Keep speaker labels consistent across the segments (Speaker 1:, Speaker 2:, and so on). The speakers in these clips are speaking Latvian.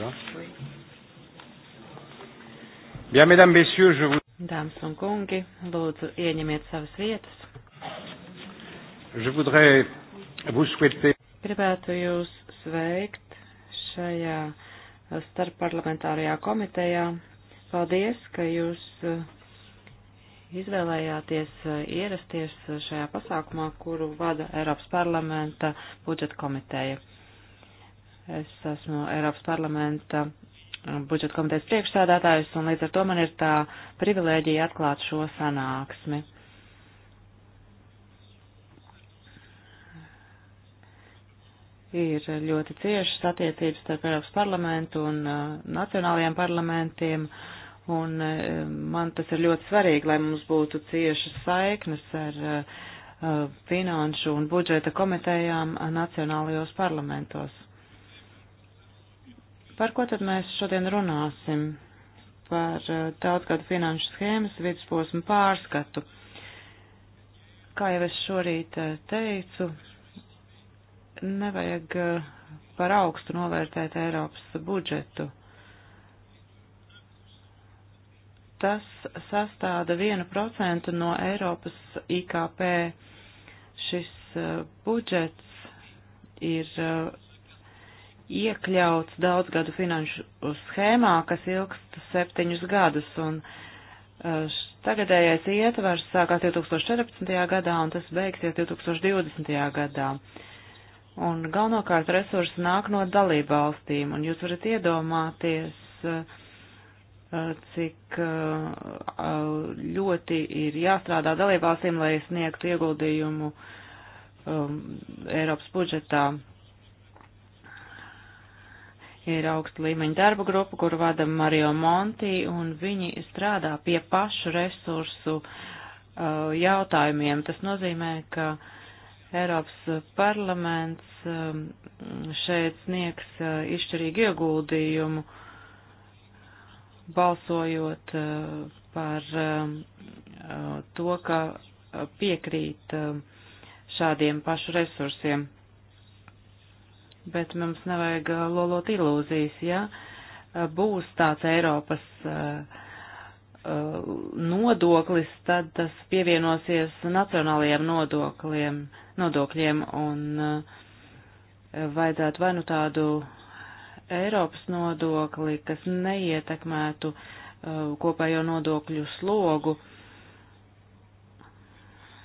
Speaker 1: va Bien, mesdames, messieurs, je vous...
Speaker 2: Dāmas un kungi, lūdzu, ieņemiet savas vietas.
Speaker 1: Je voudrais vous souhaiter...
Speaker 2: Gribētu jūs sveikt šajā starpparlamentārajā komitejā. Paldies, ka jūs eh, izvēlējāties eh, ierasties eh, šajā pasākumā, kuru vada Eiropas parlamenta budžeta komiteja. Es esmu Eiropas parlamenta budžeta komitejas priekšsēdētājs, un līdz ar to man ir tā privilēģija atklāt šo sanāksmi. ir ļoti ciešas attiecības starp Eiropas parlamentu un uh, nacionālajiem parlamentiem, un uh, man tas ir ļoti svarīgi, lai mums būtu ciešas saiknes ar uh, uh finanšu un budžeta komitejām nacionālajos parlamentos. Par ko tad mēs šodien runāsim? Par eh, daudzgadu finanšu schēmas vidusposmu pārskatu. Kā jau es šorīt eh, teicu, nevajag eh, par augstu novērtēt Eiropas budžetu. Tas sastāda 1% no Eiropas IKP. Šis budžets ir iekļauts daudzgadu finanšu schēmā, kas ilgst septiņus gadus, un uh, tagadējais ietvars sākās 2014. gadā, un tas beigsies 2020. gadā. Un galvenokārt resursi nāk no dalību valstīm, un jūs varat iedomāties, uh, uh cik uh, uh, ļoti ir jāstrādā dalībvalstīm, lai sniegtu ieguldījumu um, Eiropas budžetā ir augsta līmeņa darba grupa, kur vada Mario Monti, un viņi strādā pie pašu resursu uh, jautājumiem. Tas nozīmē, ka Eiropas parlaments um, šeit sniegs uh, izšķirīgu ieguldījumu, balsojot uh, par um, uh, to, ka uh, piekrīt um, šādiem pašu resursiem bet mums nevajag uh, lolot ilūzijas, ja uh, būs tāds Eiropas uh, nodoklis, tad tas pievienosies nacionālajiem nodokļiem, nodokļiem un vajadzētu vai nu tādu Eiropas nodokli, kas neietekmētu kopējo nodokļu slogu.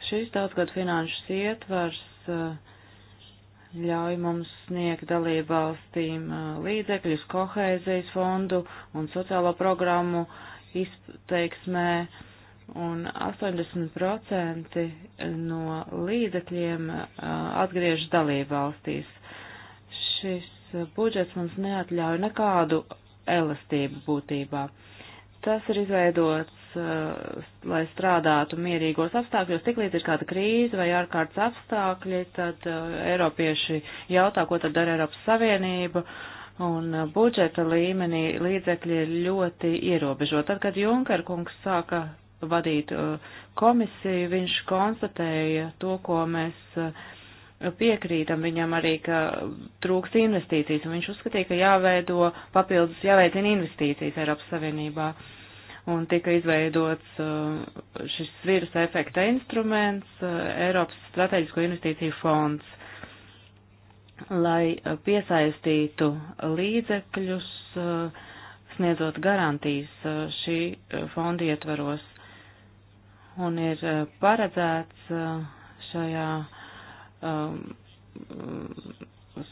Speaker 2: Šis daudzgad finanšu ietvars uh, ļauj mums sniegt dalību valstīm uh, līdzekļus kohēzijas fondu un sociālo programmu izteiksmē, un 80% no līdzekļiem uh, atgriežas dalību valstīs. Šis uh, budžets mums neatļauj nekādu elastību būtībā. Tas ir izveidots Eh, lai strādātu mierīgos apstākļos. Tiklīdz ir kāda krīze vai ārkārtas apstākļi, tad eh, Eiropieši jautā, ko tad dara Eiropas Savienība. Un eh, budžeta līmenī līdzekļi ir ļoti ierobežoti. Tad, kad Junker kungs sāka vadīt komisiju, viņš konstatēja to, ko mēs piekrītam viņam arī, ka trūkst investīcijas, un viņš uzskatīja, ka jāveido papildus, jāveicina investīcijas Eiropas Savienībā. Uh, un tika izveidots uh, šis vīrusa efekta instruments uh, Eiropas Strateģisko investīciju fonds, lai uh, piesaistītu līdzekļus, sniedzot garantijas šī fonda ietvaros. Un ir paredzēts šajā um,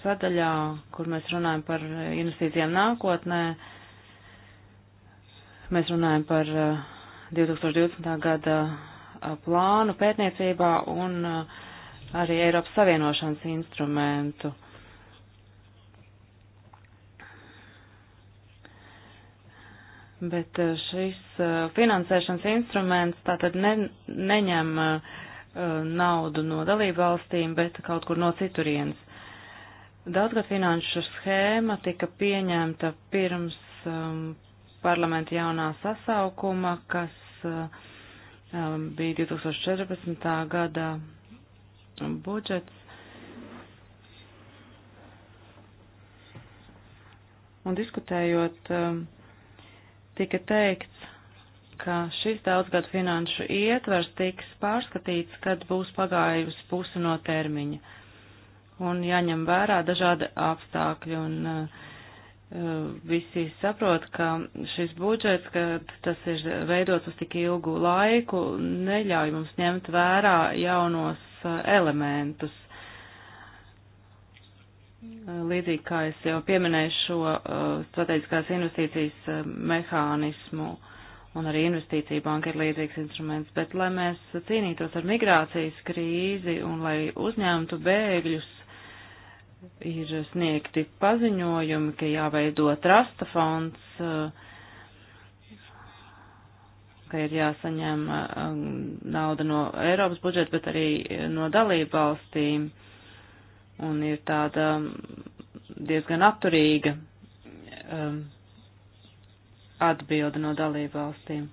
Speaker 2: sadaļā, kur mēs runājam par investīcijām nākotnē, Mēs runājam par 2020. Eh, gada eh, plānu pētniecībā un eh, arī Eiropas Savienošanas instrumentu. Bet šis finansēšanas instruments tātad ne, neņem naudu no dalību valstīm, bet kaut kur no citurienes. Daudzgad finanšu schēma tika pieņemta pirms um, parlamenta jaunā sasaukuma, kas eh, um, bija 2014. gada budžets. Un diskutējot, um, tika teikts, ka šis daudzgad finanšu ietvers tiks pārskatīts, kad būs pagājusi pusi no termiņa. Un jāņem vērā dažādi apstākļi un uh, visi saprot, ka šis budžets, ka tas ir veidots uz tik ilgu laiku, neļauj mums ņemt vērā jaunos uh, elementus. Uh, līdzīgi kā es jau pieminēju šo uh, strateģiskās investīcijas mehānismu un arī investīcija banka ir līdzīgs instruments, bet lai mēs cīnītos ar migrācijas krīzi un lai uzņemtu bēgļus, ir sniegti paziņojumi, ka jāveido trasta fonds, eh, ka ir jāsaņem eh, nauda no Eiropas budžeta, bet arī no dalību valstīm, un ir tāda diezgan atturīga eh, atbilde no dalību valstīm.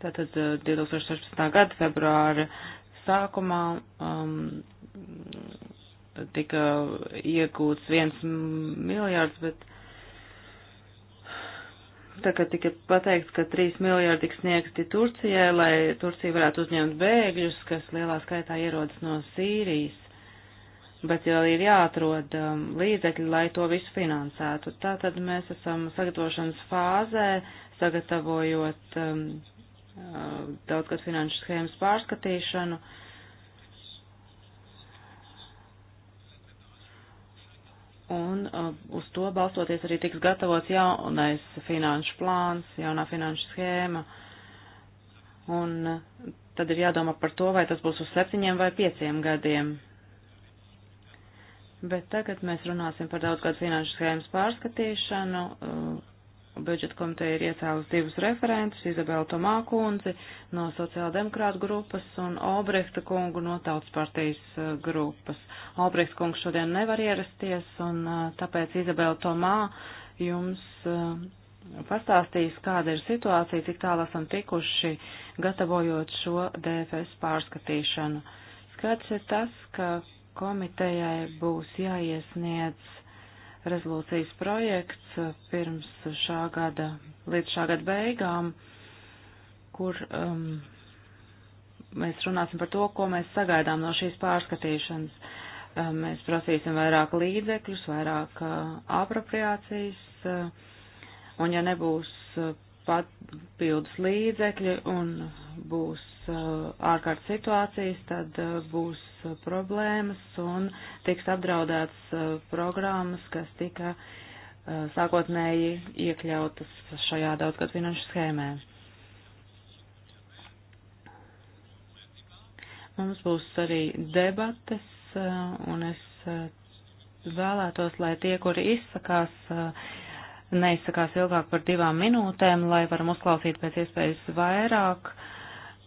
Speaker 2: Tātad 2016. Eh, gada februāra sākumā um, tika iegūts viens miljārds, bet tagad tika pateikts, ka 3 miljārdi tiks sniegti Turcijai, lai Turcija varētu uzņemt bēgļus, kas lielā skaitā ierodas no Sīrijas, bet jau ir jāatrod um, līdzekļi, lai to visu finansētu. Tātad mēs esam sagatavošanas fāzē, sagatavojot um, Uh, daudzgad finanšu schēmas pārskatīšanu. Un uh, uz to balstoties arī tiks gatavots jaunais finanšu plāns, jaunā finanšu schēma. Un uh, tad ir jādomā par to, vai tas būs uz septiņiem vai pieciem gadiem. Bet tagad mēs runāsim par daudzgad finanšu schēmas pārskatīšanu. Uh, budžeta komiteja ir iecēlus divus referentus, Izabela Tomā kundzi no sociāldemokrāta grupas un Obrehta kungu no tautas partijas eh, grupas. Obrehta kungs šodien nevar ierasties un eh, tāpēc Izabela Tomā jums eh, pastāstīs, kāda ir situācija, cik tālu esam tikuši, gatavojot šo DFS pārskatīšanu. Skats ir tas, ka komitejai būs jāiesniedz rezolūcijas projekts uh, pirms šā gada, līdz šā gada beigām, kur um, mēs runāsim par to, ko mēs sagaidām no šīs pārskatīšanas. Um, mēs prasīsim vairāk līdzekļus, vairāk uh, apropriācijas, uh, un ja nebūs uh, papildus līdzekļi un būs Eh, ārkārtas situācijas, tad eh, būs eh, problēmas un tiks apdraudētas programmas, kas tika sākotnēji iekļautas šajā daudzgad finanšu schēmē. Mums būs arī debates, un es vēlētos, lai tie, kuri izsakās, neizsakās ilgāk par divām minūtēm, lai varam uzklausīt pēc iespējas vairāk uh,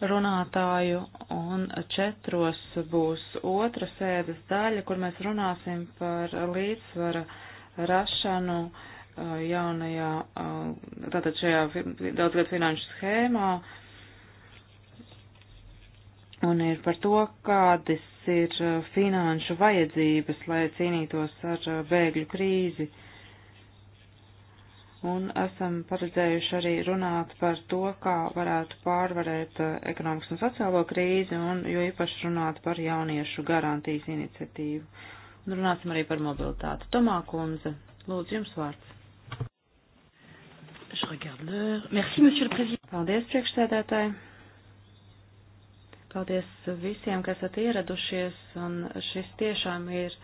Speaker 2: runātāju, un četros būs otra sēdes daļa, kur mēs runāsim par līdzsvara rašanu uh, jaunajā, uh, tātad šajā daudzgad finanšu schēmā, un ir par to, kādas ir uh, finanšu vajadzības, lai cīnītos ar bēgļu krīzi un esam paredzējuši arī runāt par to, kā varētu pārvarēt uh, ekonomikas un sociālo krīzi, un jo īpaši runāt par jauniešu garantijas iniciatīvu. Un runāsim arī par mobilitāti. Tomā Kunze, lūdzu, jums vārds. Merci, Paldies, priekšsēdētāji. Paldies visiem, kas esat ieradušies, un šis tiešām ir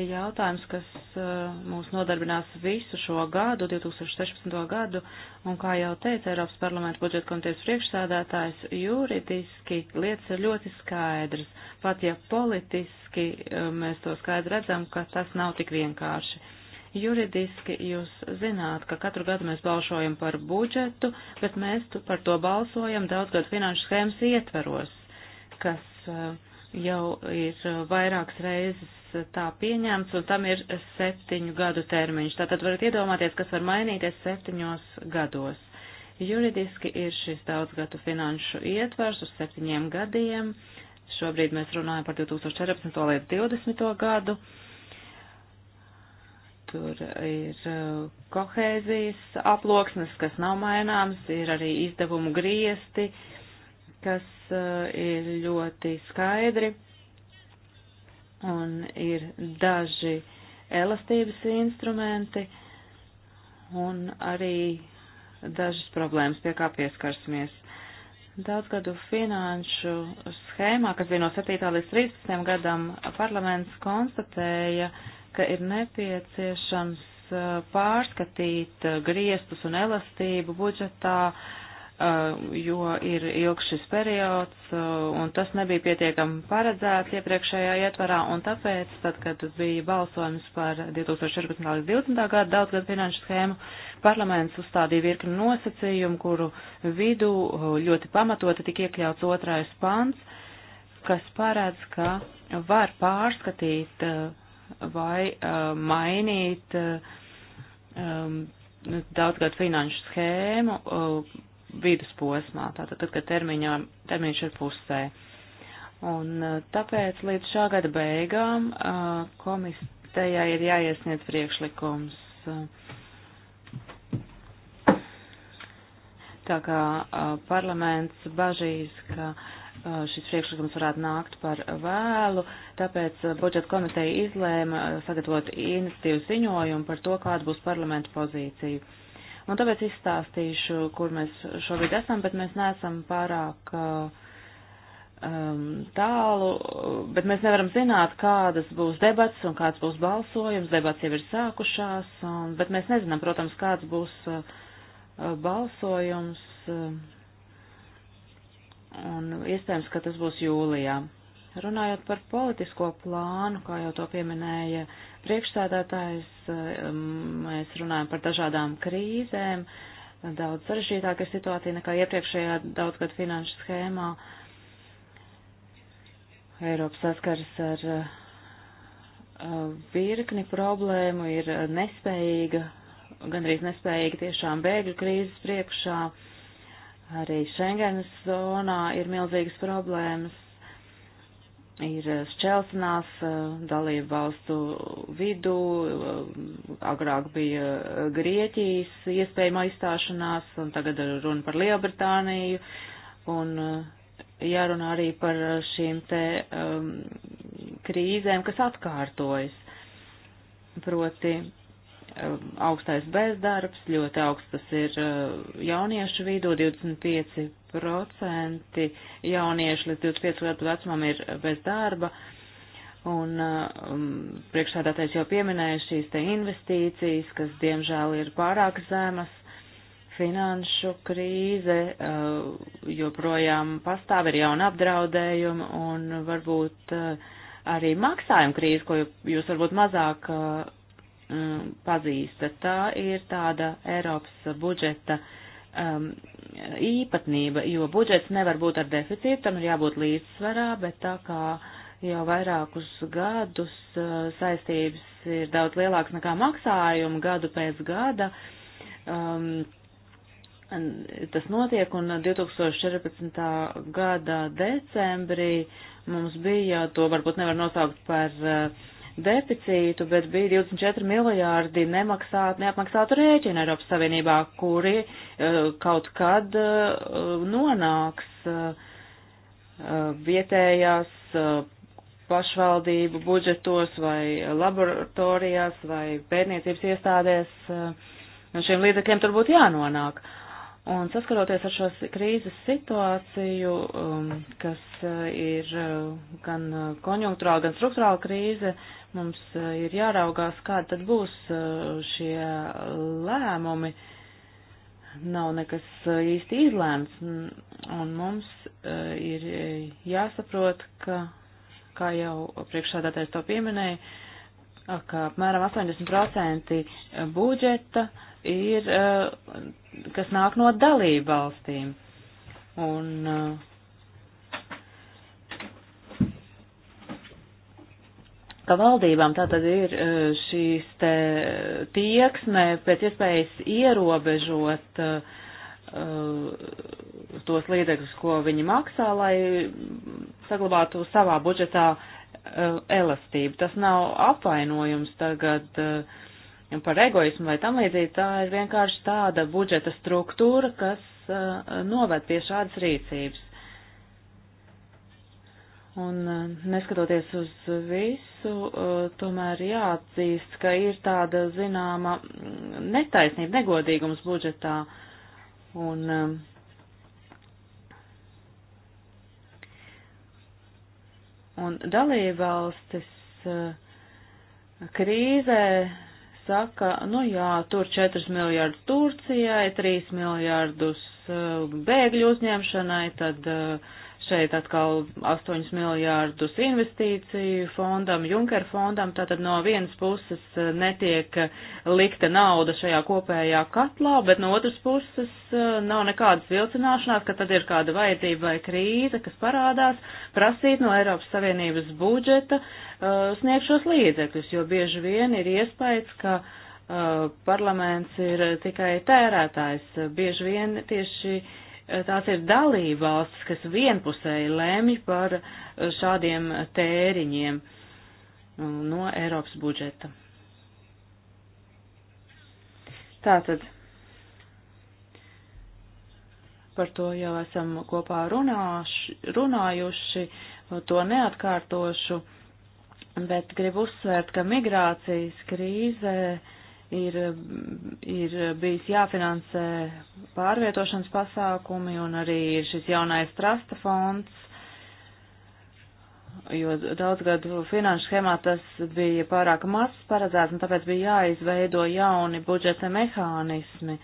Speaker 2: jautājums, kas uh, mūs nodarbinās visu šo gadu, 2016. gadu, un kā jau teica Eiropas parlamenta budžeta komitejas priekšsādātājs, juridiski lietas ir ļoti skaidras, pat ja politiski uh, mēs to skaidri redzam, ka tas nav tik vienkārši. Juridiski jūs zināt, ka katru gadu mēs balsojam par budžetu, bet mēs par to balsojam daudzgad finanšu schēmas ietveros, kas uh, jau ir vairākas reizes tā pieņemts, un tam ir septiņu gadu termiņš. Tātad varat iedomāties, kas var mainīties septiņos gados. Juridiski ir šis daudzgadu finanšu ietvers uz septiņiem gadiem. Šobrīd mēs runājam par 2014. līdz 2020. gadu. Tur ir uh, kohēzijas aploksnes, kas nav maināms, ir arī izdevumu griesti, kas uh, ir ļoti skaidri un ir daži elastības instrumenti un arī dažas problēmas, pie kā pieskarsimies. Daudzgadu finanšu schēmā, kas bija no 7. līdz 13. gadam, parlaments konstatēja, ka ir nepieciešams uh, pārskatīt uh, griestus un elastību budžetā, uh, Uh, jo ir ilgs šis periods, uh, un tas nebija pietiekami paredzēts iepriekšējā ietvarā, un tāpēc, tad, kad bija balsojums par 2014. līdz 2020. gadu daudzgadu finanšu schēmu, parlaments uzstādīja virkni nosacījumu, kuru vidu uh, ļoti pamatoti tika iekļauts otrais pants, kas paredz, ka var pārskatīt vai mainīt um, daudzgadu finanšu schēmu vidusposmā, tātad tad, kad termiņā, termiņš ir pusē. Un eh, tāpēc līdz šā gada beigām eh, komisijai ir jāiesniedz priekšlikums. Eh, tā kā parlaments bažīs, ka šis priekšlikums varētu nākt par vēlu, tāpēc budžeta komiteja izlēma sagatavot iniciatīvu ziņojumu par to, kāda būs parlamenta pozīcija. Un tāpēc izstāstīšu, kur mēs šobrīd esam, bet mēs neesam pārāk uh, um, tālu, bet mēs nevaram zināt, kādas būs debats un kāds būs balsojums. Debats jau ir sākušās, un, bet mēs nezinām, protams, kāds būs uh, balsojums. Uh, un iespējams, ka tas būs jūlijā. Runājot par politisko plānu, kā jau to pieminēja priekšstādātājs, um, mēs runājam par dažādām krīzēm, daudz sarežģītāka situācija nekā iepriekšējā daudzgad finanšu schēmā. Eiropa saskaras ar uh, virkni problēmu, ir nespējīga, gandrīz nespējīga tiešām bēgļu krīzes priekšā. Arī Schengenas zonā ir milzīgas problēmas, ir eh, šķelšanās eh, dalību valstu vidū, eh, agrāk bija Grieķijas iespējama izstāšanās, un tagad runa par Lielbritāniju, un jārunā arī par šīm te um, krīzēm, kas atkārtojas, proti um, augstais bezdarbs, ļoti augsts tas ir uh, jauniešu vidū, 25 procenti jaunieši līdz 25 gadu vecumam ir bez darba. Un uh, um, priekšsādātais jau pieminēja šīs te investīcijas, kas diemžēl ir pārāk zemas, finanšu krīze uh, joprojām pastāv, ir jauna apdraudējuma un varbūt uh, arī maksājuma krīze, ko jūs varbūt mazāk uh, mm, pazīstat. Tā ir tāda Eiropas budžeta uh, um, īpatnība, jo budžets nevar būt ar deficītu, tam ir jābūt līdzsvarā, bet tā kā jau vairākus gadus uh, saistības ir daudz lielākas nekā maksājumi gadu pēc gada, um, tas notiek un 2014. gada decembrī mums bija, to varbūt nevar nosaukt par uh, deficītu, bet bija 24 miljārdi nemaksātu, neapmaksātu rēķinu Eiropas Savienībā, kuri eh, kaut kad eh, nonāks eh, vietējās pašvaldību budžetos vai laboratorijās vai pērniecības iestādēs. No šiem līdzekļiem tur būtu jānonāk. Uh, Un saskaroties ar šos krīzes situāciju, um, kas uh, ir uh, gan uh, konjunktūrāla, gan struktūrāla krīze, mums ir jāraugās, kādi tad būs šie lēmumi. Nav nekas īsti izlēmts, un mums ir jāsaprot, ka, kā jau priekšādātais to pieminēja, ka apmēram 80% budžeta uh, ir, eh, kas nāk no dalību valstīm. Un eh, ka valdībām tātad ir eh, šīs te tieksme pēc iespējas ierobežot tos līdzekļus, ko viņi maksā, lai saglabātu savā budžetā elastību. Tas nav apvainojums tagad uh, par egoismu vai tam līdzīgi, tā ir vienkārši tāda budžeta struktūra, kas uh, noved pie šādas rīcības. Un uh, neskatoties uz visu, uh, tomēr jāatzīst, ka ir tāda zināma netaisnība, negodīgums budžetā. Un, um, un dalībvalstis uh, krīzē saka, nu jā, tur 4 miljārdus Turcijai, 3 miljārdus uh, bēgļu uzņemšanai, tad uh, šeit atkal 8 miljārdus investīciju fondam, Junker fondam, tātad no vienas puses eh, netiek eh, likta nauda šajā kopējā katlā, bet no otras puses eh, nav nekādas vilcināšanās, ka tad ir kāda vajadzība vai krīze, kas parādās, prasīt no Eiropas Savienības budžeta uh, sniegšos līdzekļus, jo bieži vien ir iespējas, ka uh, parlaments ir tikai tērētājs, bieži vien tieši uh, Eh, tās ir dalībvalstis, kas vienpusēji lēmj par eh, šādiem tēriņiem mm, no Eiropas budžeta. Tātad par to jau esam kopā runāši, runājuši, to neatkārtošu, bet gribu uzsvērt, ka migrācijas krīze uh, ir, ir bijis jāfinansē pārvietošanas pasākumi un arī šis jaunais trasta fonds, jo daudz gadu finanšu schemā tas bija pārāk maz paredzēts un tāpēc bija jāizveido jauni budžeta mehānismi.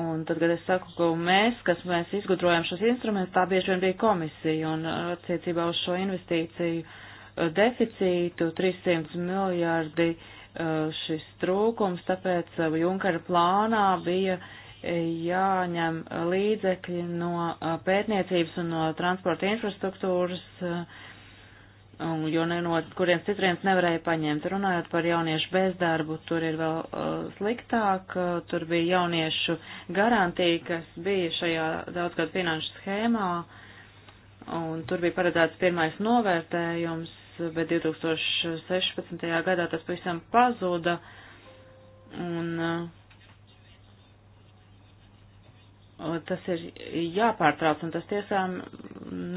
Speaker 2: Un tad, kad es saku, ka mēs, kas mēs izgudrojam šos instrumentus, tā bieži vien bija komisija un uh, attiecībā uz šo investīciju uh, deficītu 300 miljārdi uh, Uh, šis trūkums, tāpēc uh, Junkara plānā bija uh, jāņem līdzekļi no pētniecības un no transporta infrastruktūras, jo ne no kurienes citriens nevarēja paņemt. Runājot par jauniešu bezdarbu, tur ir vēl sliktāk, tur bija jauniešu garantija, kas bija šajā daudzgad finanšu schēmā, un tur bija paredzēts pirmais novērtējums, bet 2016. gadā tas pavisam pazuda. Un, un uh, tas ir jāpārtrauc, un tas tiešām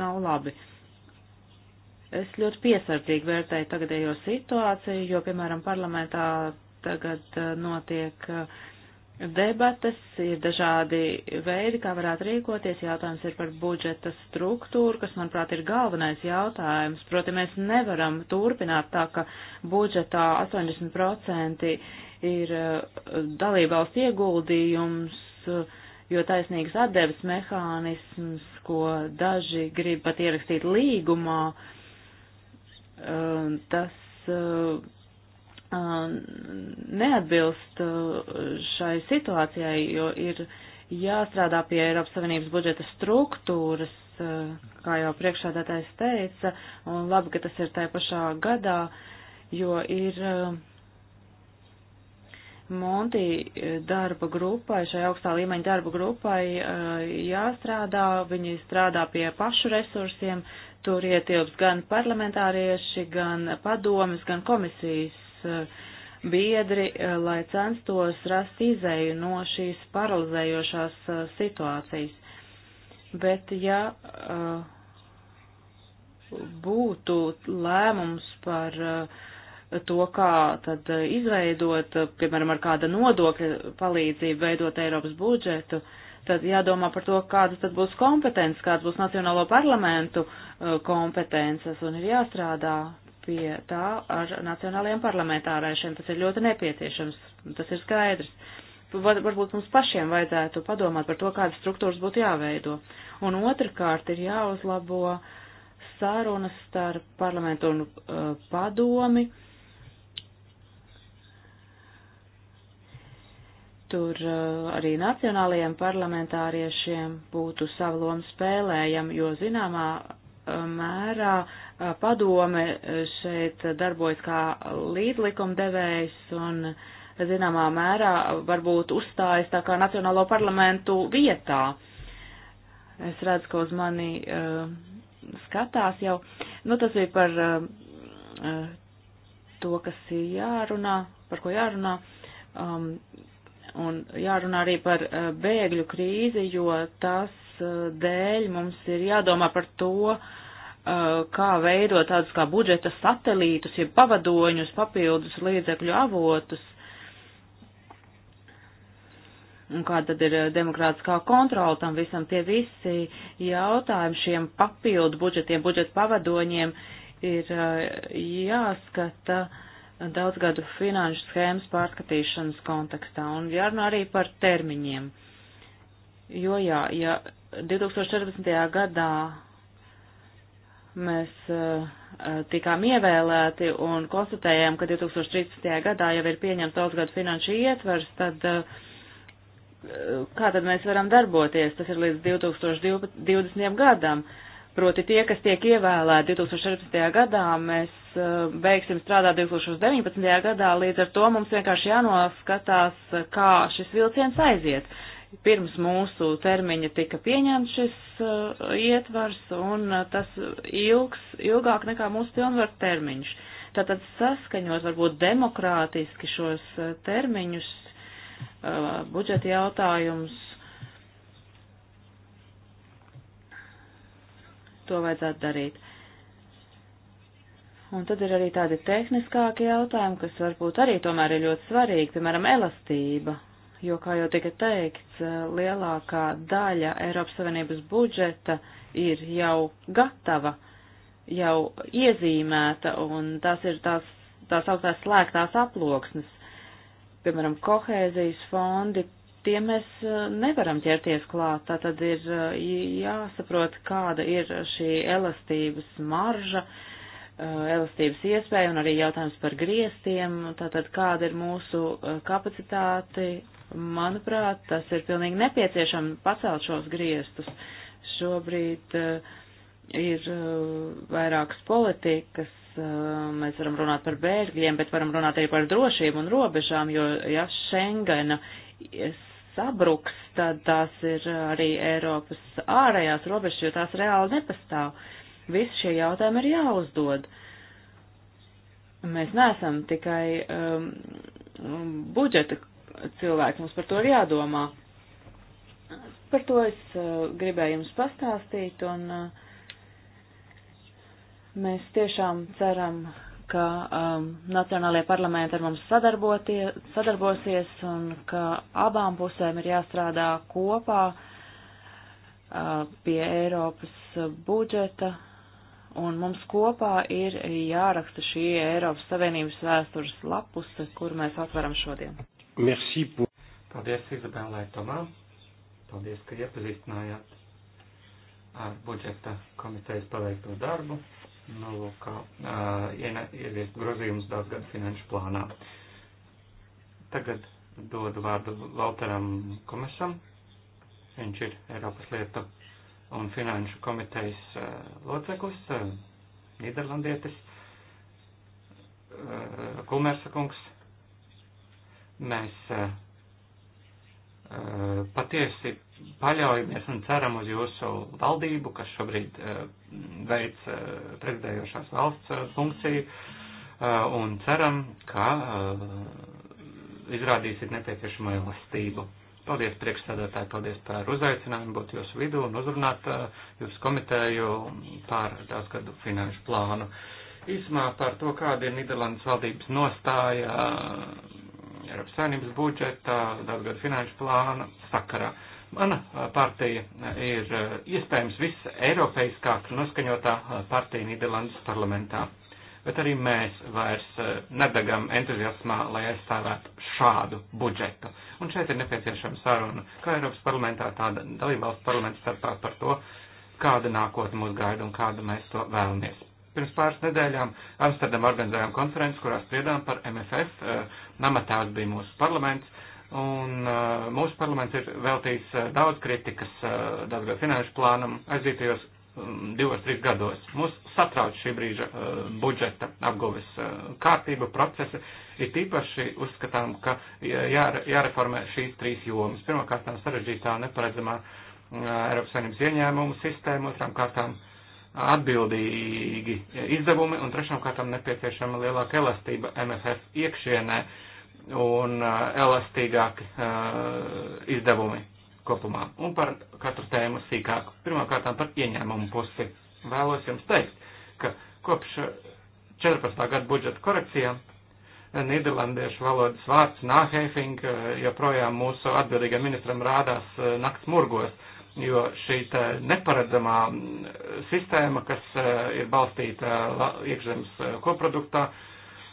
Speaker 2: nav labi. Es ļoti piesardzīgi vērtēju tagadējo situāciju, jo, piemēram, parlamentā tagad uh, notiek uh, debatas, ir dažādi veidi, kā varētu rīkoties. Jautājums ir par budžeta struktūru, kas, manuprāt, ir galvenais jautājums. Proti, mēs nevaram turpināt tā, ka budžetā 80% ir eh, dalībvalsts ieguldījums, jo taisnīgas atdeves mehānisms, ko daži grib pat ierakstīt līgumā, eh, tas eh, neatbilst šai situācijai, jo ir jāstrādā pie Eiropas Savienības budžeta struktūras, kā jau priekšādātais teica, un labi, ka tas ir tajā pašā gadā, jo ir Monti darba grupai, šai augstā līmeņa darba grupai jāstrādā, viņi strādā pie pašu resursiem, tur ietilps gan parlamentārieši, gan padomas, gan komisijas Eh, biedri, eh, lai censtos rast izēju no šīs paralizējošās eh, situācijas. Bet ja būtu lēmums par to, kā tad izveidot, piemēram, ar kāda nodokļa palīdzību veidot Eiropas budžetu, tad jādomā par to, kādas tad būs kompetences, kādas būs Nacionālo parlamentu kompetences un ir jāstrādā pie tā ar nacionālajiem parlamentāriešiem. Tas ir ļoti nepieciešams, tas ir skaidrs. Var, varbūt mums pašiem vajadzētu padomāt par to, kādas struktūras būtu jāveido. Un otrkārt ir jāuzlabo sārunas starp parlamentu un uh, padomi. Tur uh, arī nacionālajiem parlamentāriešiem būtu sava loma spēlējama, jo zināmā uh, mērā uh, padome šeit darbojas kā līdzlikumdevējs un zināmā mērā varbūt uzstājas tā kā Nacionālo parlamentu vietā. Es redzu, ka uz mani uh, skatās jau. Nu, tas bija par uh, to, kas ir jārunā, par ko jārunā. Um, un jārunā arī par uh, bēgļu krīzi, jo tas uh, dēļ mums ir jādomā par to, uh, Uh, kā veidot tādus kā budžeta satelītus, jeb ja pavadoņus, papildus līdzekļu avotus, un kā tad ir uh, demokrātiskā kontrola tam visam, tie visi jautājumi šiem papildu budžetiem, budžeta pavadoņiem ir uh, jāskata daudzgadu finanšu schēmas pārskatīšanas kontekstā, un jārunā arī par termiņiem. Jo jā, ja 2014. gadā mēs uh, tikām ievēlēti un konstatējām, ka 2013. gadā jau ir pieņemts daudzgadu finanšu ietvers, tad uh, kā tad mēs varam darboties? Tas ir līdz 2020. gadam. Proti tie, kas tiek ievēlēti 2014. gadā, mēs uh, beigsim strādāt 2019. gadā, līdz ar to mums vienkārši jānoskatās, kā šis vilciens aiziet pirms mūsu termiņa tika pieņemts šis uh, ietvars, un uh, tas ilgs, ilgāk nekā mūsu pilnvaru termiņš. Tātad saskaņot varbūt demokrātiski šos uh, termiņus, uh, budžeta jautājums, to vajadzētu darīt. Un tad ir arī tādi tehniskāki jautājumi, kas varbūt arī tomēr ir ļoti svarīgi, piemēram, elastība jo, kā jau tika teikts, lielākā daļa Eiropas Savienības budžeta ir jau gatava, jau iezīmēta, un tās ir tās, tās augstās slēgtās aploksnes. Piemēram, kohēzijas fondi, tiem mēs eh, nevaram ķerties klāt, tā tad ir eh, jāsaprot, kāda ir šī elastības marža, eh, elastības iespēja un arī jautājums par griestiem, tātad kāda ir mūsu kapacitāte Manuprāt, tas ir pilnīgi nepieciešams pacelt šos griestus. Šobrīd uh, ir uh, vairākas politikas, uh, mēs varam runāt par bērgļiem, bet varam runāt arī par drošību un robežām, jo, ja Schengena sabruks, tad tās ir arī Eiropas ārējās robežas, jo tās reāli nepastāv. Visi šie jautājumi ir jāuzdod. Mēs neesam tikai um, budžeta cilvēki. Mums par to ir jādomā. Par to es uh, gribēju jums pastāstīt, un uh, mēs tiešām ceram, ka um, Nacionālajie parlamenti ar mums sadarbosies un ka abām pusēm ir jāstrādā kopā uh, pie Eiropas budžeta, un mums kopā ir jāraksta šī Eiropas Savienības vēstures lapuse, kur mēs atveram šodien.
Speaker 1: Merci pour.
Speaker 3: Paldies Izabelē Tomā. Paldies, ka iepazīstinājāt ar budžeta komitejas paveikto darbu. Nu, lūk, uh, ieviest grozījumus daudz gadu finanšu plānā. Tagad dodu vārdu Lauteram Komesam. Viņš ir Eiropas lietu un finanšu komitejas uh, loceklis, uh, Nīderlandietis, uh, Kulmersa kungs Mēs eh, eh, patiesi paļaujamies un ceram uz jūsu valdību, kas šobrīd eh, veic prezidējošās valsts funkciju, un ceram, ka izrādīsiet nepieciešamo elastību. Paldies priekšsēdētāji, paldies par uzaicinājumu būt jūsu vidū un uzrunāt jūsu komiteju par tās gadu finanšu plānu. Īsumā par to, kāda ir Nīderlandes valdības nostāja Eiropas saimnības budžeta, daudzgadu finanšu plāna sakarā. Mana partija ir iespējams viss eiropeiskāk noskaņotā partija Nīderlandes parlamentā, bet arī mēs vairs nedagam entuziasmā, lai aizstāvētu šādu budžetu. Un šeit ir nepieciešama saruna, kā Eiropas parlamentā, tāda dalībvalsts parlaments starpā par to, kāda nākotne mūs gaida un kādu mēs to vēlamies pirms pāris nedēļām Amsterdamā organizējām konferenci, kurā spriedām par MFF. Eh, Namatās bija mūsu parlaments. Un uh, mūsu parlaments ir veltījis uh, daudz kritikas uh, daudzgad finanšu plānam aizdītajos um, divos, trīs gados. Mūs satrauc šī brīža uh, budžeta apguves uh, kārtība, procesi. Ir tīpaši uzskatām, ka jāre, jāreformē šīs trīs jomas. Pirmkārt, sarežģītā neparedzamā uh, Eiropas saimnības ieņēmumu sistēma, otrām kārtām uh, atbildīgi izdevumi un trešām kārtām nepieciešama lielāka elastība MFF iekšienē un eh, elastīgāki eh, izdevumi kopumā. Un par katru tēmu sīkāk. Pirmkārt par ieņēmumu pusi. Vēlos jums teikt, ka kopš 14. gada budžeta korekcijām eh, nīderlandiešu valodas vārds nāheifing joprojām mūsu atbildīgam ministram rādās nakts murgos jo šī neparedzamā sistēma, kas eh, ir balstīta eh, iekšzemes eh, koproduktā,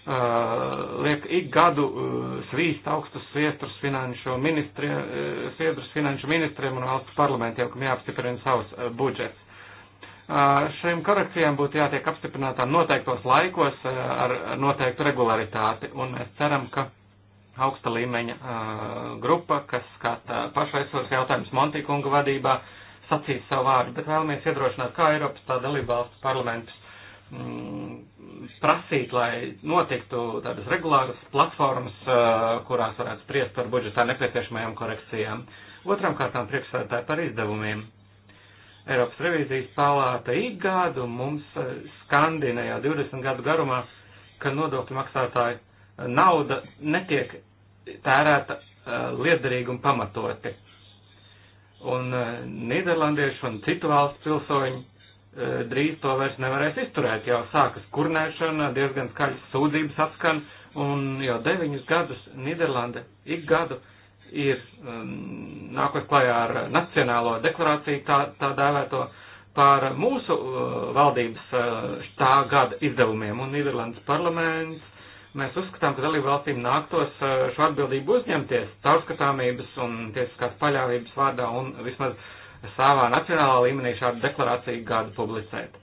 Speaker 3: liek ik gadu svīst augstus sviedrus finanšu, ministri, finanšu ministriem un valstu parlamentiem, kam jāapstiprina savs budžets. Šīm korekcijām būtu jātiek apstiprinātām noteiktos laikos ar noteiktu regularitāti, un mēs ceram, ka augsta līmeņa uh, grupa, kas skata pašresursu jautājumus Montikunga vadībā, sacīs savu vārdu, bet vēlamies iedrošināt kā Eiropas, tā dalībvalstu parlamentus mm, prasīt, lai notiktu tādas regulāras platformas, uh, kurās varētu spriest par budžetā nepieciešamajām korekcijām. Otram kārtām priekšsēdētāji par izdevumiem. Eiropas revīzijas palāta ik gadu mums skandina jau 20 gadu garumā, ka nodokļu maksātāji nauda netiek tērēta liederīgi un pamatoti. Un Nīderlandieši un citu valstu pilsoņi drīz to vairs nevarēs izturēt. Jau sākas kurnēšana, diezgan skaļas sūdzības atskan, un jau deviņus gadus Nīderlanda ik gadu ir um, nākot klajā ar nacionālo deklarāciju, tā, tā dēvēto, par mūsu uh, valdības uh, tā gada izdevumiem. Un Nīderlandes parlaments Mēs uzskatām, ka dalību valstīm nāktos eh, šo atbildību uzņemties caurskatāmības un tiesiskās paļāvības vārdā un vismaz savā nacionālā līmenī šādu deklarāciju gadu publicēt.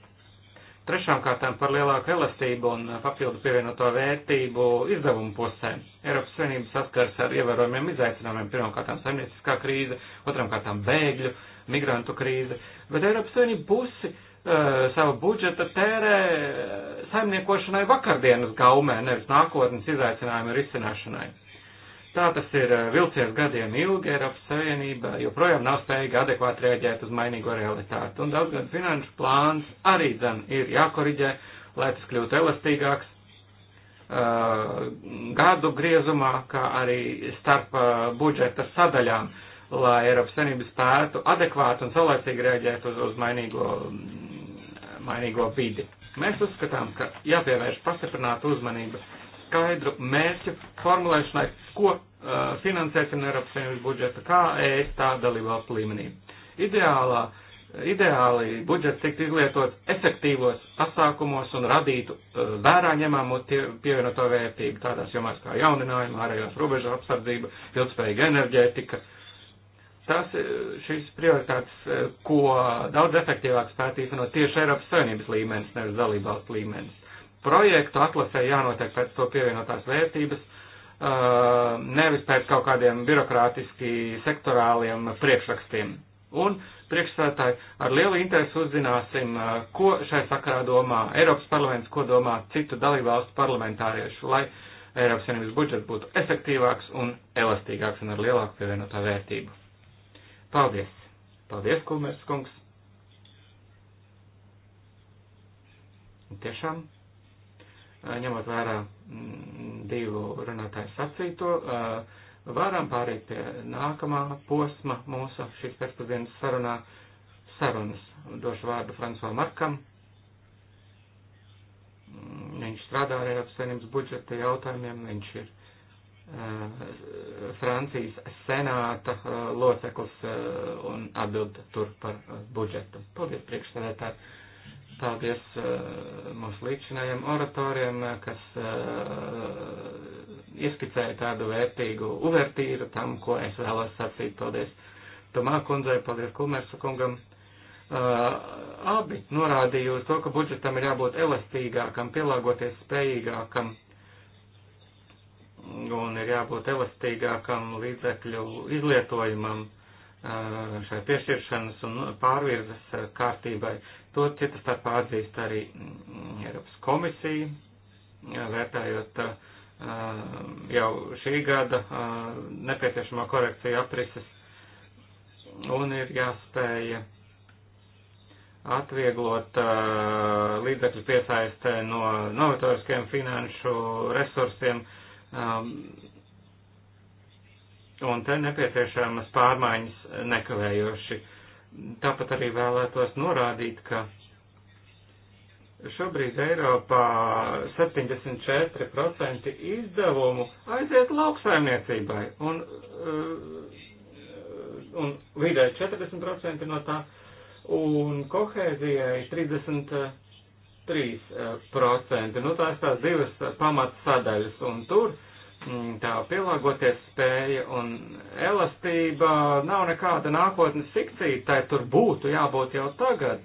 Speaker 3: Trešām kārtām par lielāku elastību un papildu pievienoto vērtību izdevumu pusē. Eiropas Savienība saskars ar ievērojumiem izaicinājumiem, pirmkārtām saimnieciskā krīze, otram kārtām bēgļu, migrantu krīze, bet Eiropas Savienība pusi Uh, savu budžetu tērē uh, saimniekošanai vakardienas gaumē, nevis nākotnes izaicinājumu risināšanai. Tā tas ir uh, vilcies gadiem ilgi, Eiropas Savienība joprojām nav spējīga adekvāti rēģēt uz mainīgo realitāti. Un daudzgad finanšu plāns arī dzen ir jākoriģē, lai tas kļūtu elastīgāks uh, gadu griezumā, kā arī starp uh, budžeta sadaļām, lai Eiropas Savienība spētu adekvāti un saulēcīgi rēģēt uz, uz mainīgo mainīgo vidi. Mēs uzskatām, ka jāpievērš pastiprināta uzmanība skaidru mērķu formulēšanai, ko uh, finansēsim Eiropas Savienības budžeta, kā ēst e, tā dalībvalstu līmenī. Ideālā, ideāli budžets tiktu izlietots efektīvos pasākumos un radītu uh, vērā ņemamu pievienoto vērtību tādās jomās kā jauninājuma, ārējās robežu apsardzība, ilgspējīga enerģētika. Uh, Tas eh, šīs prioritātes, eh, ko daudz efektīvāk spētu īstenot tieši Eiropas Savienības līmenis, nevis dalībvalstu līmenis. Projektu atlasē jānotiek pēc to pievienotās vērtības, eh, nevis pēc kaut kādiem birokrātiski sektorāliem priekšrakstiem. Un priekšsētāji ar lielu interesi uzzināsim, ko šai sakarā domā Eiropas parlaments, ko domā citu dalībvalstu parlamentāriešu, lai Eiropas Savienības budžets būtu efektīvāks un elastīgāks un ar lielāku pievienotā vērtību. Paldies! Paldies, Kulmers kungs! Tiešām, ņemot vērā mm, divu runātāju sacīto, varam pārīt pie nākamā posma mūsu šīs pēcpusdienas sarunā sarunas. Došu vārdu Franso Markam. Mm, viņš strādā ar Eiropas Savienības budžeta jautājumiem, viņš ir Eh, Francijas senāta eh, loceklis eh, un atbild tur par budžetu. Paldies priekšsēdētāji, paldies mūsu līdzinājiem oratoriem, kas ieskicēja tādu vērtīgu uvertīru tam, ko es vēlos sacīt. Paldies Tomā kundzei, paldies Kulmersa kungam. Abi norādīja uz to, ka budžetam ir jābūt elastīgākam, pielāgoties spējīgākam un ir jābūt elastīgākam līdzekļu izlietojumam eh, šai piešķiršanas un pārvirzes eh, kārtībai. To citas starp atzīst arī mm, Eiropas komisija, eh, vērtējot jau šī gada nepieciešamā korekcija aprises, un ir jāspēja atvieglot līdzekļu piesaistē no novatoriskiem finanšu resursiem, uh, Um, un te nepieciešamas pārmaiņas nekavējoši. Tāpat arī vēlētos norādīt, ka šobrīd Eiropā 74% izdevumu aiziet lauksaimniecībai, un, uh, un vidē 40% no tā, un kohēzijai 30%. 3%. Eh, nu, tās tās divas pamatsadaļas, un tur mm, tā pielāgoties spēja un elastība nav nekāda nākotnes fikcija, tai tur būtu jābūt jau tagad.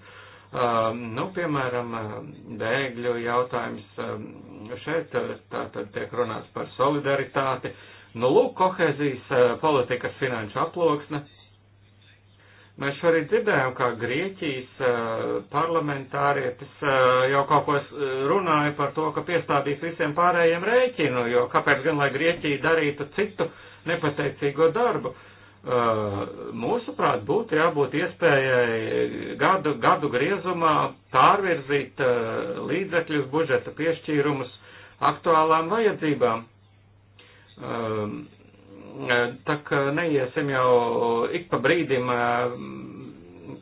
Speaker 3: Um, nu, piemēram, um, bēgļu jautājums um, šeit, uh, tā tad tiek runāts par solidaritāti. Nu, lūk, kohēzijas uh, politikas finanšu aploksne Mēs šorīt dzirdējām, kā Grieķijas eh, parlamentārietis eh, jau kaut ko eh, runāja par to, ka piestādīs visiem pārējiem rēķinu, jo kāpēc gan lai Grieķija darītu citu nepateicīgo darbu. Mūsuprāt, būtu jābūt iespējai gadu, gadu griezumā pārvirzīt līdzekļus budžeta piešķīrumus aktuālām vajadzībām. Um, tā kā neiesim jau ik pa brīdim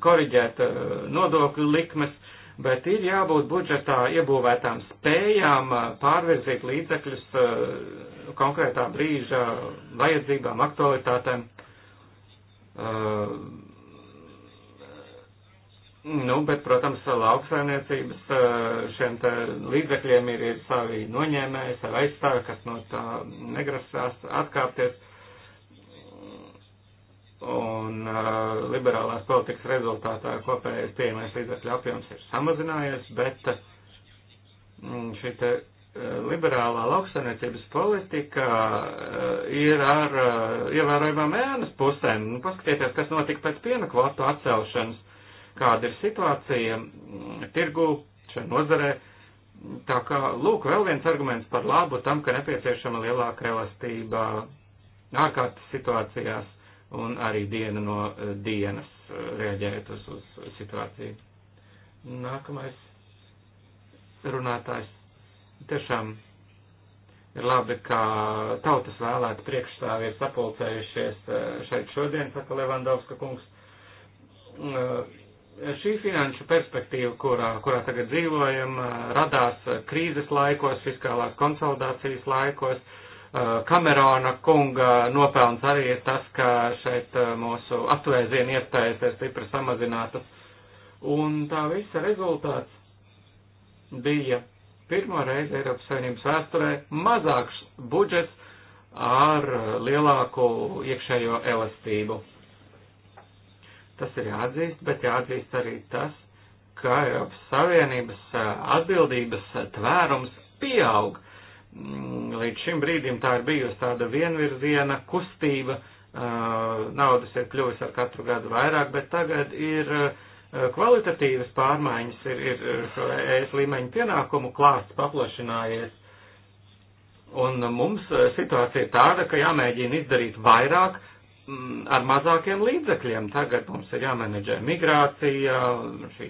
Speaker 3: koriģēt nodokļu likmes, bet ir jābūt budžetā iebūvētām spējām pārvirzīt līdzekļus konkrētā brīža vajadzībām, aktualitātēm. Nu, bet, protams, lauksaimniecības šiem te līdzekļiem ir, ir savi noņēmēji, savi aizstāvi, kas no tā negrasās atkāpties un uh, liberālās politikas rezultātā kopējais pieejamais līdzekļu apjoms ir samazinājies, bet mm, šī te uh, liberālā lauksaimniecības politika uh, ir ar uh, ievērojumām ēnas pusēm. Nu, paskatieties, kas notika pēc piena kvotu atcelšanas, kāda ir situācija mm, tirgu šajā nozarē. Tā kā, lūk, vēl viens arguments par labu tam, ka nepieciešama lielāka elastība ārkārtas situācijās un arī diena no eh, dienas eh, reaģējot uz, uz situāciju. Nākamais runātājs tiešām ir labi, ka tautas vēlēti priekšstāvi ir sapulcējušies eh, šeit šodien, saka Levandovska kungs. Šī finanšu perspektīva, kurā, kurā tagad dzīvojam, radās krīzes laikos, fiskālās konsolidācijas laikos, Uh, Kamerāna kunga nopelns arī ir tas, ka šeit uh, mūsu atvēzienu iespējas ir stipri samazinātas. Un tā visa rezultāts bija pirmo reizi Eiropas Savienības vēsturē mazāks budžets ar uh, lielāku iekšējo elastību. Tas ir jāatzīst, bet jāatzīst arī tas, ka Eiropas Savienības atbildības tvērums pieaug. Uh, Mm, līdz šim brīdim tā ir bijusi tāda vienvirziena kustība, naudas ir kļuvusi ar katru gadu vairāk, bet tagad ir kvalitatīvas pārmaiņas, ir, ir šo ES līmeņu pienākumu klāsts paplašinājies. Un mums situācija ir tāda, ka jāmēģina izdarīt vairāk mm, ar mazākiem līdzekļiem. Tagad mums ir jāmenedžē migrācija, šī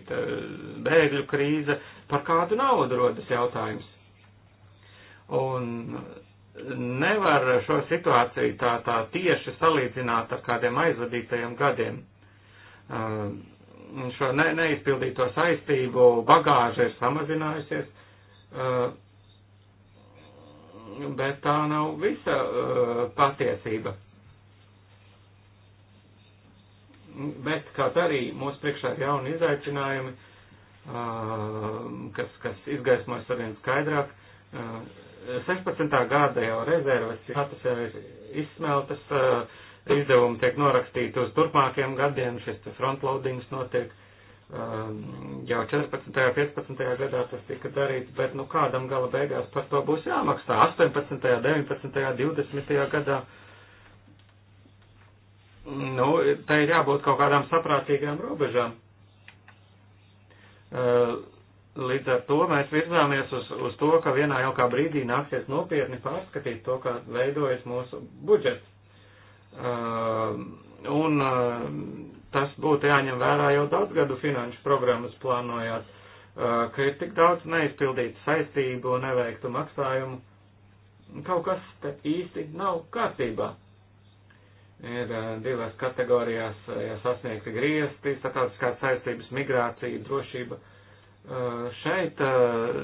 Speaker 3: bēgļu krīze, par kādu naudu rodas jautājums. Un nevar šo situāciju tā, tā tieši salīdzināt ar kādiem aizvadītajiem gadiem. Uh, šo ne, neizpildīto saistību bagāža ir samazinājusies, uh, bet tā nav visa uh, patiesība. Bet, kaut arī mūsu priekšā ir jauni izaicinājumi, kas, kas izgaismojas arvien skaidrāk, 16. gada jau rezerves datus jau ir izsmeltas, eh, izdevumi tiek norakstīti uz turpmākiem gadiem, šis frontloadings notiek ehm, jau 14. un 15. gadā tas tika darīts, bet nu kādam gala beigās par to būs jāmaksā 18., 19., 20. gadā. Nu, tai ir jābūt kaut kādām saprātīgām robežām. Ehm, Līdz ar to mēs virzāmies uz, uz to, ka vienā jau kā brīdī nāksies nopietni pārskatīt to, kā veidojas mūsu budžets. Uh, un uh, tas būtu jāņem vērā jau daudz gadu finanšu programmas plānojot, uh, ka ir tik daudz neizpildītu saistību un neveiktu maksājumu. Kaut kas te īsti nav kārtībā. Ir divas kategorijās, ja sasniegti griezti, starptautiskās saistības, migrācija, drošība Eh, šeit eh,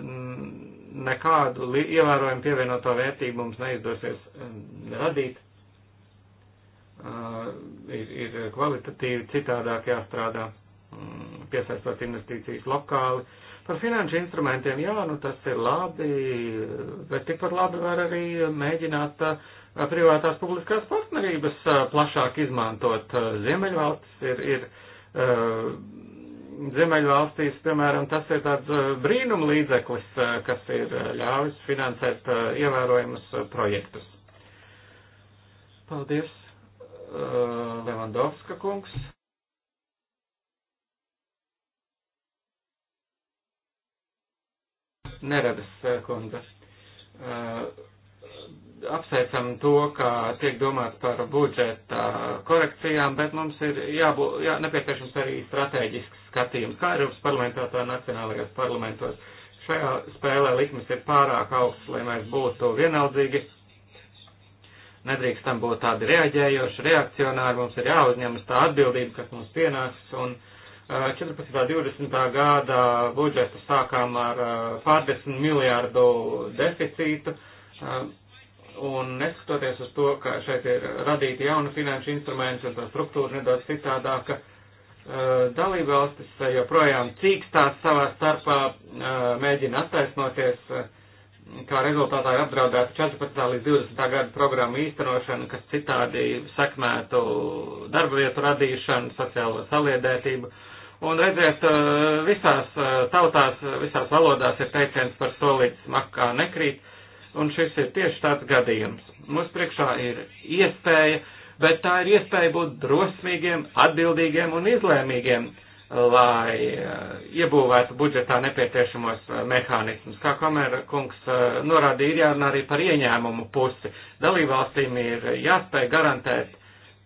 Speaker 3: nekādu ievērojumu pievienoto vērtību mums neizdosies eh, radīt. Ir, ir kvalitatīvi citādāk jāstrādā, mm, piesaistot investīcijas lokāli. Par finanšu instrumentiem, jā, nu tas ir labi, bet tikpat labi var arī mēģināt privātās publiskās partnerības plašāk izmantot. Ziemeļvalstis ir, ir Ziemeļvalstīs, piemēram, tas ir tāds uh, brīnum līdzeklis, uh, kas ir uh, ļāvis finansēt ievērojumus projektus. Paldies, Levandovska kungs. Neredas kundas apsveicam to, ka tiek domāts par budžeta korekcijām, bet mums ir jābū, jā, nepieciešams arī strateģisks skatījums, kā Eiropas parlamentā, tā nacionālajos parlamentos. Šajā spēlē likmes ir pārāk augsts, lai mēs būtu vienaldzīgi. Nedrīkstam būt tādi reaģējoši, reakcionāri, mums ir jāuzņemas tā atbildība, kas mums pienāks, un 14. 20. gada budžetu sākām ar pārdesmit miljārdu deficītu Un neskatoties uz to, ka šeit ir radīti jauni finanšu instrumenti un tā struktūra nedaudz citādāka, eh, dalībvalstis joprojām cīkstās savā starpā, eh, mēģina attaisnoties, eh, kā rezultātā ir apdraudēta 14. līdz 20. gada programma īstenošana, kas citādi sekmētu darba vietu radīšanu, sociālo saliedētību. Un redziet, visās tautās, visās valodās ir teiciens par solīts makā nekrīt. Uh, un šis ir tieši tāds gadījums. Mums priekšā ir iespēja, bet tā ir iespēja būt drosmīgiem, atbildīgiem un izlēmīgiem, lai eh, iebūvētu budžetā nepieciešamos eh, mehānismus. Kā kamēr kungs eh, norādīja, ir jārunā arī par ieņēmumu pusi. Dalībvalstīm ir jāspēj garantēt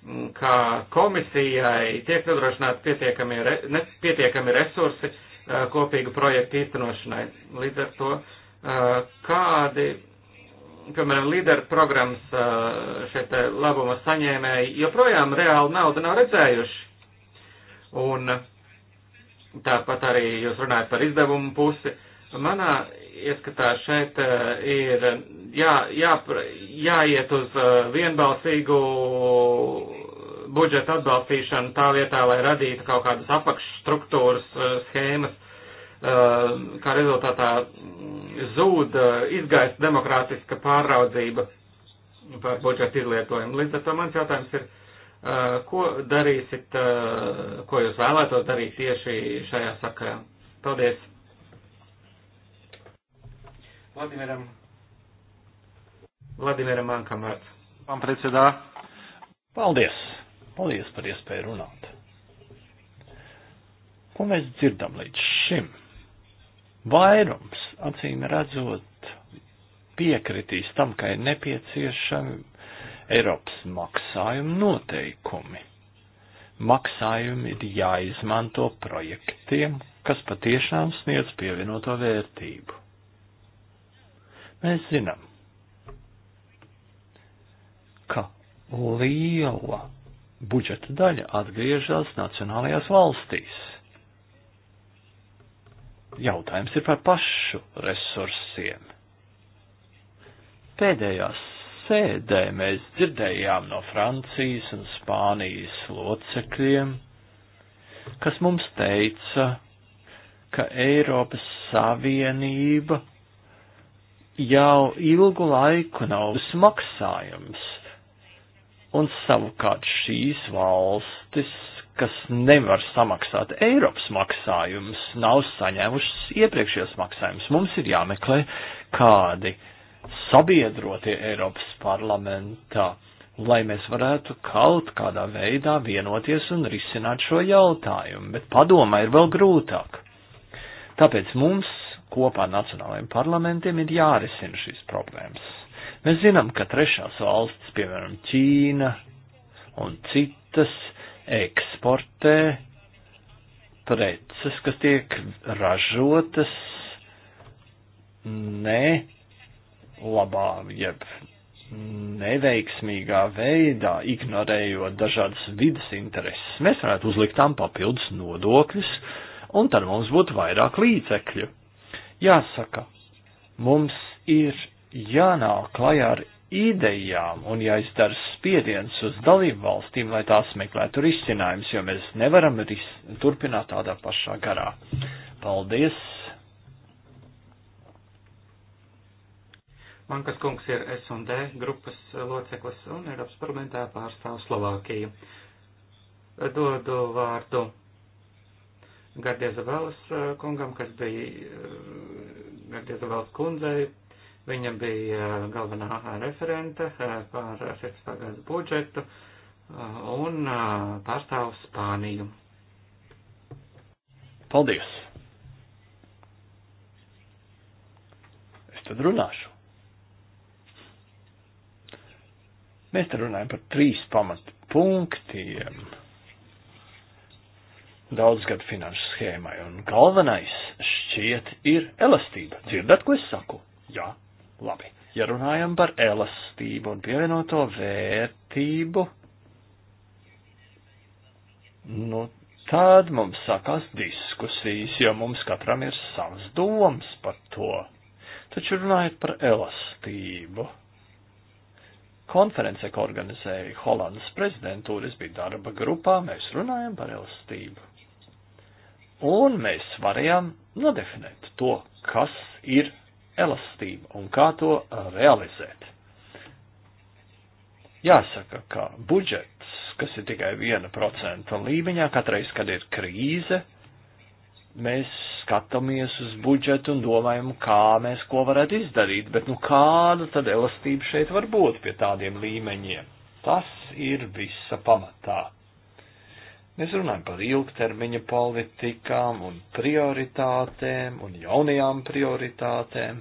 Speaker 3: mm, ka komisijai tiek nodrošināti pietiekami, re, ne, pietiekami resursi kopīgu projektu īstenošanai. Līdz ar to kādi piemēram, līderu programmas šeit labuma saņēmēji joprojām reāli naudu nav redzējuši. Un tāpat arī jūs runājat par izdevumu pusi. Manā ieskatā šeit ir jā, jā, jāiet uz vienbalsīgu budžeta atbalstīšanu tā vietā, lai radītu kaut kādas apakšstruktūras schēmas Uh, kā rezultātā zūd uh, izgaist demokrātiska pāraudzība par budžeta izlietojumu. Līdz ar to mans jautājums ir, uh, ko darīsit, ko jūs vēlētos darīt tieši šajā sakarā? Paldies! Vladimiram. Vladimiram Mankam vārds.
Speaker 4: Pan predsedā. Paldies! Paldies par iespēju runāt. Ko mēs dzirdam līdz šim? Vairums, acīm redzot, piekritīs tam, ka ir nepieciešami Eiropas maksājuma noteikumi. Maksājumi ir jāizmanto projektiem, kas patiešām sniedz pievienoto vērtību. Mēs zinām, ka liela budžeta daļa atgriežas nacionālajās valstīs jautājums ir par pašu resursiem. Pēdējās sēdē mēs dzirdējām no Francijas un Spānijas locekļiem, kas mums teica, ka Eiropas Savienība jau ilgu laiku nav uzmaksājums, un savukārt šīs valstis kas nevar samaksāt Eiropas maksājumus, nav saņēmušas iepriekšējos maksājumus. Mums ir jāmeklē kādi sabiedrotie Eiropas parlamentā, lai mēs varētu kaut kādā veidā vienoties un risināt šo jautājumu, bet padomā ir vēl grūtāk. Tāpēc mums kopā nacionālajiem parlamentiem ir jārisina šīs problēmas. Mēs zinām, ka trešās valsts, piemēram, Ķīna un citas, eksportē preces, kas tiek ražotas ne labā, jeb neveiksmīgā veidā, ignorējot dažādas vidas intereses. Mēs varētu uzlikt tam papildus nodokļus, un tad mums būtu vairāk līdzekļu. Jāsaka, mums ir jānāk klajā ar idejām un jāizdara spiediens uz dalību valstīm, lai tās meklētu risinājumus, jo mēs nevaram ris turpināt tādā pašā garā. Paldies!
Speaker 3: Mankas kungs ir S&D grupas loceklis un Eiropas parlamentā pārstāv Slovākiju. Dodu vārdu Gardieza Vēlas eh, kungam, kas bija eh, Gardieza Vēlas kundzei Viņa bija eh, galvenā eh, referente eh, par 16. gadu budžetu un pārstāv Spāniju. Paldies! Es tad runāšu.
Speaker 4: Mēs te runājam par trīs pamatu punktiem daudzgadu finanšu schēmai, un galvenais šķiet ir elastība. Dzirdat, ko es saku? Jā, Labi, ja runājam par elastību un pievienoto vērtību, nu, tad mums sākās diskusijas, jo mums katram ir savas domas par to. Taču runājot par elastību. Konference, ko organizēja Holandas prezidentūras, bija darba grupā, mēs runājam par elastību. Un mēs varējām nodefinēt to, kas ir elastība un kā to realizēt. Jāsaka, ka budžets, kas ir tikai viena procenta līmeņā, katreiz, kad ir krīze, mēs skatāmies uz budžetu un domājam, kā mēs ko varētu izdarīt, bet nu kāda tad elastība šeit var būt pie tādiem līmeņiem? Tas ir visa pamatā. Mēs runājam par ilgtermiņa politikām un prioritātēm un jaunajām prioritātēm.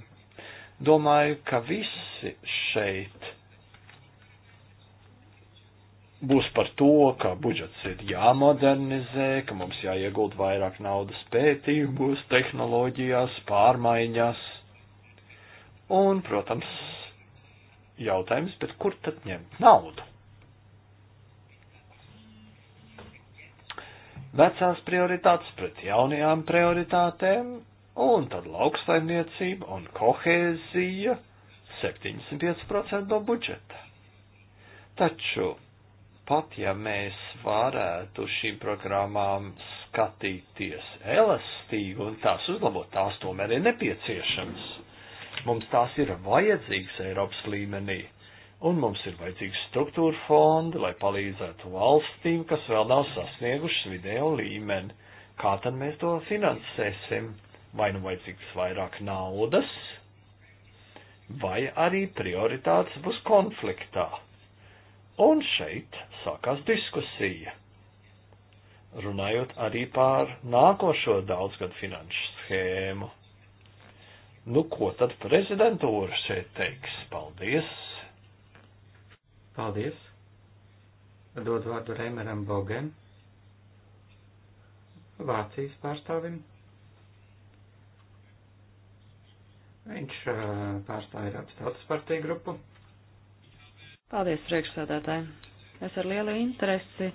Speaker 4: Domāju, ka visi šeit būs par to, ka budžets ir jāmodernizē, ka mums jāiegūt vairāk naudas pētījumos, tehnoloģijās, pārmaiņās. Un, protams, jautājums, bet kur tad ņemt naudu? vecās prioritātes pret jaunajām prioritātēm, un tad lauksaimniecība un kohēzija 75% no budžeta. Taču, pat ja mēs varētu šīm programmām skatīties elastīgi un tās uzlabot, tās tomēr ir nepieciešams. Mums tās ir vajadzīgas Eiropas līmenī un mums ir vajadzīgi struktūra fondi, lai palīdzētu valstīm, kas vēl nav sasniegušas vidējo līmeni. Kā tad mēs to finansēsim? Vai nu vajadzīgs vairāk naudas, vai arī prioritātes būs konfliktā. Un šeit sākās diskusija. Runājot arī pār nākošo daudzgadu finanšu schēmu. Nu, ko tad prezidentūra šeit teiks?
Speaker 3: Paldies! Paldies. Dod vārdu Reimeram Bogem, Vācijas pārstāvim. Viņš uh, pārstāja Eiropas tautas partiju grupu.
Speaker 2: Paldies, priekšsādātāji. Es ar lielu interesi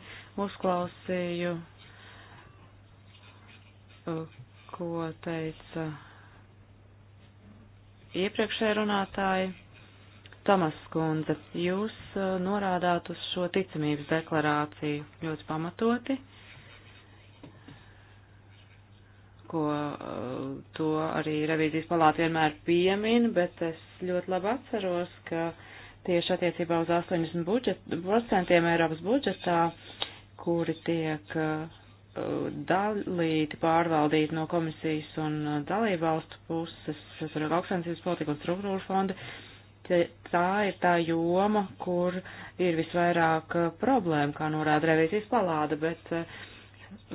Speaker 2: uzklausīju, uh, ko teica iepriekšēja runātāja Tomas Kundze, jūs uh, norādāt uz šo ticamības deklarāciju ļoti pamatoti, ko uh, to arī revīzijas palāta vienmēr piemin, bet es ļoti labi atceros, ka tieši attiecībā uz 80% budžet, Eiropas budžetā, kuri tiek uh, dalīti, pārvaldīti no komisijas un dalībvalstu puses, tas ir augstsensības politika un struktūra fonda, uh, tā ir tā joma, kur ir visvairāk eh, problēma, kā norāda revīzijas palāda, bet eh,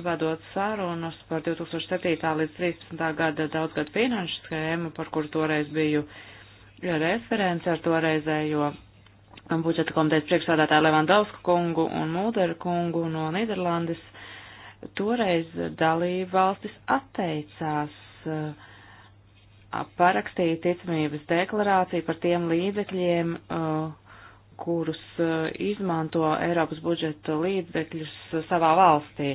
Speaker 2: vedot sarunas par 2007. līdz 13. gada daudzgad finanšu schēmu, par kuru toreiz biju referents ar toreizējo budžeta komitejas priekšsādātāju Levandovsku kungu un Mulderu kungu no Nīderlandes, toreiz dalība valstis atteicās uh, parakstīt ticamības deklarāciju par tiem līdzekļiem, uh, kurus uh, izmanto Eiropas budžeta līdzekļus savā valstī.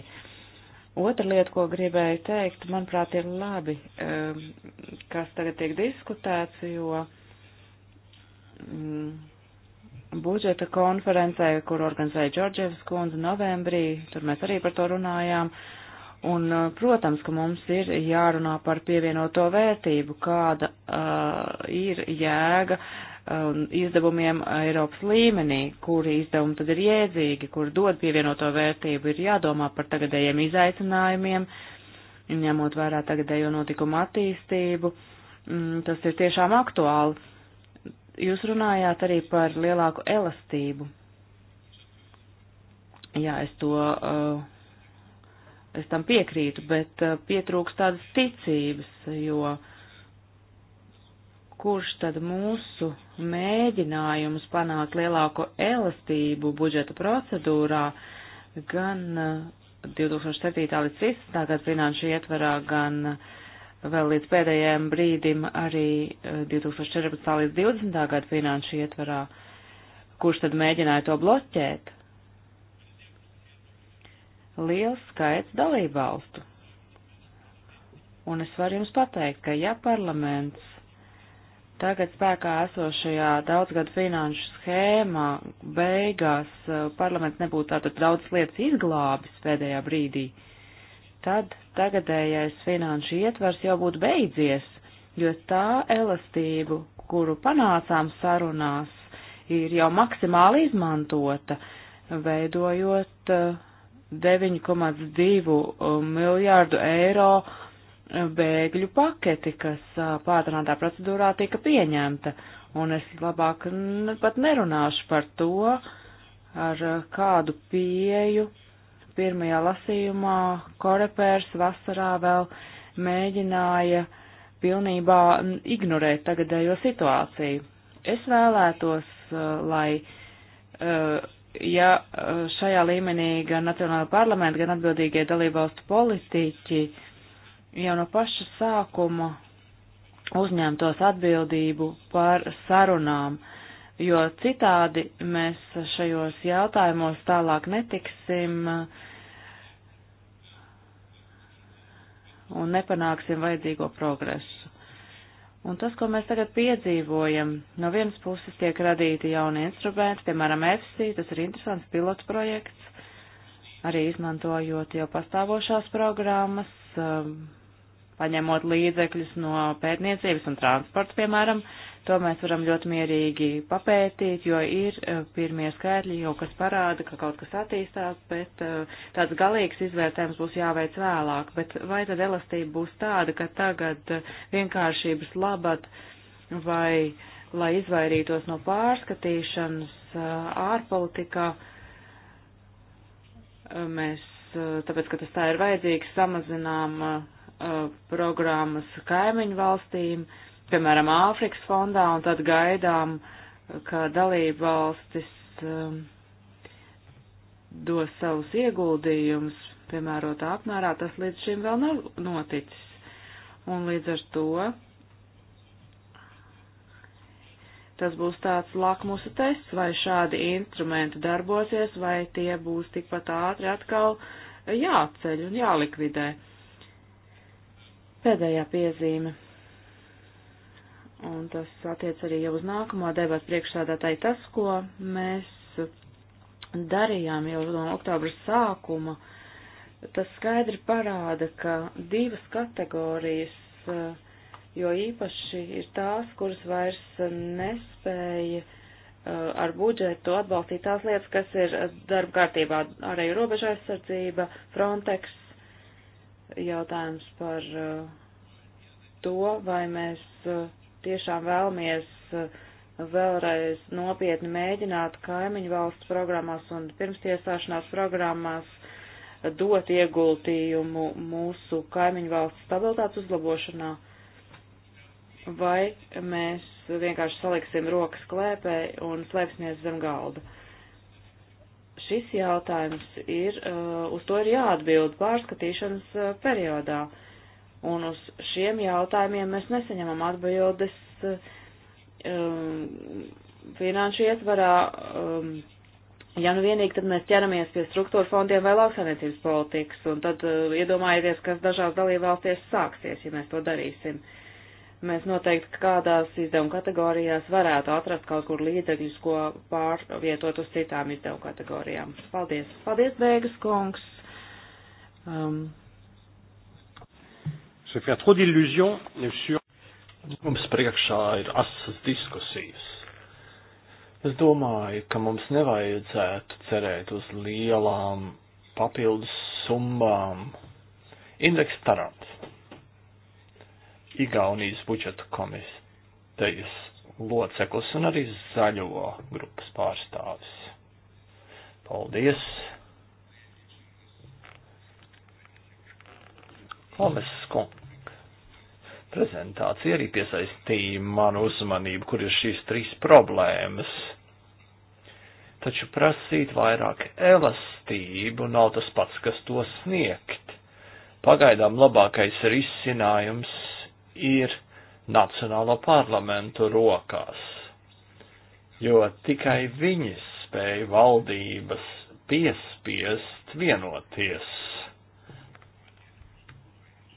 Speaker 2: Otra lieta, ko gribēju teikt, manuprāt, ir labi, um, kas tagad tiek diskutēts, jo mm, budžeta konferencē, kur organizēja Džordževs kundze novembrī, tur mēs arī par to runājām, uh, Un, uh, protams, ka mums ir jārunā par pievienoto vērtību, kāda uh, ir jēga uh, izdevumiem Eiropas līmenī, kuri izdevumi tad ir jēdzīgi, kur dod pievienoto vērtību, ir jādomā par tagadējiem izaicinājumiem, ņemot vērā tagadējo notikumu attīstību. Mm, tas ir tiešām aktuāli. Jūs runājāt arī par lielāku elastību. Jā, es to. Uh, es tam piekrītu, bet uh, pietrūks tādas ticības, jo kurš tad mūsu mēģinājums panākt lielāko elastību budžeta procedūrā gan 2007. Uh, līdz 2016. gadu finanšu ietverā, gan uh, vēl līdz pēdējiem brīdim arī 2014. līdz 2020. gadu finanšu ietverā, kurš tad mēģināja to bloķēt? liels skaits dalībvalstu. Un es varu jums pateikt, ka ja parlaments tagad spēkā esošajā daudzgadu finanšu schēmā beigās eh, parlaments nebūtu tātad daudz lietas izglābis pēdējā brīdī, tad tagadējais finanšu ietvers jau būtu beidzies, jo tā elastību, kuru panācām sarunās, ir jau maksimāli izmantota, veidojot uh, 9,2 um, miljārdu eiro um, bēgļu paketi, kas uh, pātrinātā procedūrā tika pieņemta. Un es labāk pat nerunāšu par to, ar uh, kādu pieju pirmajā lasījumā Korepērs vasarā vēl mēģināja pilnībā ignorēt tagadējo situāciju. Es vēlētos, uh, lai ja eh, šajā līmenī gan Nacionāla parlamenta, gan atbildīgie dalībvalstu politiķi jau no paša sākuma uzņemtos atbildību par sarunām, jo citādi mēs šajos jautājumos tālāk netiksim eh, un nepanāksim vajadzīgo progresu. Un tas, ko mēs tagad piedzīvojam, no vienas puses tiek radīti jauni instrumenti, piemēram, EFSI, tas ir interesants pilotu projekts, arī izmantojot jau pastāvošās programmas, um, paņemot līdzekļus no pētniecības un transporta, piemēram, to mēs varam ļoti mierīgi papētīt, jo ir e, pirmie skaitļi jau, kas parāda, ka kaut kas attīstās, bet e, tāds galīgs izvērtējums būs jāveic vēlāk. Bet vai tad elastība būs tāda, ka tagad e, vienkāršības labad vai, lai izvairītos no pārskatīšanas ārpolitikā, mēs, tāpēc, ka tas tā ir vajadzīgs, samazinām uh, uh, programmas kaimiņu valstīm, piemēram, Āfrikas fondā, un tad gaidām, ka dalība valstis uh, dos savus ieguldījumus, piemērotā apmērā, tas līdz šim vēl nav noticis. Un līdz ar to tas būs tāds lakmusa tests, vai šādi instrumenti darbosies, vai tie būs tikpat ātri atkal jāceļ un jālikvidē. Pēdējā piezīme, un tas attiec arī jau uz nākamo debatu priekšsādātāju, tas, ko mēs darījām jau no oktobra sākuma, tas skaidri parāda, ka divas kategorijas, jo īpaši ir tās, kuras vairs nespēja uh, ar budžetu atbalstīt tās lietas, kas ir darba kārtībā, arī robeža aizsardzība, Frontex jautājums par uh, to, vai mēs uh, tiešām vēlamies uh, vēlreiz nopietni mēģināt kaimiņu valsts programmās un pirmstiesāšanās programmās dot ieguldījumu mūsu kaimiņu valsts stabilitātes uzlabošanā, vai mēs vienkārši saliksim rokas klēpē un slēpsimies zem galda šis jautājums ir, uh, uz to ir jāatbild pārskatīšanas uh, periodā. Un uz šiem jautājumiem mēs nesaņemam atbildes uh, um, finanšu ietvarā, um, ja nu vienīgi tad mēs ķeramies pie struktūra fondiem vai lauksaimniecības politikas, un tad uh, iedomājieties, kas dažās dalībvalstīs sāksies, ja mēs to darīsim. Uh, mēs noteikti kādās izdevuma kategorijās varētu atrast kaut kur līdzekļus, ko pārvietot uz citām izdevuma kategorijām. Paldies! Paldies, Bēgas kungs! Um.
Speaker 1: Mums priekšā ir asas diskusijas.
Speaker 4: Es domāju, ka mums nevajadzētu cerēt uz lielām papildus summām. Indeks Tarants Igaunijas budžeta komitejas loceklis un arī zaļo grupas pārstāvis. Paldies! Lames kungs! Prezentācija arī piesaistīja manu uzmanību, kur ir šīs trīs problēmas taču prasīt vairāk elastību nav tas pats, kas to sniegt. Pagaidām labākais risinājums ir Nacionālo parlamentu rokās, jo tikai viņi spēja valdības piespiest vienoties,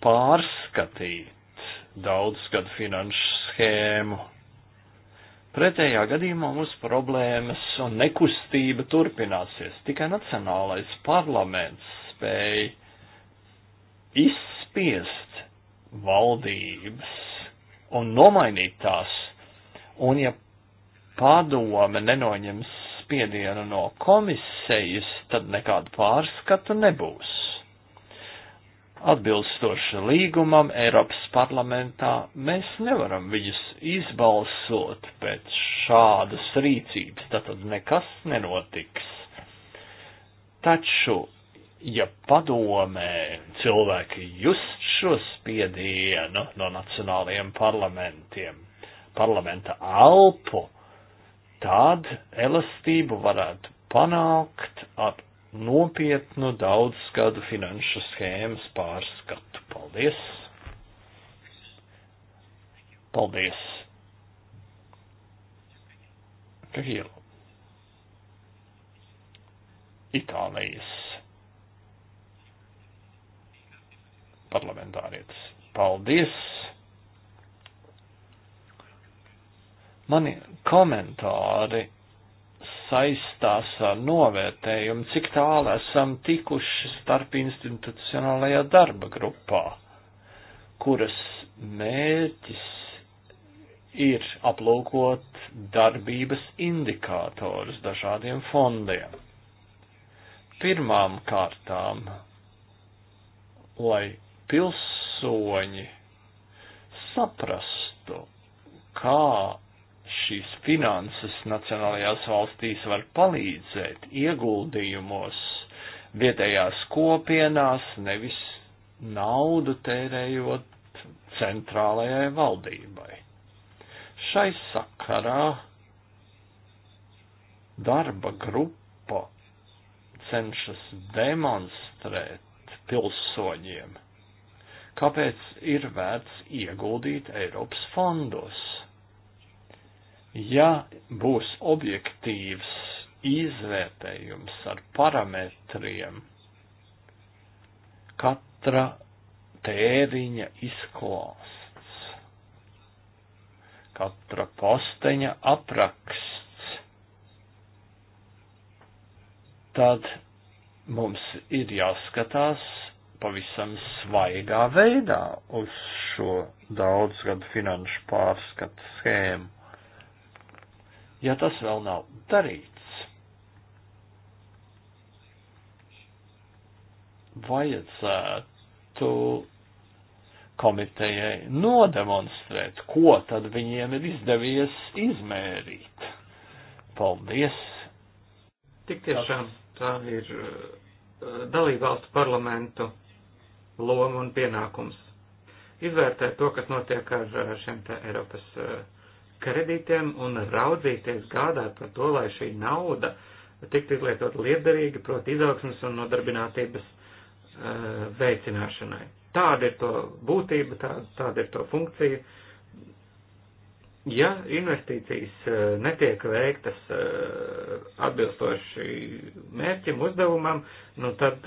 Speaker 4: pārskatīt daudzgadu finanšu schēmu. Pretējā gadījumā mums problēmas un nekustība turpināsies. Tikai Nacionālais parlaments spēja izspiest valdības un nomainīt tās, un ja padome nenoņems spiedienu no komisejas, tad nekādu pārskatu nebūs. Atbilstoši līgumam Eiropas parlamentā mēs nevaram viņus izbalsot pēc šādas rīcības, tad nekas nenotiks. Taču ja padomē cilvēki just šo spiedienu no nacionālajiem parlamentiem, parlamenta alpu, tad elastību varētu panākt ar nopietnu daudzgadu finanšu schēmas pārskatu. Paldies! Paldies! Kahilu. Itālijas parlamentārietis. Paldies! Mani komentāri saistās ar novērtējumu, cik tālu esam tikuši starp institucionālajā darba grupā, kuras mērķis ir aplūkot darbības indikātorus dažādiem fondiem. Pirmām kārtām, lai pilsoņi saprastu, kā šīs finanses nacionālajās valstīs var palīdzēt ieguldījumos vietējās kopienās, nevis naudu tērējot centrālajai valdībai. Šai sakarā darba grupa cenšas demonstrēt pilsoņiem, kāpēc ir vērts ieguldīt Eiropas fondos. Ja būs objektīvs izvērtējums ar parametriem, katra tēriņa izklāsts, katra posteņa apraksts, tad mums ir jāskatās, pavisam svaigā veidā uz šo daudzgadu finanšu pārskatu schēmu. Ja tas vēl nav darīts, vajadzētu komitejai nodemonstrēt, ko tad viņiem ir izdevies izmērīt.
Speaker 3: Paldies! Tik tiešām tā ir eh, dalībvalstu parlamentu loma un pienākums. Izvērtēt to, kas notiek ar šiem te Eiropas e, kredītiem un raudzīties gādāt par to, lai šī nauda tiktu izlietot liederīgi, proti izaugsmas un nodarbinātības uh, veicināšanai. Tāda ir to būtība, tā, tāda ir to funkcija. Ja investīcijas uh, netiek veiktas uh, atbilstoši mērķim, uzdevumam, nu tad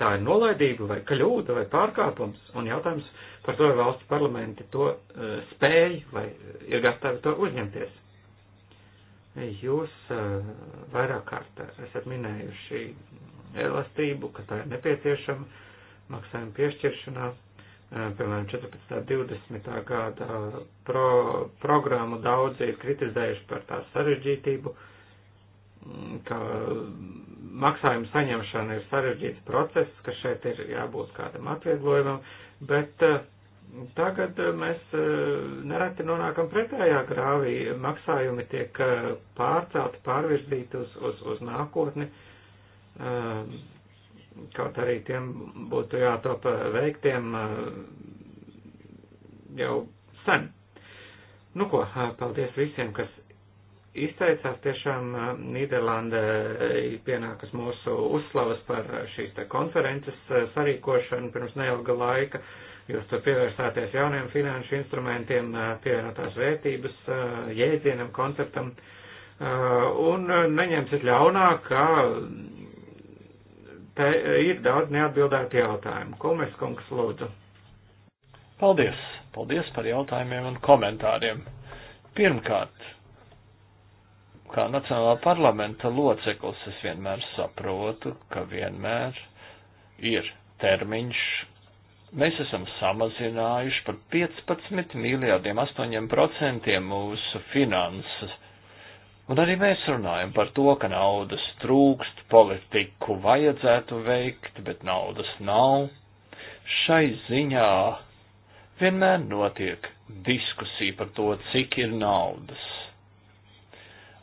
Speaker 3: tā ir nolaidība vai kļūda vai pārkāpums, un jautājums par to, vai valsts parlamenti to uh, spēj vai ir gatavi to uzņemties. Jūs uh, vairāk kārt esat minējuši elastību, ka tā ir nepieciešama maksājuma piešķiršanā, uh, piemēram, 14. 20. gada pro, programmu daudzi ir kritizējuši par tās sarežģītību. Uh, ka maksājuma saņemšana ir sarežģīts process, ka šeit ir jābūt kādam atvieglojumam, bet eh, tagad eh, mēs eh, nereti nonākam pretējā grāvī. Maksājumi tiek pārcelti, pārvirzīti uz, uz, uz nākotni, kaut arī tiem būtu jātop veiktiem jau sen. Nu ko, paldies visiem, kas izteicās, tiešām eh, Nīderlanda eh, pienākas mūsu uzslavas par eh, šīs te konferences sarīkošanu pirms neilga laika. Jūs tur pievērsāties jauniem finanšu instrumentiem, pievienotās vērtības jēdzienam, konceptam. Un neņemsiet ļaunā, ka te ir daudz neatbildētu jautājumu. Komes kungs lūdzu. Paldies! Paldies par jautājumiem un komentāriem. Pirmkārt,
Speaker 4: kā Nacionālā parlamenta loceklis es vienmēr saprotu, ka vienmēr ir termiņš. Mēs esam samazinājuši par 15 miljārdiem 8% mūsu finanses. Un arī mēs runājam par to, ka naudas trūkst, politiku vajadzētu veikt, bet naudas nav. Šai ziņā vienmēr notiek diskusija par to, cik ir naudas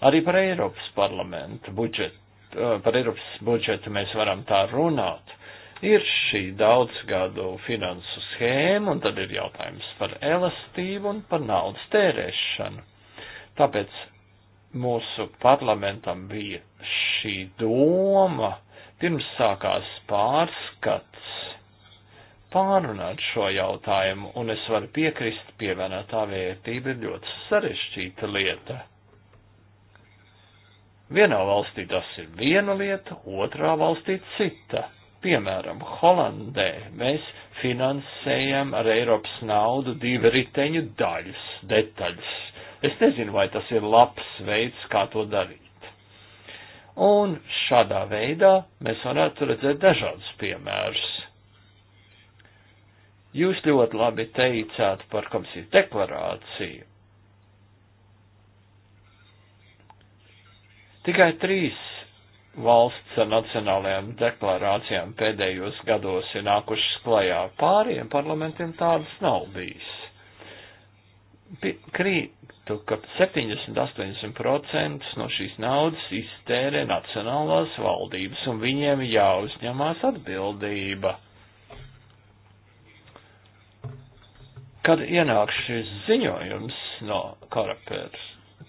Speaker 4: Arī par Eiropas parlamentu budžetu, eh, par Eiropas budžetu mēs varam tā runāt. Ir šī daudzgadu finansu schēma, un tad ir jautājums par elastību un par naudas tērēšanu. Tāpēc mūsu parlamentam bija šī doma, pirms sākās pārskats, pārunāt šo jautājumu, un es varu piekrist, pievienotā vērtība ir ļoti sarežģīta lieta. Vienā valstī tas ir viena lieta, otrā valstī cita. Piemēram, Holandē mēs finansējam ar Eiropas naudu divu riteņu daļas, detaļas. Es nezinu, vai tas ir labs veids, kā to darīt. Un šādā veidā mēs varētu redzēt dažādus piemērus. Jūs ļoti labi teicāt par komisijas deklarāciju Tikai trīs valsts ar nacionālajām deklarācijām pēdējos gados ir nākušas klajā. Pāriem parlamentiem tādas nav bijis. Krītu, ka 70-80% no šīs naudas iztērē nacionālās valdības un viņiem jāuzņemās atbildība. Kad ienāk šis ziņojums no Karapēras,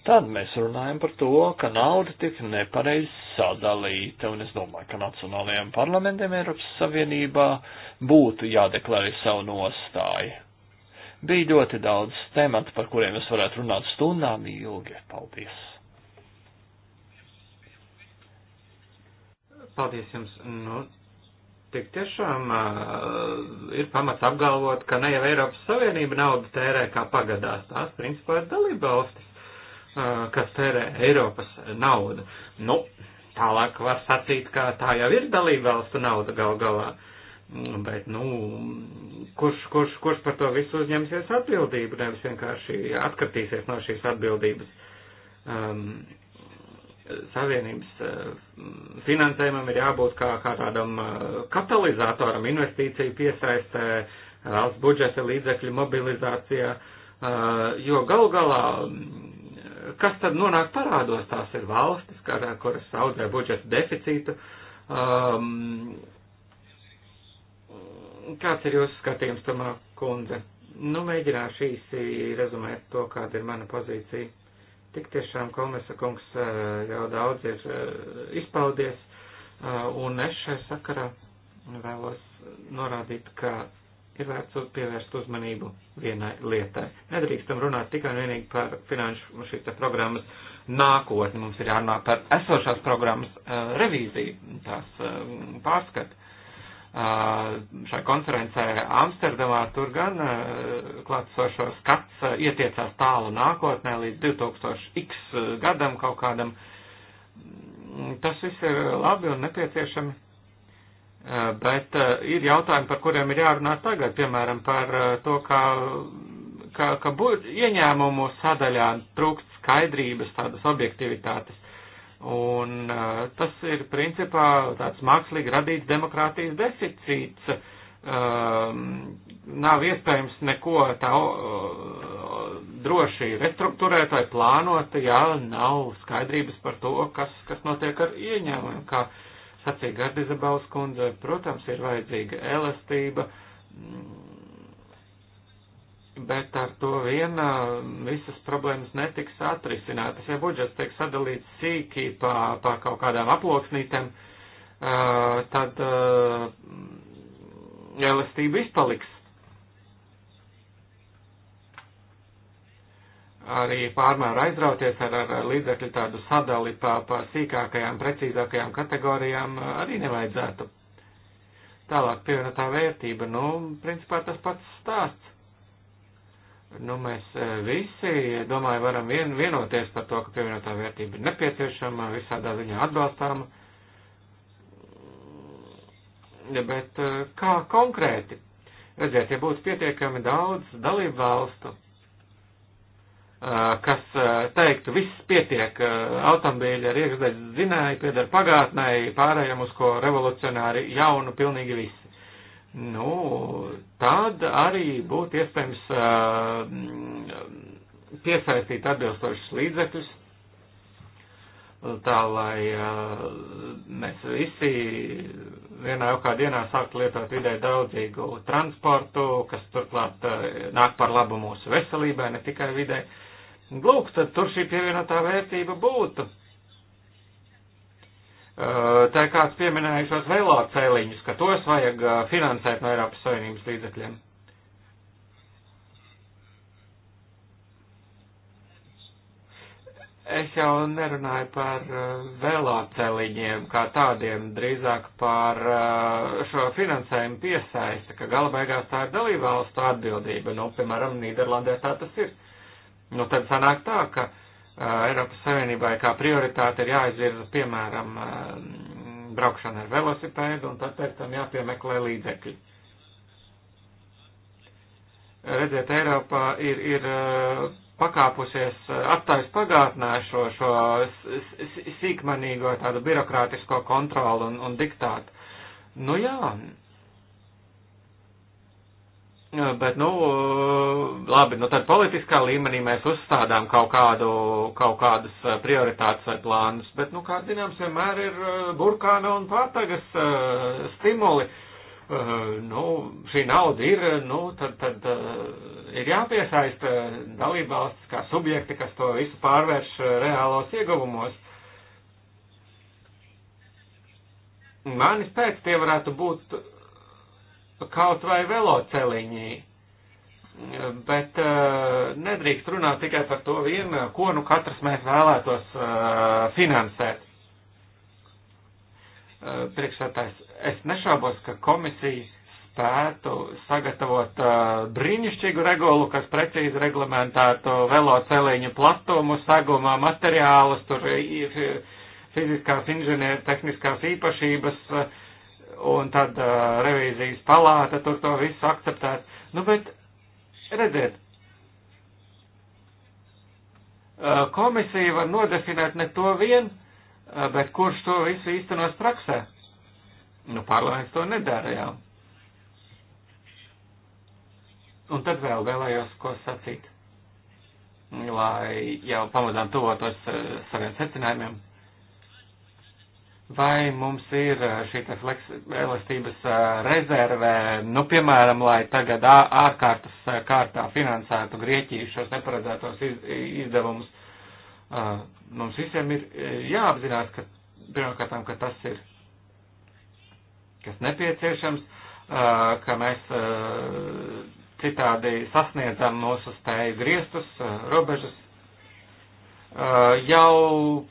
Speaker 4: tad mēs runājam par to, ka nauda tik nepareiz sadalīta, un es domāju, ka nacionālajiem parlamentiem Eiropas Savienībā būtu jādeklarē savu nostāju. Bija ļoti daudz tematu, par kuriem es varētu runāt stundām ilgi. Paldies!
Speaker 3: Paldies jums! Nu, tik tiešām uh, ir pamats apgalvot, ka ne jau Eiropas Savienība naudu tērē kā pagadās, tās principā ir dalība valstis kas tērē Eiropas naudu. Nu, tālāk var sacīt, ka tā jau ir dalībvalstu nauda gal galā. Mm, bet, nu, kurš, kurš, kurš par to visu uzņemsies atbildību, nevis vienkārši atkartīsies no šīs atbildības. Um, savienības uh, finansējumam ir jābūt kā, kā tādam uh, katalizatoram investīciju piesaistē, valsts budžeta līdzekļu mobilizācijā, uh, jo gal galā kas tad nonāk parādos, tās ir valstis, kādā, kuras audzē budžeta deficītu. Um, kāds ir jūsu skatījums, Tomā kundze? Nu, mēģināšu īsi rezumēt to, kāda ir mana pozīcija. Tik tiešām Kolmesa kungs eh, jau daudz ir eh, izpaudies, eh, un es šai sakarā vēlos norādīt, ka ir vērts pievērst uzmanību vienai lietai. Nedrīkstam runāt tikai un vienīgi par finanšu šīs programmas nākotni. Mums ir jārunā par esošās programmas uh, revīziju, tās uh, pārskatu. Uh, šai konferencē Amsterdamā tur gan uh, klātsošo skats uh, ietiecās tālu nākotnē līdz 2000x gadam kaut kādam. Tas viss ir labi un nepieciešami Eh, bet eh, ir jautājumi, par kuriem ir jārunā tagad, piemēram, par eh, to, kā, kā, ka ieņēmumu sadaļā trūkst skaidrības, tādas objektivitātes. Un tas ir principā tāds mākslīgi radīts demokrātijas deficīts. Um, nav iespējams neko tā uh, droši restruktūrēt vai plānot, ja nav skaidrības par to, kas, kas notiek ar ieņēmumiem, kā uh, sacīja Gardizabaus kundze, protams, ir vajadzīga elastība, mm, bet ar to viena mm, visas problēmas netiks atrisinātas. Ja budžets tiek sadalīts sīkī pa, pa kaut kādām aploksnītēm, tad mm, elastība izpaliks. arī pārmēr aizrauties ar, ar līdzekļu tādu sadali pa, pa sīkākajām, precīzākajām kategorijām eh, arī nevajadzētu. Tālāk pievienotā vērtība, nu, principā tas pats stāsts. Nu, mēs eh, visi, domāju, varam vien, vienoties par to, ka pievienotā vērtība ir nepieciešama, visādā ziņā atbalstāma. Bet eh, kā konkrēti? Redziet, ja būtu pietiekami daudz dalību valstu, Eh, kas eh, teiktu, viss pietiek, eh, automobīļi ar iekšdeļas zināju pieder pagātnē, pārējiem uz ko revolucionāri jaunu pilnīgi visi. Nu, tad arī būtu iespējams piesaistīt atbilstošus līdzekļus, tā lai mēs visi vienā jau kā dienā sāktu lietot vidē daudzīgu transportu, kas turklāt nāk par labu mūsu veselībai, ne tikai videi Lūk, tad tur šī pievienotā vērtība būtu. Tā kāds pieminēja šos vēlāk cēliņus, ka tos vajag finansēt no Eiropas Savienības līdzekļiem. Es jau nerunāju par vēlāceliņiem kā tādiem, drīzāk par šo finansējumu piesaisti, ka gala beigās tā ir dalībvalstu atbildība. Nu, piemēram, Nīderlandē tā tas ir. Uh, Nu, tad sanāk tā, ka Eiropas Savienībai kā prioritāte ir jāizvirza, piemēram, braukšana ar velosipēdu, un tad pēc tam jāpiemeklē līdzekļi. Redziet, Eiropā ir, ir pakāpusies atstājas pagātnē šo, šo sīkmanīgo tādu birokrātisko kontrolu un, un diktātu. Nu jā, Bet, nu, labi, nu tad politiskā līmenī mēs uzstādām kaut, kādu, kaut kādas prioritātes vai plānus, bet, nu, kā zināms, vienmēr ir burkāna un pārtagas uh, stimuli. Uh, nu, šī nauda ir, nu, tad, tad uh, ir jāpiesaista dalībvalsts kā subjekti, kas to visu pārvērš reālos ieguvumos. Manis pēc tie varētu būt kaut vai veloceliņi, bet uh, nedrīkst runāt tikai par to vienu, ko nu katrs mēs vēlētos uh, finansēt. Uh, eh, Priekšsētājs, es nešaubos, ka komisija spētu sagatavot brīnišķīgu regulu, kas precīzi reglamentētu veloceliņu platumu, sagumā materiālus, tur ir fiziskās inženieru tehniskās īpašības, uh, un tad uh, revīzijas palāta tur to visu akceptēt. Nu, bet redziet, uh, komisija var nodefinēt ne to vien, uh, bet kurš to visu īstenos praksē. Nu, parlaments to nedara, jā. Un tad vēl vēlējos ko sacīt, lai jau pamazām tuvotos uh, saviem secinājumiem vai mums ir eh, šī elastības eh, rezervē, nu, piemēram, lai tagad ārkārtas eh, kārtā finansētu Grieķiju šos neparedzētos izdevumus. Mums visiem ir jāapzinās, ka pirmkārtām, ka tas ir, kas nepieciešams, ka mēs citādi sasniedzam mūsu spēju griestus, robežas, Eh, jau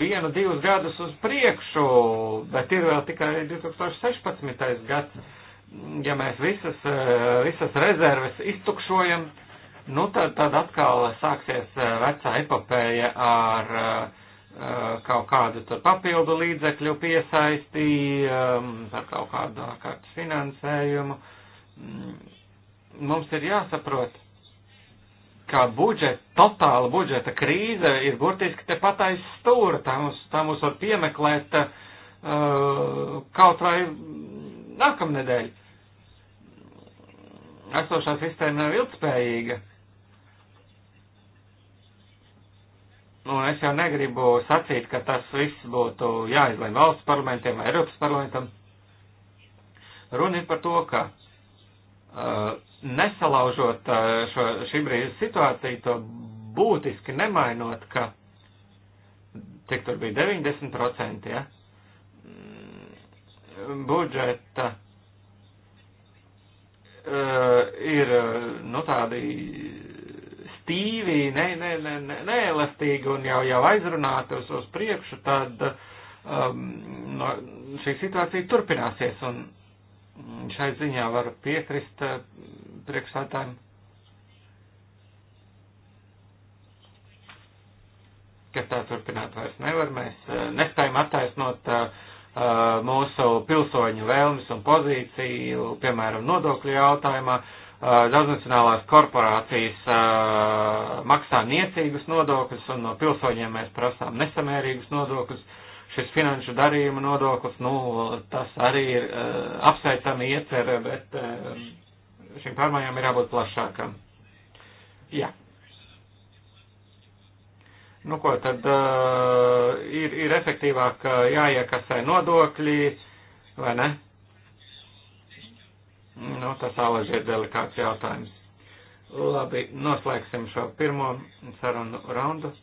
Speaker 3: vienu, divus gadus uz priekšu, bet ir vēl tikai 2016. gads. Ja mēs visas, eh, visas rezerves iztukšojam, nu tad, tad atkal sāksies eh, vecā epopēja ar kaut kādu tur papildu līdzekļu piesaisti, ar kaut kādu ārkārtas finansējumu. Mm, mums ir jāsaprot, ka budžeta, totāla budžeta krīze ir burtiski te patais stūra, tā mums, tā mums var piemeklēt uh, kaut vai nākamnedēļ. Esošā sistēma nav ilgspējīga. Nu, un es jau negribu sacīt, ka tas viss būtu jāizlēma valsts parlamentiem vai Eiropas parlamentam. Runa ir par to, ka Uh, nesalaužot uh, šo, šī brīža situāciju, to būtiski nemainot, ka, cik tur bija 90%, ja,
Speaker 1: mm,
Speaker 3: budžeta uh, ir, nu, tādi stīvi, ne, ne, ne, ne, neelastīgi un jau, jau aizrunāti uz, uz priekšu, tad um, no, šī situācija turpināsies un Mm, šai ziņā var piekrist eh, priekšsādājiem. ka tā turpināt vairs nevar. Mēs eh, nespējam attaisnot eh, mūsu pilsoņu vēlmes un pozīciju, piemēram, nodokļu jautājumā. Daudznacionālās korporācijas maksā niecīgus nodokļus un no pilsoņiem mēs prasām nesamērīgus nodokļus. Šis finanšu darījuma nodoklis, nu, tas arī ir uh, eh, apsveicami iecer, bet uh, šīm pārmaiņām ir jābūt plašākam. Jā. Nu, ko tad uh, ir, ir efektīvāk uh, jāiekasē nodokļi, vai ne? Nu, tas alaži ir delikāts jautājums. Labi, noslēgsim šo pirmo sarunu raundu.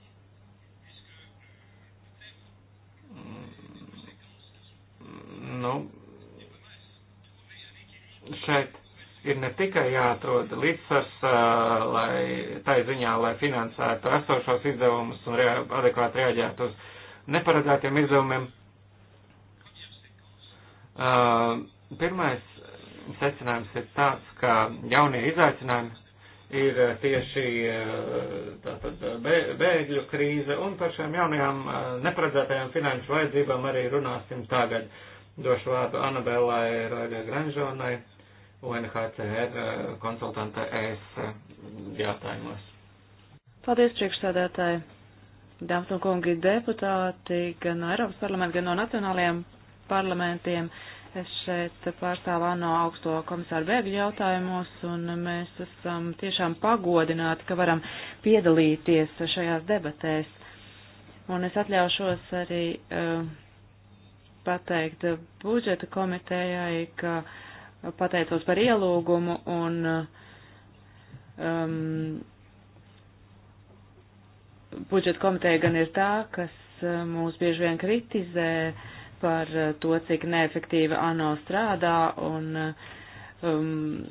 Speaker 3: nu, šeit ir ne tikai jāatrod līdzsvars, lai tai ziņā, lai finansētu esošos izdevumus un rea adekvāti reaģētu uz neparedzētiem izdevumiem. Uh, pirmais secinājums ir tāds, ka jaunie izaicinājumi ir tieši tātad bēgļu krīze un par šiem jaunajām neparedzētajām finanšu vajadzībām arī runāsim tagad. Uh, Došu vārdu Anabelai Raļa Granžonai, UNHCR konsultante ES jautājumos.
Speaker 2: Paldies, priekšsēdētāji. Dāmas un kungi deputāti, gan no Eiropas parlamenta, gan no nacionālajiem parlamentiem. Es šeit pārstāvu ANO augsto komisāru bēgļu jautājumos, un mēs esam tiešām pagodināti, ka varam piedalīties šajās debatēs. Un es atļaušos arī uh, pateikt budžeta komitejai, ka pateicos par ielūgumu un um, budžeta komiteja gan ir tā, kas um, mūs bieži vien kritizē par to, cik neefektīvi ANO strādā un uh, um,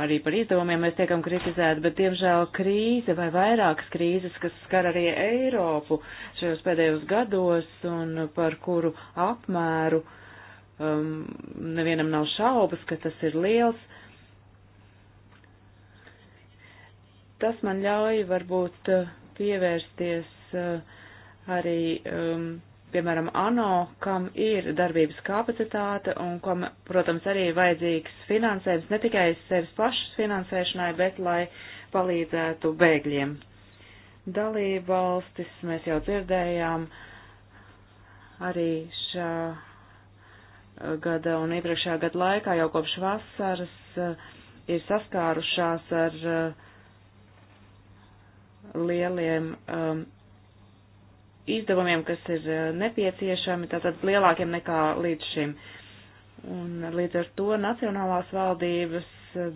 Speaker 2: arī par izdevumiem mēs tiekam kritizēti, bet diemžēl krīze vai vairākas krīzes, kas skar arī Eiropu šajos pēdējos gados un par kuru apmēru um, nevienam nav šaubas, ka tas ir liels. Tas man ļauj varbūt uh, pievērsties uh, arī um, piemēram, ANO, kam ir darbības kapacitāte un kam, protams, arī ir vajadzīgs finansējums ne tikai sevis pašas finansēšanai, bet lai palīdzētu bēgļiem. Dalība valstis mēs jau dzirdējām arī šā gada un iepriekšējā gada laikā jau kopš vasaras eh, ir saskārušās ar eh, lieliem um, izdevumiem, kas ir eh, nepieciešami, tātad lielākiem nekā līdz šim. Un līdz ar to nacionālās valdības,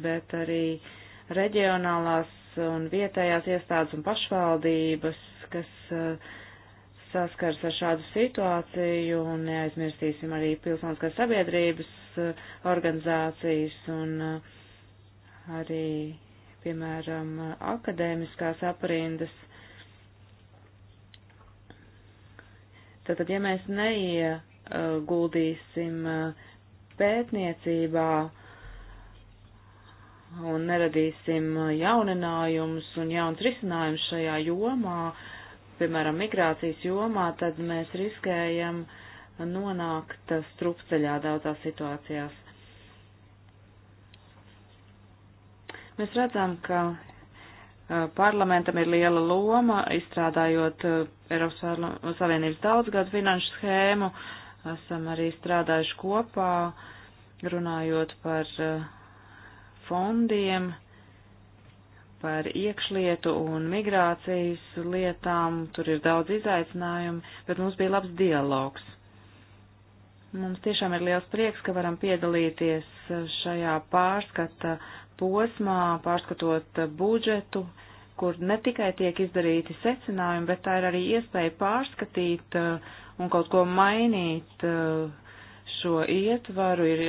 Speaker 2: bet arī reģionālās un vietējās iestādes un pašvaldības, kas eh, saskars ar šādu situāciju, un neaizmirstīsim arī pilsoniskās sabiedrības eh, organizācijas un arī, piemēram, akadēmiskās aprindas Tātad, ja mēs neieguldīsim eh, pētniecībā un neradīsim jauninājumus un jauns risinājums šajā jomā, piemēram, migrācijas jomā, tad mēs riskējam nonākt strupceļā daudzās situācijās. Mēs redzam, ka Eh, parlamentam ir liela loma, izstrādājot eh, Eiropas Savienības daudzgadu finanšu schēmu. Esam arī strādājuši kopā, runājot par eh, fondiem, par iekšlietu un migrācijas lietām. Tur ir daudz izaicinājumu, bet mums bija labs dialogs. Mums tiešām ir liels prieks, ka varam piedalīties šajā pārskata posmā, pārskatot eh, budžetu, kur ne tikai tiek izdarīti secinājumi, bet tā ir arī iespēja pārskatīt eh, un kaut ko mainīt eh, šo ietvaru, ir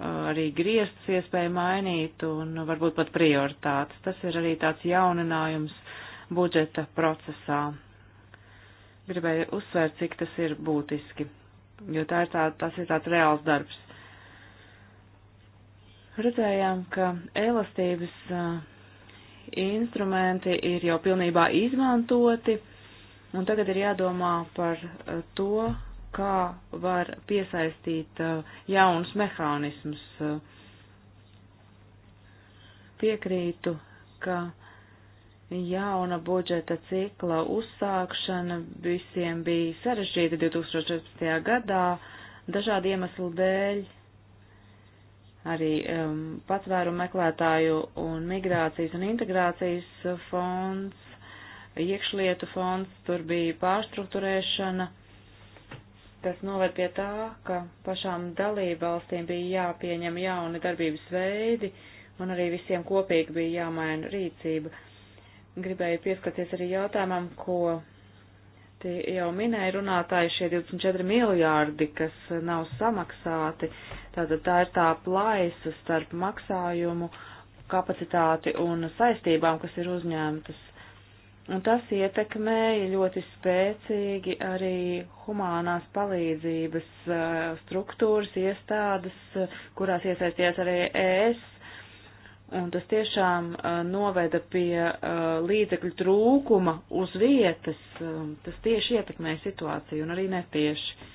Speaker 2: arī grieztas iespēja mainīt un varbūt pat prioritātes. Tas ir arī tāds jauninājums budžeta procesā. Gribēju uzsvērt, cik tas ir būtiski, jo tā ir tā, tas ir tāds reāls darbs redzējām, ka elastības instrumenti ir jau pilnībā izmantoti, un tagad ir jādomā par to, kā var piesaistīt jaunus mehānismus. Piekrītu, ka jauna budžeta cikla uzsākšana visiem bija sarežģīta 2014. gadā dažādu iemeslu dēļ arī um, patvērumu meklētāju un migrācijas un integrācijas fonds, iekšlietu fonds, tur bija pārstruktūrēšana, kas noved pie tā, ka pašām dalībvalstīm bija jāpieņem jauni darbības veidi un arī visiem kopīgi bija jāmaina rīcība. Gribēju pieskarties arī jautājumam, ko Tie jau minēja runātāji šie 24 miljārdi, kas nav samaksāti. Tātad tā ir tā plaisa starp maksājumu kapacitāti un saistībām, kas ir uzņēmtas. Un tas ietekmēja ļoti spēcīgi arī humānās palīdzības eh, struktūras, iestādes, kurās iesaistījās arī ES un tas tiešām uh, noveda pie uh, līdzekļu trūkuma uz vietas. Um, tas tieši ietekmēja situāciju un arī netieši.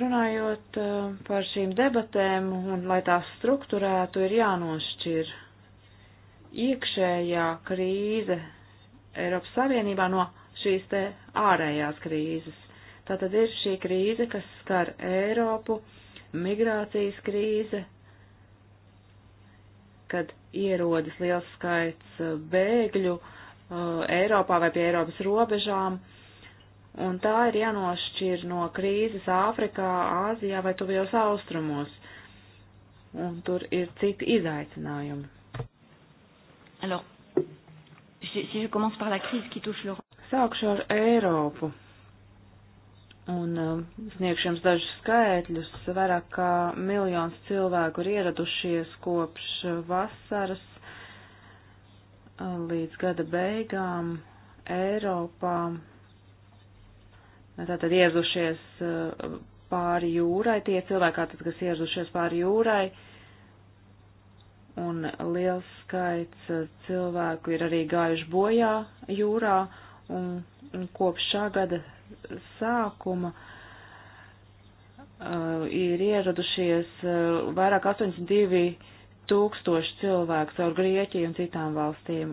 Speaker 2: Runājot uh, par šīm debatēm un lai tās strukturētu, ir jānošķir iekšējā krīze Eiropas Savienībā no šīs te ārējās krīzes. Tātad ir šī krīze, kas skar Eiropu, migrācijas krīze, kad ierodas liels skaits eh, bēgļu uh, Eiropā vai pie Eiropas robežām, un tā ir jānošķir no krīzes Āfrikā, Āzijā vai tuvijos austrumos, un tur ir citi izaicinājumi. Alors, si je commence par la crise qui touche l'Europe. Sākšu ar Eiropu. Un um, sniegšu jums dažus skaitļus. Vairāk kā miljons cilvēku ir ieradušies kopš vasaras līdz gada beigām Eiropā. Tātad ieradušies uh, pāri jūrai, tie cilvēki, tātad, kas ieradušies pāri jūrai, un liels skaits uh, cilvēku ir arī gājuši bojā jūrā, un, un kopš šā gada sākuma uh, ir ieradušies uh, vairāk 82 tūkstoši cilvēku caur Grieķiju un citām valstīm.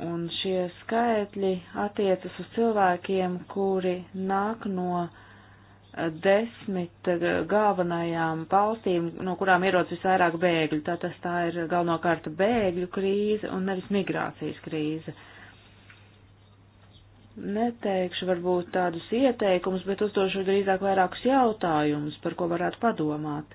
Speaker 2: Un šie skaitļi attiecas uz cilvēkiem, kuri nāk no uh, desmit uh, galvenajām valstīm, no kurām ierodas visvairāk bēgļu. Tātad tā ir galvenokārt bēgļu krīze un nevis migrācijas krīze. Uh, neteikšu varbūt tādus ieteikumus, bet uzdošu drīzāk vairākus jautājumus, par ko varētu padomāt.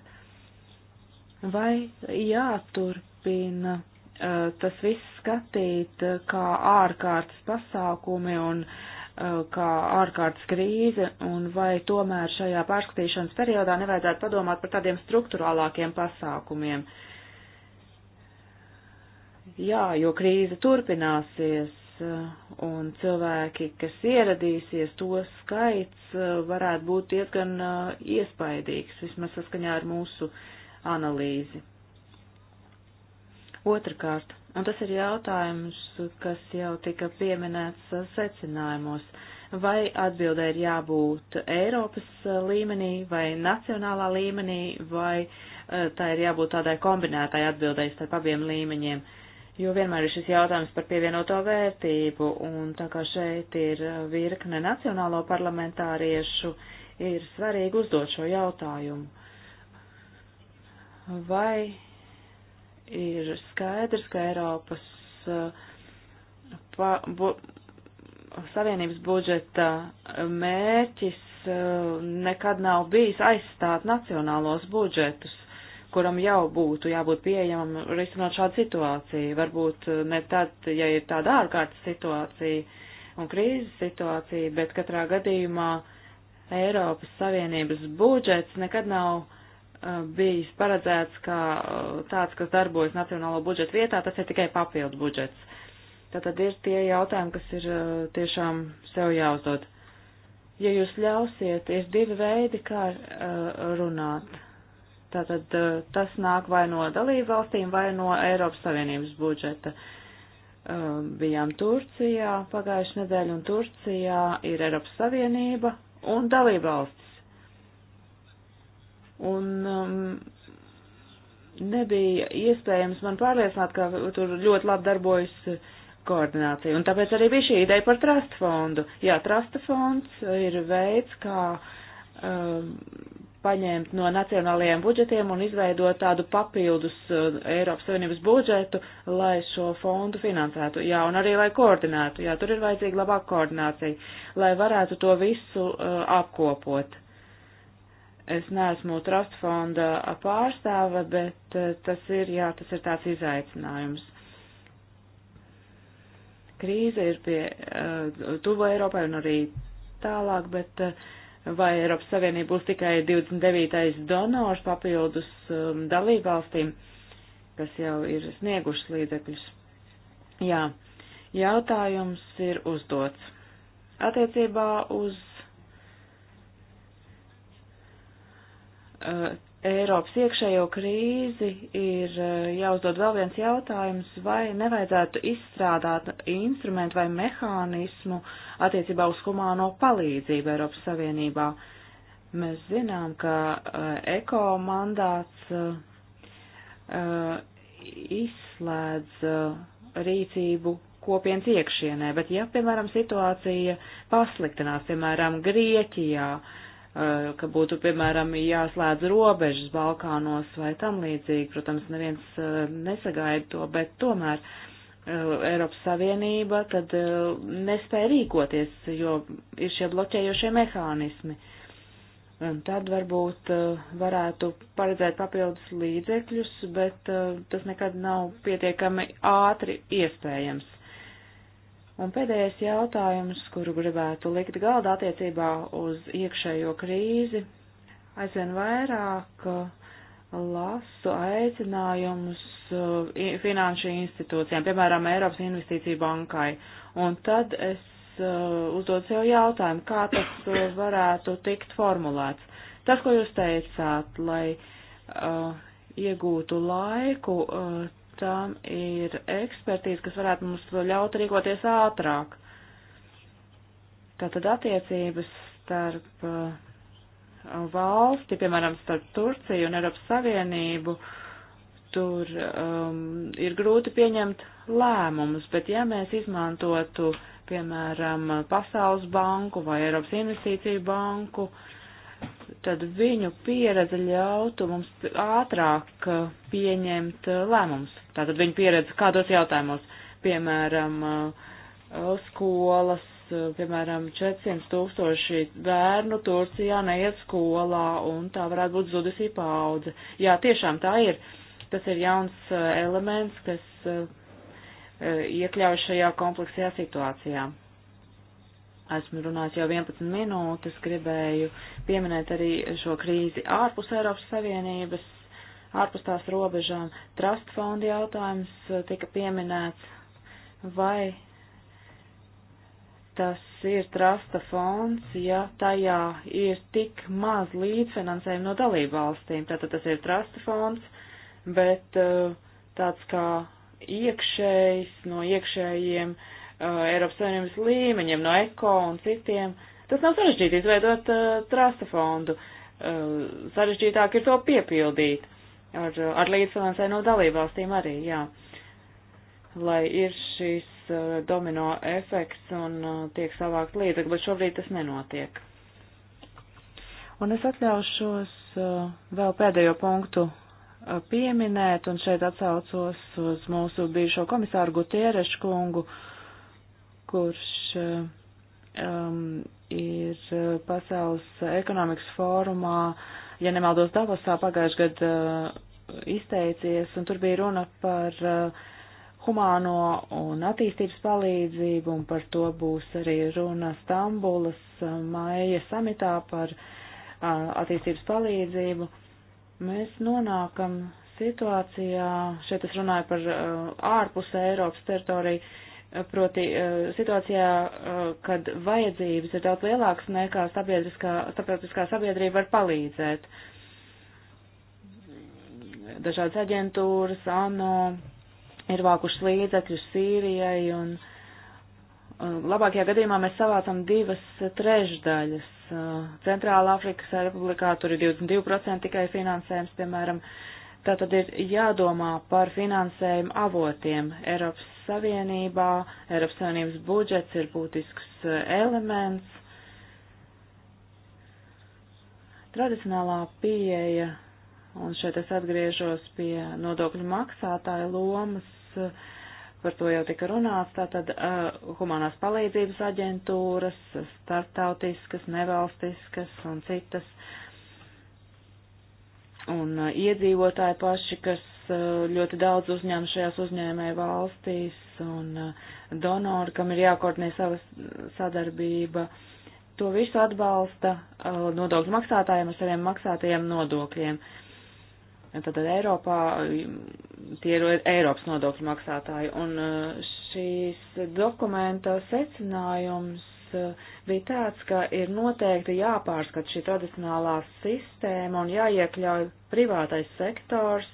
Speaker 2: Vai jāturpina eh, tas viss skatīt eh, kā ārkārtas pasākumi un eh, kā ārkārtas krīze, un vai tomēr šajā pārskatīšanas periodā nevajadzētu padomāt par tādiem struktūrālākiem pasākumiem? Jā, jo krīze turpināsies Uh, un cilvēki, kas ieradīsies, to skaits uh, varētu būt diezgan uh, iespaidīgs, vismaz saskaņā ar mūsu analīzi. Otrakārt, un tas ir jautājums, kas jau tika pieminēts secinājumos, vai atbildē ir jābūt Eiropas līmenī vai nacionālā līmenī, vai tā ir jābūt tādai kombinētai atbildēji starp abiem līmeņiem. Uh, jo vienmēr ir šis jautājums par pievienoto vērtību, un tā kā šeit ir uh, virkne nacionālo parlamentāriešu, ir svarīgi uzdot šo jautājumu. Vai ir skaidrs, ka Eiropas uh, pa, bu, Savienības budžeta mērķis uh, nekad nav bijis aizstāt nacionālos budžetus? kuram jau būtu jābūt pieejamam risinot šādu situāciju. Varbūt eh, ne tad, ja ir tāda ārkārtas situācija un krīzes situācija, bet katrā gadījumā Eiropas Savienības budžets nekad nav uh, bijis paredzēts kā uh, tāds, kas darbojas nacionālo budžetu vietā, tas ir tikai papildu budžets. Tātad ir tie jautājumi, kas ir uh, tiešām sev jāuzdod. Ja jūs ļausiet, ir divi veidi, kā runāt Tātad eh, tas nāk vai no dalību valstīm, vai no Eiropas Savienības budžeta. Um, bijām Turcijā pagājušajā nedēļā, un Turcijā ir Eiropas Savienība un dalību valstis. Un um, nebija iespējams man pārliecināt, ka tur ļoti labi darbojas koordinācija. Un tāpēc arī bija šī ideja par trust fondu. Jā, trust fonds ir veids, kā um, paņemt no nacionālajiem budžetiem un izveidot tādu papildus uh, Eiropas Savienības budžetu, lai šo fondu finansētu. Jā, un arī lai koordinētu. Jā, tur ir vajadzīga labāka koordinācija, lai varētu to visu uh, apkopot. Es neesmu trust fonda pārstāve, bet uh, tas ir, jā, tas ir tāds izaicinājums krīze ir pie uh, tuvo Eiropai un arī tālāk, bet uh, vai Eiropas Savienība būs tikai 29. donors papildus um, dalībvalstīm, kas jau ir sniegušas līdzekļus. Jā, jautājums ir uzdots. Attiecībā uz uh, Eiropas iekšējo krīzi ir eh, jāuzdod vēl viens jautājums, vai nevajadzētu izstrādāt instrumentu vai mehānismu attiecībā uz humāno palīdzību Eiropas Savienībā. Mēs zinām, ka eh, eko mandāts eh, izslēdz rīcību kopienas iekšienē, bet ja, piemēram, situācija pasliktinās, piemēram, Grieķijā, uh, Eh, ka būtu, piemēram, jāslēdz robežas Balkānos vai tam līdzīgi. Protams, neviens eh, nesagaida to, bet tomēr eh, Eiropas Savienība tad nespēja rīkoties, jo ir šie bloķējošie mehānismi. Un tad varbūt varētu paredzēt papildus līdzekļus, bet tas nekad nav pietiekami ātri iespējams. Un pēdējais jautājums, kuru gribētu likt galdā attiecībā uz iekšējo krīzi, aizvien vairāk uh, lasu aicinājumus uh, finanšu institūcijām, piemēram, Eiropas investīciju bankai. Un tad es uh, uzdod sev jautājumu, kā tas varētu tikt formulēts. Tas, ko jūs teicāt, lai uh, iegūtu laiku, uh, tām ir ekspertīze, kas varētu mums ļaut rīkoties ātrāk. Tātad attiecības starp uh, valsti, piemēram, starp Turciju un Eiropas Savienību, tur um, ir grūti pieņemt lēmumus, bet ja mēs izmantotu, piemēram, Pasaules banku vai Eiropas investīciju banku, uh, tad viņu pieredze ļautu mums ātrāk uh, pieņemt uh, lēmumus. Tātad viņu pieredze kādos jautājumos, piemēram, uh, skolas, piemēram, 400 tūkstoši bērnu Turcijā neiet skolā, un tā varētu būt zudusī paudze. Jā, tiešām tā ir. Tas ir jauns elements, kas iekļauj šajā kompleksajā situācijā. Esmu runājis jau 11 minūtes, gribēju pieminēt arī šo krīzi ārpus Eiropas Savienības, ārpus tās robežām. Trust fondi jautājums eh, tika pieminēts, vai tas ir trasta fonds, ja tajā ir tik maz līdzfinansējumu no dalību valstīm. Tātad tas ir trasta fonds, bet eh, tāds kā iekšējs no iekšējiem uh, Uh, Eiropas Savienības līmeņiem, no ECO un citiem. Tas nav sarežģīti izveidot uh, trasta fondu. Uh, sarežģītāk ir to piepildīt ar, uh, ar līdzfinansēju no dalībvalstīm arī, jā. Lai ir šis uh, domino efekts un uh, tiek savākt līdzekļi, bet šobrīd tas nenotiek. Un es atļaušos uh, vēl pēdējo punktu uh, pieminēt, un šeit atsaucos uz mūsu bijušo komisāru Gutierešu kungu, uh, kurš um, ir pasaules ekonomikas fórumā, ja nemaldos Davosā pagājušajā gadā uh, izteicies, un tur bija runa par uh, humāno un attīstības palīdzību, un par to būs arī runa Stambulas uh, maija samitā par uh, attīstības palīdzību. Mēs nonākam situācijā, šeit es runāju par uh, ārpus Eiropas teritoriju, uh, Proti eh, situācijā, eh, kad vajadzības ir daudz lielākas nekā starptautiskā sabiedrība var palīdzēt. Dažādas aģentūras, ANO ir vākušas līdzekļus Sīrijai un eh, labākajā gadījumā mēs savācam divas trešdaļas. Centrāla Afrikas Republikā tur ir 22% tikai finansējums, piemēram. Tātad ir jādomā par finansējumu avotiem. Eiropas Savienībā. Eiropas Savienības budžets ir būtisks eh, elements. Tradicionālā pieeja, un šeit es atgriežos pie nodokļu maksātāja lomas, eh, par to jau tika runāts, tātad uh, humanās palīdzības aģentūras, startautiskas, nevalstiskas un citas, un uh, iedzīvotāji paši, kas Eh, ļoti daudz uzņēmu šajās uzņēmēju valstīs un eh, donori, kam ir jākoordinē sava sadarbība. To visu atbalsta eh, nodokļu maksātājiem ar saviem maksātajiem nodokļiem. Tātad Eiropā mm, tie ir Eiropas nodokļu maksātāji. Un šīs dokumenta secinājums bija tāds, ka ir noteikti jāpārskat šī tradicionālā sistēma un jāiekļauj privātais sektors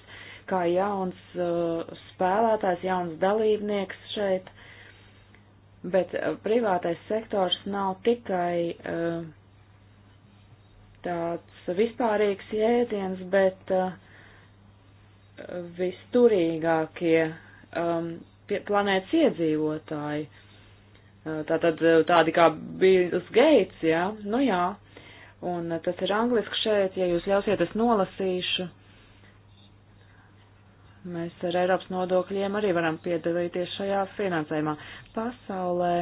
Speaker 2: kā jauns uh, spēlētājs, jauns dalībnieks šeit, bet uh, privātais sektors nav tikai uh, tāds vispārīgs jēdziens, bet uh, visturīgākie um, planētas iedzīvotāji. Uh, tātad uh, tādi kā Bills Gates, jā, ja? nu jā, un uh, tas ir angliski šeit, ja jūs ļausiet, es nolasīšu Mēs ar Eiropas nodokļiem arī varam piedalīties šajā finansējumā. Pasaulē,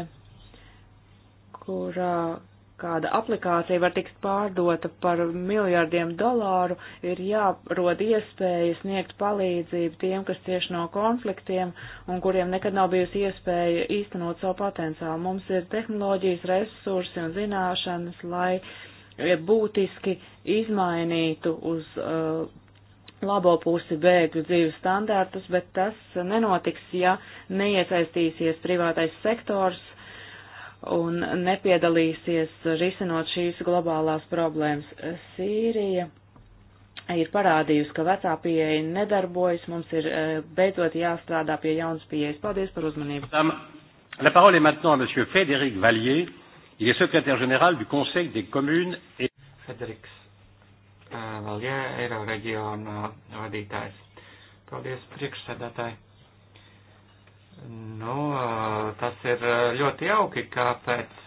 Speaker 2: kurā kāda aplikācija var tikt pārdota par miljardiem dolāru, ir jārod iespēja sniegt palīdzību tiem, kas cieši no konfliktiem un kuriem nekad nav bijusi iespēja īstenot savu potenciālu. Mums ir tehnoloģijas, resursi un zināšanas, lai būtiski izmainītu uz uh, labo pusi bēgļu dzīves standārtus, bet tas nenotiks, ja neiesaistīsies privātais sektors un nepiedalīsies risinot šīs globālās problēmas. Sīrija ir parādījusi, ka vecā pieeja nedarbojas, mums ir eh, beidzot jāstrādā pie jaunas pieejas. Paldies par uzmanību.
Speaker 1: La parole est maintenant à M. Frédéric Vallier. Il est secrétaire général du Conseil des communes et... Frédéric Valjē,
Speaker 3: Eiro reģiona vadītājs. Paldies, priekšsēdētāji. Nu, tas ir ļoti jauki, ka pēc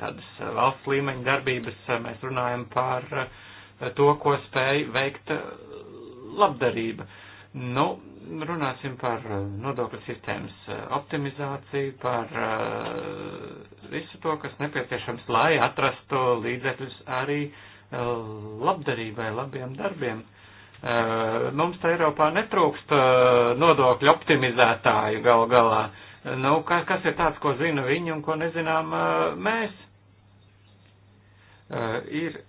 Speaker 3: tādas valsts līmeņa darbības mēs runājam par to, ko spēj veikt labdarība. Nu, runāsim par nodokļu sistēmas optimizāciju, par visu to, kas nepieciešams, lai atrastu līdzekļus arī uh, Eh, labdarībai, labiem darbiem. Eh, mums Eiropā netrūkst eh, nodokļu optimizētāju gal galā. Nu, kas ir tāds, ko zina viņi un ko nezinām mēs? Ir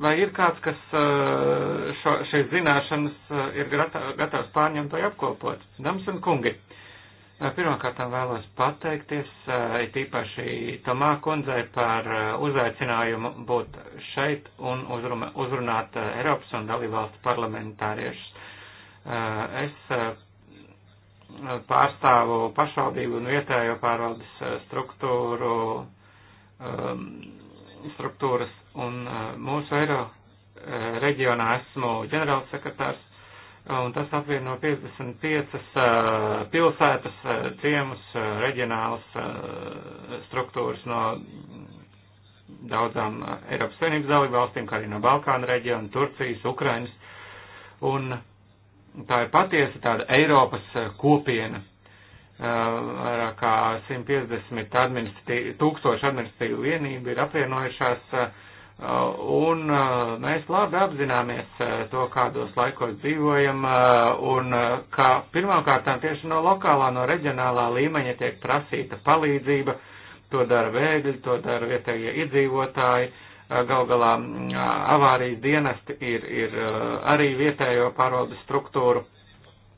Speaker 3: vai ir kāds, kas šo, šīs zināšanas ir gatavs pārņemt vai apkopot? Dams un kungi, Pirmkārt, vēlos pateikties tīpaši Tomā kundzei par uzaicinājumu būt šeit un uzrunāt Eiropas un dalībvalstu parlamentāriešus. Es pārstāvu pašvaldību un vietējo pārvaldes struktūru, struktūras un mūsu Eiro reģionā esmu ģenerālsekretārs un tas apvieno 55 pilsētas, ciemus, reģionālas struktūras no daudzām Eiropas Savienības dalībvalstīm, kā arī no Balkāna reģiona, Turcijas, Ukrainas. Un tā ir patiesa tāda Eiropas kopiena ar kā 150 administrati tūkstoši administratīvu vienību ir apvienojušās uh, Uh, un uh, mēs labi apzināmies uh, to, kādos laikos dzīvojam, un kā pirmkārtām tieši no lokālā, no reģionālā līmeņa tiek prasīta palīdzība, to dara bēgļi, to dara vietējie iedzīvotāji, gal galā mm, avārijas dienesti ir, ir arī vietējo pārvaldes struktūru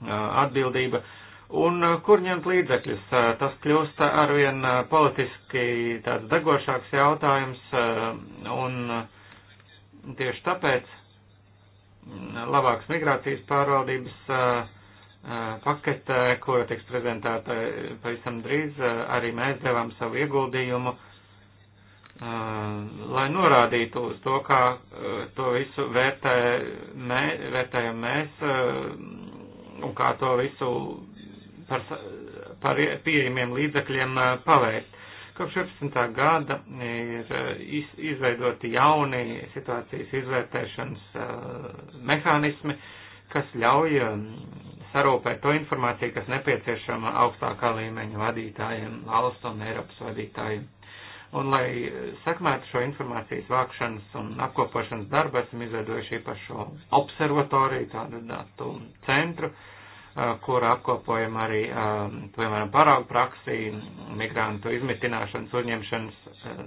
Speaker 3: atbildība. Uh, Un uh, kur ņemt līdzekļus? Uh, tas kļūst arvien uh, politiski tāds degošāks jautājums, un tieši tāpēc mm, labāks migrācijas pārvaldības pakete, kura tiks prezentēta pavisam drīz, arī mēs devām savu ieguldījumu, lai norādītu uz to, kā to visu vērtē, mē, vērtējam mēs un kā to visu par, par pieejamiem līdzekļiem eh, pavērst. Kopš 17. gada ir eh, iz, izveidoti jauni situācijas izvērtēšanas eh, mehānismi, kas ļauj mm, sarūpēt to informāciju, kas nepieciešama augstākā līmeņa vadītājiem, valsts un Eiropas vadītājiem. Un, lai sekmētu šo informācijas vākšanas un apkopošanas darbu, esam izveidojuši īpašo observatoriju, tādu datu centru, uh, Uh, kur apkopojam arī, um, piemēram, parādu praksi, migrantu izmitināšanas uzņemšanas uh,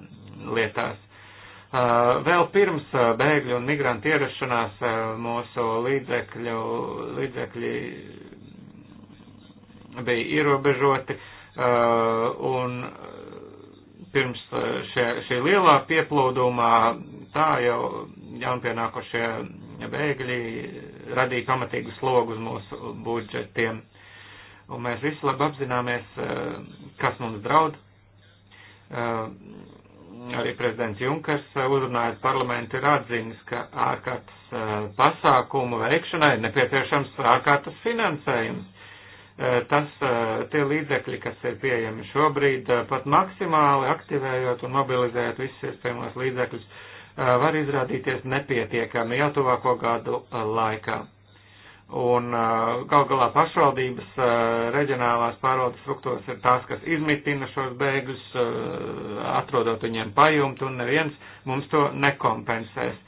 Speaker 3: lietās. Uh, vēl pirms bēgļu un migrantu ierašanās mūsu līdzekļu, līdzekļi bija ierobežoti, un pirms šie, šī lielā pieplūdumā tā jau jaunpienākošie ja bēgļi radīja pamatīgu slogu uz mūsu budžetiem. Un mēs visi labi apzināmies, eh, kas mums draud. Eh, arī prezidents Junkers eh, uzrunājot parlamentu ir atzīmis, ka ārkārtas pasākumu veikšanai nepieciešams ārkārtas finansējums tas, tie līdzekļi, kas ir pieejami šobrīd, pat maksimāli aktivējot un mobilizējot visus iespējamos līdzekļus, var izrādīties nepietiekami jau tuvāko gadu laikā. Un gal galā pašvaldības reģionālās pārvaldes struktūras ir tās, kas izmitina šos bēgļus, atrodot viņiem pajumtu, un neviens mums to nekompensēs.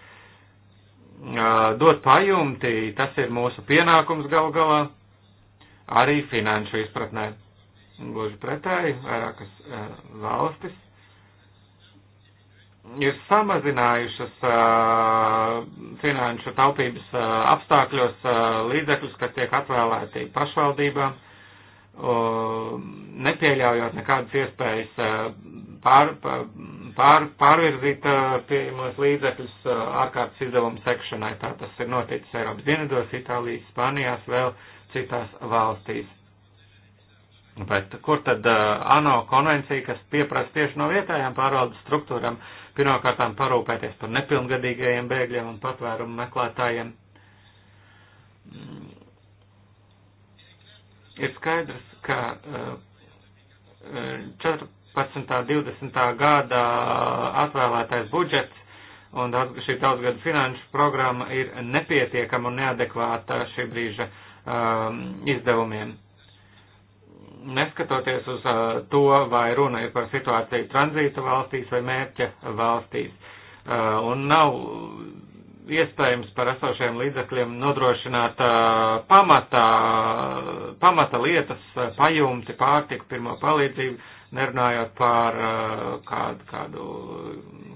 Speaker 3: Dot pajumti, tas ir mūsu pienākums gal galā, arī finanšu izpratnē. Gluži pretēji, vairākas valstis ir samazinājušas uh, finanšu taupības uh, apstākļos uh, līdzekļus, kas tiek atvēlēti pašvaldībām, uh, nepieļaujot nekādas iespējas uh, pār, pār, pārvirzīt uh, pieejamos līdzekļus uh, ārkārtas izdevumu sekšanai. Tā tas ir noticis Eiropas dienvidos, Itālijas, Spānijās, vēl citās valstīs. Bet kur tad uh, ANO konvencija, kas pieprasa tieši no vietējām pārvaldes struktūram, uh, pirmkārtām parūpēties par nepilngadīgajiem bēgļiem un patvērumu meklētājiem. Mm. Ir skaidrs, ka 14. Eh, 20. gada atvēlētais budžets un šī daudzgada finanšu programma ir nepietiekama un neadekvāta šī brīža um, izdevumiem neskatoties uz to, vai runa ir par situāciju tranzīta valstīs vai mērķa valstīs. Un nav iespējams par esošiem līdzekļiem nodrošināt pamata, pamata lietas, pajumti, pārtiku, pirmo palīdzību, nerunājot par kādu, kādu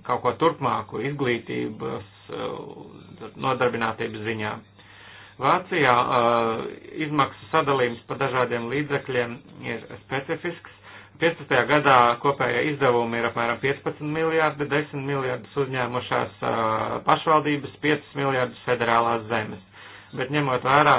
Speaker 3: kaut ko turpmāku izglītības, nodarbinātības ziņām. Vācijā uh, izmaksu sadalījums pa dažādiem līdzekļiem ir specifisks. 15. gadā kopējie izdevumi ir apmēram 15 miljārdi, 10 miljārdus uzņēmušās uh, pašvaldības, 5 miljārdus federālās zemes. Bet ņemot vērā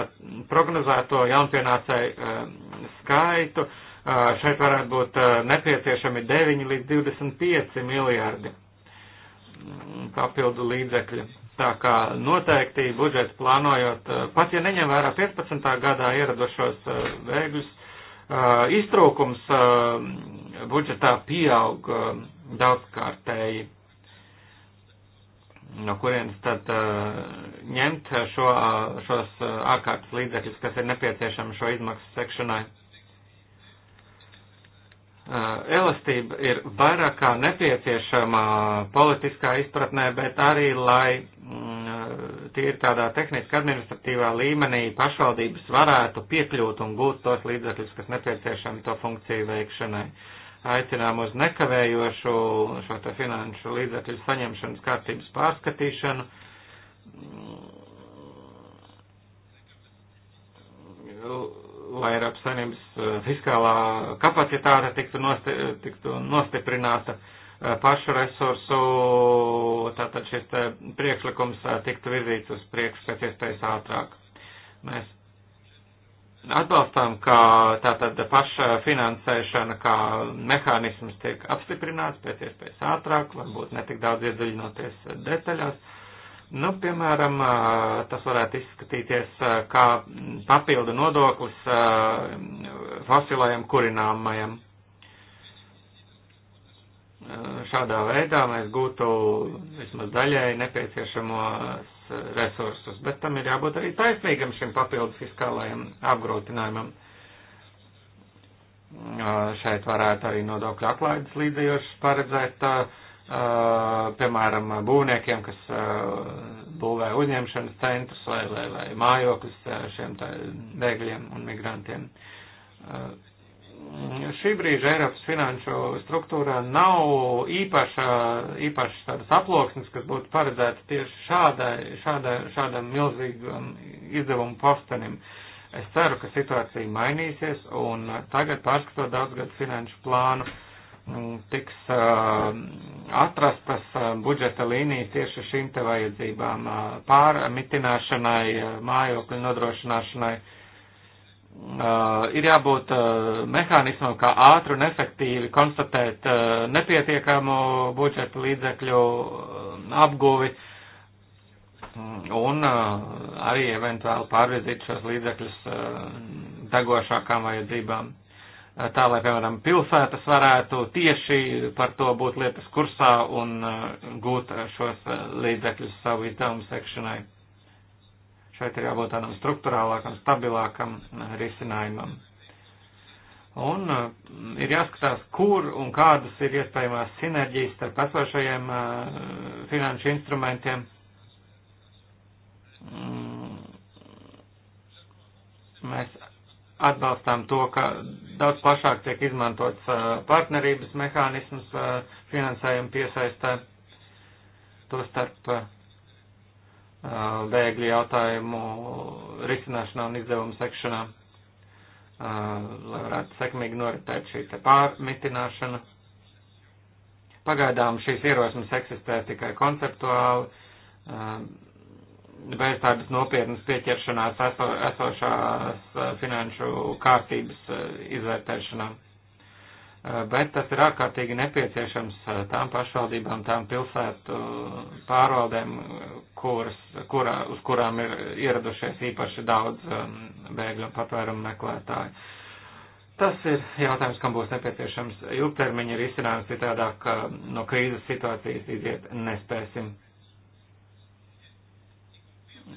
Speaker 3: prognozēto jaunpienācēju uh, skaitu, uh, šeit varētu būt uh, nepieciešami 9 līdz 25 miljārdi mm, papildu līdzekļu Tā kā noteikti budžets plānojot, eh, pat ja neņem vērā 15. gadā ieradušos eh, bēgļus, eh, iztrūkums budžetā pieaug daudzkārtēji. No kurienes tad ņemt šo, šos ārkārtas līdzekļus, kas ir nepieciešami šo izmaksu sekšanai? elastība ir vairāk kā nepieciešama politiskā izpratnē, bet arī, lai mm, tīri tādā tehniski administratīvā līmenī pašvaldības varētu piekļūt un gūt tos līdzekļus, kas nepieciešami to funkciju veikšanai. Aicinām uz nekavējošu šo te finanšu līdzekļu saņemšanas kārtības pārskatīšanu. L mm, lai Eiropas saimnības eh, fiskālā kapacitāte tiktu, noste, tiktu nostiprināta eh, pašu resursu, tātad šis priekšlikums eh, tiktu virzīts uz priekšu pēc iespējas ātrāk. Mēs atbalstām, ka tātad paša finansēšana kā mehānisms tiek apstiprināts pēc iespējas ātrāk, varbūt netik daudz iedziļinoties detaļās Nu, piemēram, tas varētu izskatīties kā papildu nodoklis fosilajam kurināmajam. Šādā veidā mēs gūtu vismaz daļēji nepieciešamos resursus, bet tam ir jābūt arī taisnīgam šim papildu fiskālajam apgrūtinājumam. Šeit varētu arī nodokļu atlaides līdzējošas paredzēt. Uh, Uh, piemēram, būvniekiem, kas uh, būvē uzņemšanas centrus vai, vai, vai mājokļus uh, šiem bēgļiem un migrantiem. Šī brīža Eiropas finanšu struktūrā nav īpaša, īpašas tādas aploksnes, kas būtu paredzētas tieši šādai, šādai, šādam milzīgam izdevumu postenim. Es ceru, ka situācija mainīsies un tagad pārskatot daudzgadu finanšu plānu. Uh, Mm, tiks uh, atrastas uh, budžeta līnijas tieši šīm te vajadzībām uh, pārmitināšanai, mājokļu nodrošināšanai. Ir jābūt mehānismam, kā ātri un efektīvi konstatēt nepietiekamu budžeta līdzekļu apguvi mm, un arī eventuāli pārvirzīt šos līdzekļus degošākām vajadzībām tā lai, piemēram, pilsētas varētu tieši par to būt lietas kursā un gūt šos līdzekļus savu izdevumu sekšanai. Šeit ir jābūt tādam struktūrālākam, stabilākam risinājumam. Un ir jāskatās, kur un kādas ir iespējamās sinerģijas starp esošajiem finanšu instrumentiem. Mm. Mēs atbalstām to, ka daudz plašāk tiek izmantots uh, partnerības mehānisms uh, finansējuma piesaistē, to starp uh, bēgļu jautājumu risināšanā un izdevumu sekšanā, lai varētu sekmīgi noritēt šī te pārmitināšana. Pagaidām šīs ierosmes eksistē tikai konceptuāli, bez tādas nopietnas pieķeršanās eso, esošās eh, finanšu kārtības eh, izvērtēšanām. Eh, bet tas ir ārkārtīgi nepieciešams tām pašvaldībām, tām pilsētu pārvaldēm, kuras, kurā, uz kurām ir ieradušies īpaši daudz bēgļu un patvērumu meklētāju. Tas ir jautājums, kam būs nepieciešams ilgtermiņa risinājums, citādāk no krīzes situācijas iziet nespēsim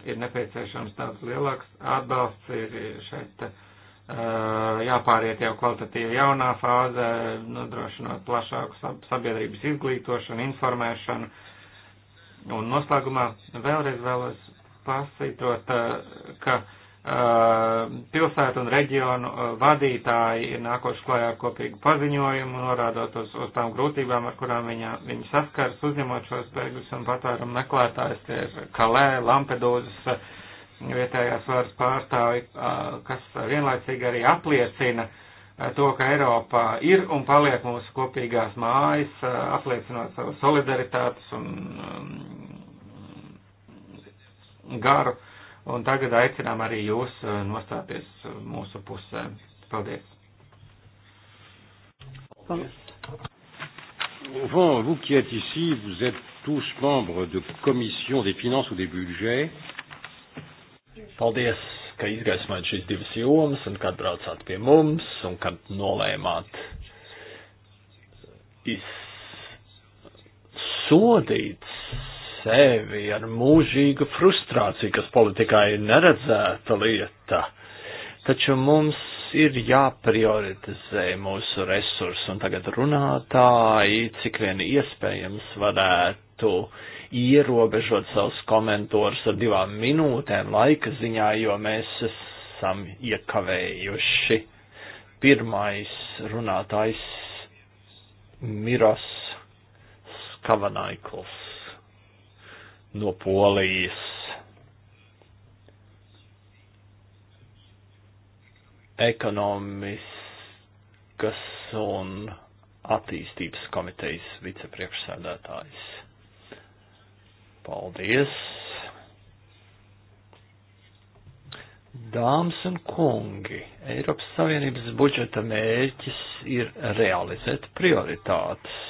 Speaker 3: ir nepieciešams daudz lielāks atbalsts, ir šeit uh, jāpāriet jau kvalitatīvi jaunā fāzē, nodrošinot plašāku sabiedrības izglītošanu, informēšanu. Un noslēgumā vēlreiz vēlos pasvītrot, uh, ka uh, Uh, pilsētu un reģionu uh, vadītāji ir nākoši klājā ar kopīgu paziņojumu, norādot uz, uz tām grūtībām, ar kurām viņa, viņa saskars, uzņemot šos bēgļus un patvērumu meklētājus, tie ir Kalē, Lampedūzas uh, vietējās varas pārstāvi, kas vienlaicīgi arī apliecina to, ka Eiropā ir un paliek mūsu kopīgās mājas, apliecinot savu solidaritātes un um, garu Un tagad aicinām arī jūs uh, nostāties uh, mūsu pusē. Paldies. Paldies.
Speaker 1: Bon, vous qui êtes ici, vous êtes tous membres de commission des finances ou des budgets. Paldies, ka izgaismojat šīs divas jomas un kad braucāt
Speaker 4: pie mums un kad nolēmāt izsodīt sevi ar mūžīgu frustrāciju, kas politikā ir neredzēta lieta. Taču mums ir jāprioritizē mūsu resursi, un tagad runātāji, cik vien iespējams, varētu ierobežot savus komentārus ar divām minūtēm laika ziņā, jo mēs esam iekavējuši. Pirmais runātājs Miros Kavanaikls no Polijas. Ekonomiskas un attīstības komitejas vicepriekšsēdētājs. Paldies! Dāmas un kungi, Eiropas Savienības budžeta mērķis ir realizēt prioritātes,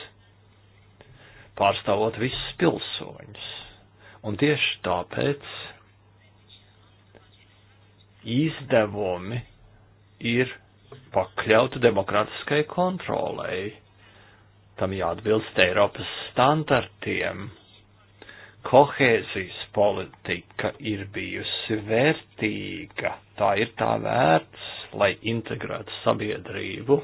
Speaker 4: pārstāvot visus pilsoņus. Un tieši tāpēc izdevumi ir pakļauti demokrātiskai kontrolei. Tam jāatbilst Eiropas standartiem. Kohēzijas politika ir bijusi vērtīga, tā ir tā vērts, lai integrētu sabiedrību.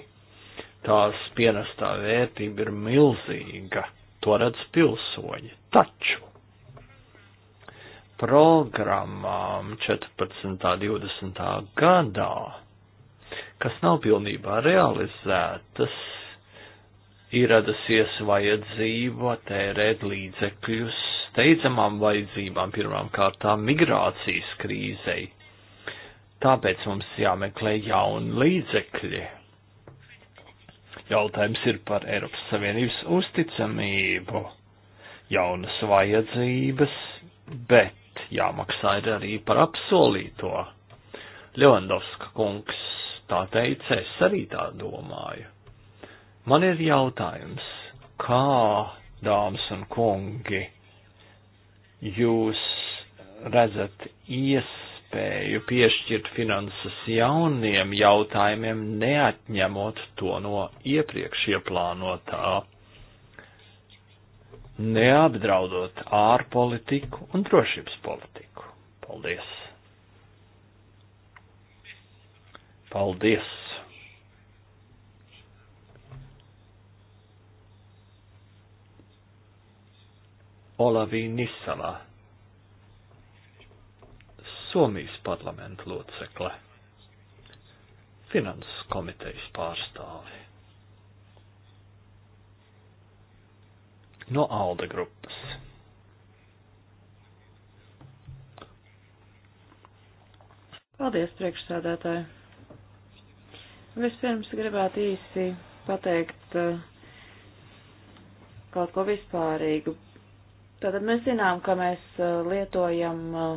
Speaker 4: Tās pienestā vērtība ir milzīga, to redz pilsoņi. Taču programmām 14. un 20. gadā, kas nav pilnībā realizētas, ir radusies vajadzība tērēt līdzekļus steidzamām vajadzībām, pirmām kārtām migrācijas krīzei. Tāpēc mums jāmeklē jauni līdzekļi. Jautājums ir par Eiropas Savienības uzticamību, jaunas vajadzības, bet bet jāmaksā ir arī par apsolīto. Levandovska kungs tā teica, es arī tā domāju. Man ir jautājums, kā, dāmas un kungi, jūs redzat iespēju piešķirt finanses jauniem jautājumiem, neatņemot to no iepriekš ieplānotā? neapdraudot ārpolitiku un drošības politiku. Paldies! Paldies! Olavi Nisala, Somijas parlamenta locekle, finanses komitejas pārstāvi. no Alda grupas.
Speaker 2: Paldies, priekšsādātāji! Vispirms gribētu īsi pateikt eh, kaut ko vispārīgu. Tātad mēs zinām, ka mēs eh, lietojam eh,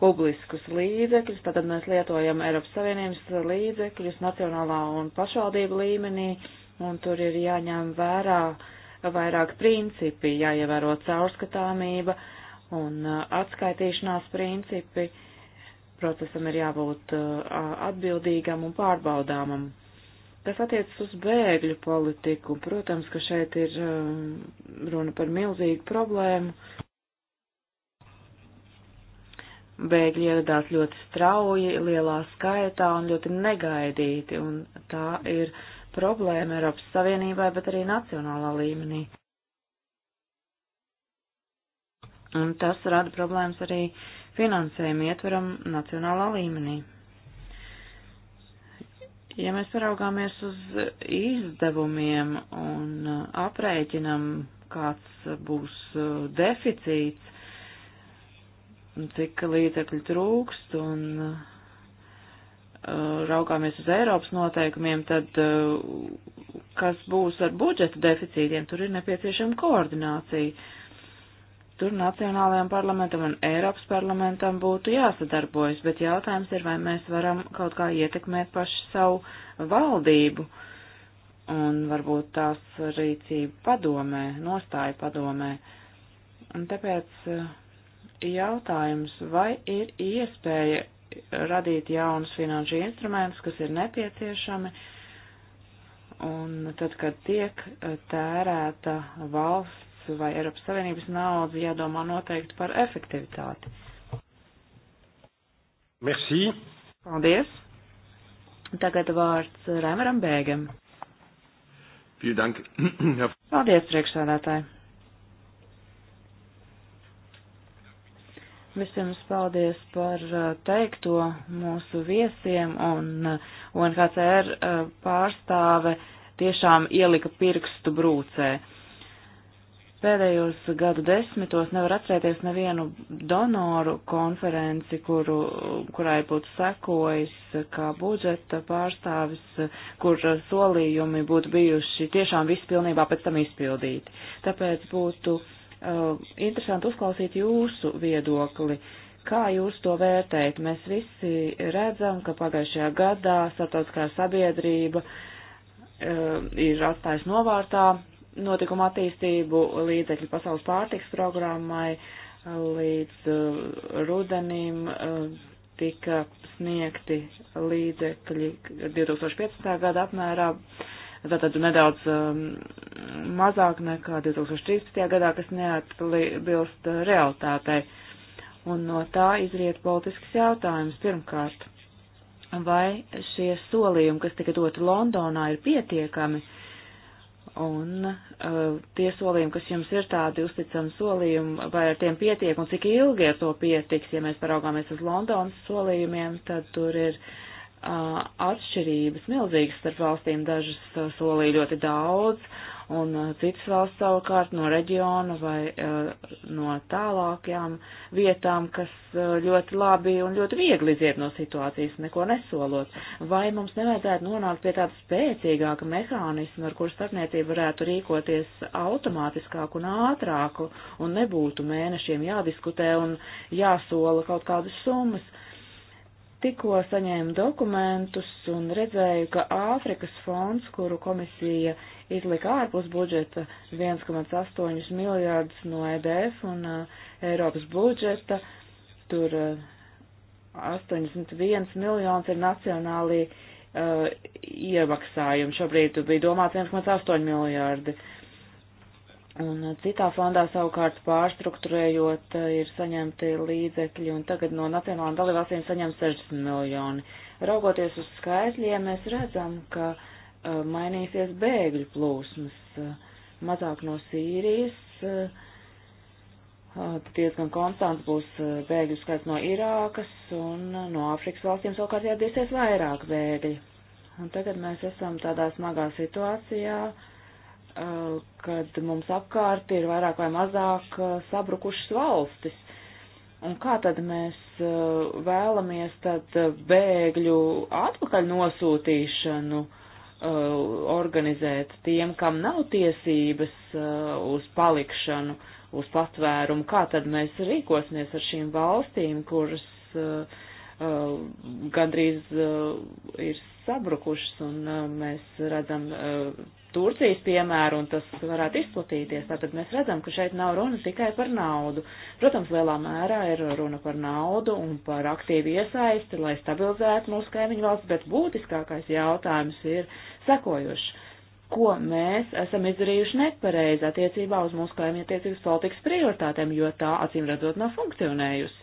Speaker 2: publiskus līdzekļus, tātad mēs lietojam Eiropas Savienības līdzekļus nacionālā un pašvaldību līmenī, un tur ir jāņem vērā uh, vairāk principi, jāievēro caurskatāmība un uh, atskaitīšanās principi. Procesam ir jābūt uh, atbildīgam un pārbaudāmam. Kas attiecas uz bēgļu politiku, protams, ka šeit ir uh, runa par milzīgu problēmu. Bēgļi ieradās ļoti strauji, lielā skaitā un ļoti negaidīti, un tā ir uh, problēma Eiropas Savienībai, bet arī nacionālā līmenī. Un tas rada problēmas arī finansējuma ietveram nacionālā līmenī. Ja mēs paraugāmies uz izdevumiem un aprēķinam, kāds būs uh, deficīts, cik līdzekļu trūkst un Eh, raugāmies uz Eiropas noteikumiem, tad eh, kas būs ar budžeta deficītiem, tur ir nepieciešama koordinācija. Tur Nacionālajam parlamentam un Eiropas parlamentam būtu jāsadarbojas, bet jautājums ir, vai mēs varam kaut kā ietekmēt pašu savu valdību un varbūt tās rīcību padomē, nostāju padomē. Un tāpēc eh, jautājums, vai ir iespēja radīt jaunus finanšu instrumentus, kas ir nepieciešami, un tad, kad tiek eh, tērēta valsts vai Eiropas Savienības nauda, jādomā noteikti par efektivitāti. Merci. Paldies. Tagad vārds Rēmeram Bēgam. Paldies, priekšsādātāji. Vispirms paldies par uh, teikto mūsu viesiem un UNHCR uh, uh, pārstāve tiešām ielika pirkstu brūcē. Pēdējos gadu desmitos nevar atcerēties nevienu donoru konferenci, kuru, kurai būtu sekojis kā budžeta pārstāvis, kur solījumi būtu bijuši tiešām vispilnībā pēc tam izpildīti. Tāpēc būtu uh, Eh, interesanti uzklausīt jūsu viedokli. Kā jūs to vērtējat? Mēs visi redzam, ka pagājušajā gadā starptautiskā sabiedrība uh, ir atstājusi novārtā notikuma attīstību līdzekļu pasaules pārtiks programmai līdz uh, rudenim. Uh, tika sniegti līdzekļi 2015. gada apmērā tātad nedaudz um, mazāk nekā 2013. gadā, kas neatbilst uh, realitātei. Un no tā izriet politisks jautājums pirmkārt. Vai šie solījumi, kas tika doti Londonā, ir pietiekami? Un uh, tie solījumi, kas jums ir tādi uzticami solījumi, vai ar tiem pietiek un cik ilgi ar to pietiks? Ja mēs paraugāmies uz Londonas solījumiem, tad tur ir uh, atšķirības milzīgas starp valstīm. Dažas solīja ļoti daudz, un citas valsts savukārt no reģiona vai no tālākajām vietām, kas ļoti labi un ļoti viegli iziet no situācijas, neko nesolot. Vai mums nevajadzētu nonākt pie tāda spēcīgāka mehānisma, ar kuru starpniecība varētu rīkoties automātiskāk un ātrāk, un nebūtu mēnešiem jādiskutē un jāsola kaut kādas summas? tikko saņēmu dokumentus un redzēju, ka Āfrikas fonds, kuru komisija izlika ārpus budžeta 1,8 miljārdus no EDF un uh, Eiropas budžeta, tur uh, 81 miljonus ir nacionālī uh, iemaksājumi. Šobrīd bija domāts 1,8 miljārdi. Uh, Un citā fondā savukārt pārstruktūrējot eh, ir saņemti līdzekļi un tagad no nacionālām dalībvalstīm saņem 60 miljoni. Raugoties uz skaitļiem, mēs redzam, ka uh, mainīsies bēgļu plūsmas uh, mazāk no Sīrijas, uh, diezgan konstants būs bēgļu skaits no Irākas un no Āfrikas valstīm savukārt jādīsies vairāk bēgļi. Un tagad mēs esam tādā smagā situācijā, uh, Eh, kad mums apkārt ir vairāk vai mazāk eh, sabrukušas valstis. Un kā tad mēs eh, vēlamies tad bēgļu atpakaļ nosūtīšanu organizēt tiem, kam nav tiesības uz palikšanu, uz patvērumu? Kā tad mēs rīkosimies ar šīm valstīm, kuras gandrīz ir sabrukušas un mēs redzam Turcijas piemēru, un tas varētu izplatīties. Tātad mēs redzam, ka šeit nav runa tikai par naudu. Protams, lielā mērā ir runa par naudu un par aktīvu iesaisti, lai stabilizētu mūsu kaimiņu valsts, bet būtiskākais jautājums ir sekojošs. Ko mēs esam izdarījuši nepareizi attiecībā uz mūsu kaimiņattiecības politikas prioritātēm, jo tā acīm redzot nav funkcionējusi?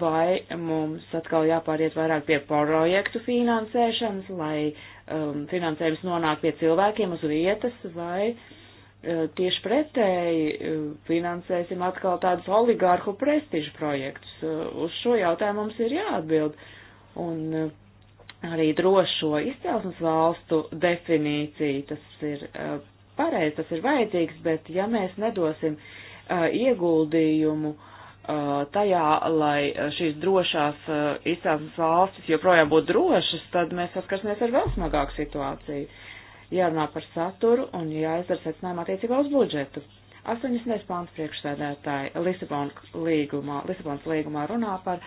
Speaker 2: Vai mums atkal jāpāriet vairāk pie projektu finansēšanas, lai uh, um, finansējums nonāk pie cilvēkiem uz vietas vai uh, tieši pretēji uh, finansēsim atkal tādus oligārhu prestižu projektus. Uh, uz šo jautājumu mums ir jāatbild. Un uh, arī drošo izcelsmes valstu definīciju, tas ir uh, pareizi, tas ir vajadzīgs, bet ja mēs nedosim uh, ieguldījumu uh, Uh, tajā, lai uh, šīs drošās uh, izcelsmes valstis joprojām būtu drošas, tad mēs saskarsimies ar vēl smagāku situāciju. Jārunā par saturu un jāizdara secinājumā attiecībā uz budžetu. 80. pāns priekšsēdētāji Lisabonas līgumā, Lisabonas līgumā runā par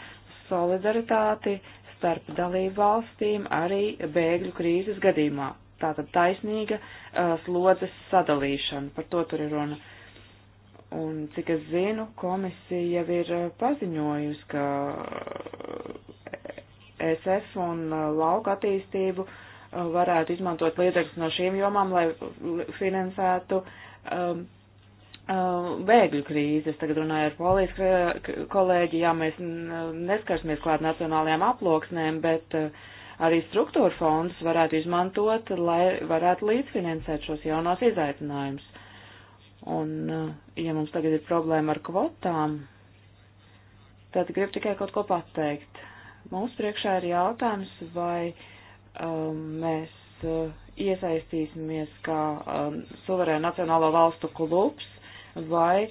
Speaker 2: solidaritāti starp dalību valstīm arī bēgļu krīzes gadījumā. Tātad taisnīga uh, slodzes sadalīšana, par to tur ir runa. Uh, Un, cik es zinu, komisija jau ir eh, paziņojusi, ka eh, SF un eh, lauka attīstību varētu izmantot līdzekļus no šīm jomām, lai finansētu um, um, bēgļu krīzes. Tagad runāju ar polijas kolēģi, jā, mēs neskarsimies klāt nacionālajām aploksnēm, bet uh, arī struktūra fondus varētu izmantot, lai varētu līdzfinansēt šos jaunos izaicinājumus. Un, eh, ja mums tagad ir problēma ar kvotām, tad gribu tikai kaut ko pateikt. Mums priekšā ir jautājums, vai um, mēs uh, iesaistīsimies kā um, suverēna nacionālo valstu klubs, vai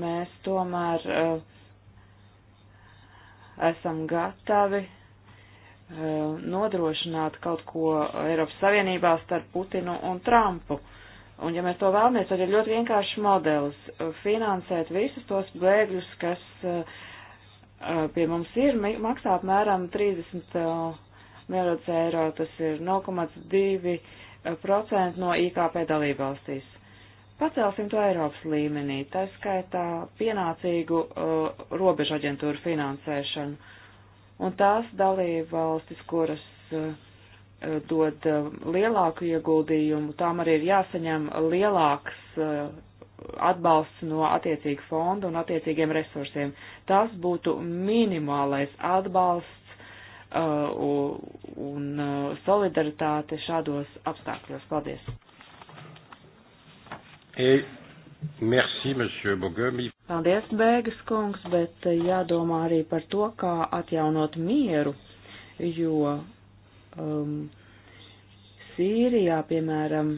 Speaker 2: mēs tomēr uh, esam gatavi uh, nodrošināt kaut ko Eiropas Savienībā starp Putinu un Trumpu. Uh, Un ja mēs to vēlamies, tad ir ļoti vienkārši modelis uh, finansēt visus tos bēgļus, kas uh, uh, pie mums ir, maksā apmēram 30 miljardus eiro, tas ir 0,2% no IKP dalībvalstīs. Pacelsim to Eiropas līmenī, tā skaitā pienācīgu uh, robežu aģentūru finansēšanu. Un tās dalībvalstis, kuras uh, dod eh, lielāku ieguldījumu, tām arī ir jāsaņem lielāks eh, atbalsts no attiecīga fonda un attiecīgiem resursiem. Tas būtu minimālais atbalsts uh, un solidaritāte šādos apstākļos. Paldies!
Speaker 1: Et merci, monsieur Bogumi.
Speaker 2: Paldies, Bēgas kungs, bet jādomā arī par to, kā atjaunot mieru, jo Um, Sīrijā, piemēram,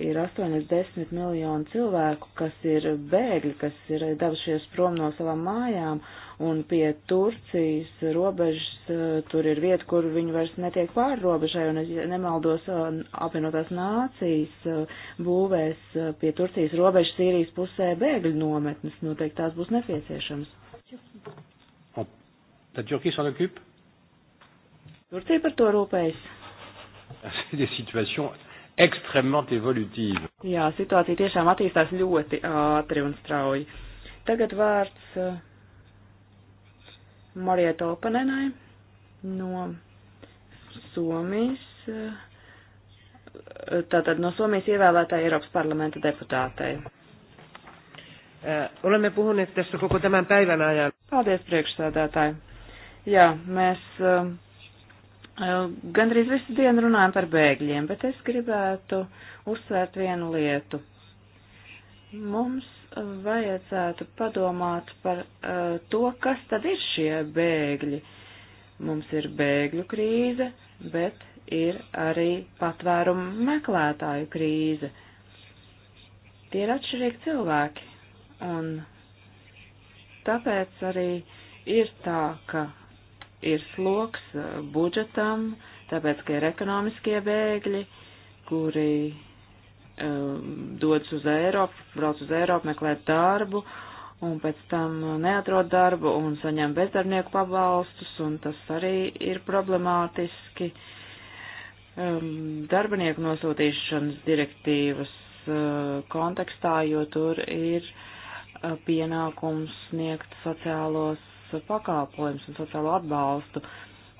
Speaker 2: ir 80 miljoni cilvēku, kas ir bēgļi, kas ir devušies prom no savām mājām, un pie Turcijas robežas uh, tur ir vieta, kur viņi vairs netiek pāri robežai, un es nemaldos uh, apvienotās nācijas uh, būvēs pie Turcijas robežas Sīrijas pusē bēgļu nometnes, noteikti tās būs nepieciešams.
Speaker 1: Tad, jo, qui s'en occupe?
Speaker 2: Turcija par to rūpējas. Jā, situācija tiešām attīstās ļoti ātri un strauji. Tagad vārds uh, Marieto Panenai no Somijas. Uh, tātad no Somijas ievēlētā Eiropas parlamenta deputātei. Uh, olemme puhuneet tässä koko tämän päivän ajan. Paldies priekšsēdētāji. Jā, mēs uh, Gandrīz visu dienu runājam par bēgļiem, bet es gribētu uzsvērt vienu lietu. Mums vajadzētu padomāt par uh, to, kas tad ir šie bēgļi. Mums ir bēgļu krīze, bet ir arī patvērumu meklētāju krīze. Tie ir atšķirīgi cilvēki, un tāpēc arī ir tā, ka ir sloks uh, budžetam, tāpēc, ka ir ekonomiskie bēgļi, kuri um, dodas uz Eiropu, brauc uz Eiropu meklēt darbu, un pēc tam neatrod darbu un saņem bezdarbnieku pabalstus, un tas arī ir problemātiski. Um, darbinieku nosūtīšanas direktīvas uh, kontekstā, jo tur ir uh, pienākums sniegt sociālos pakalpojumus un sociālo atbalstu.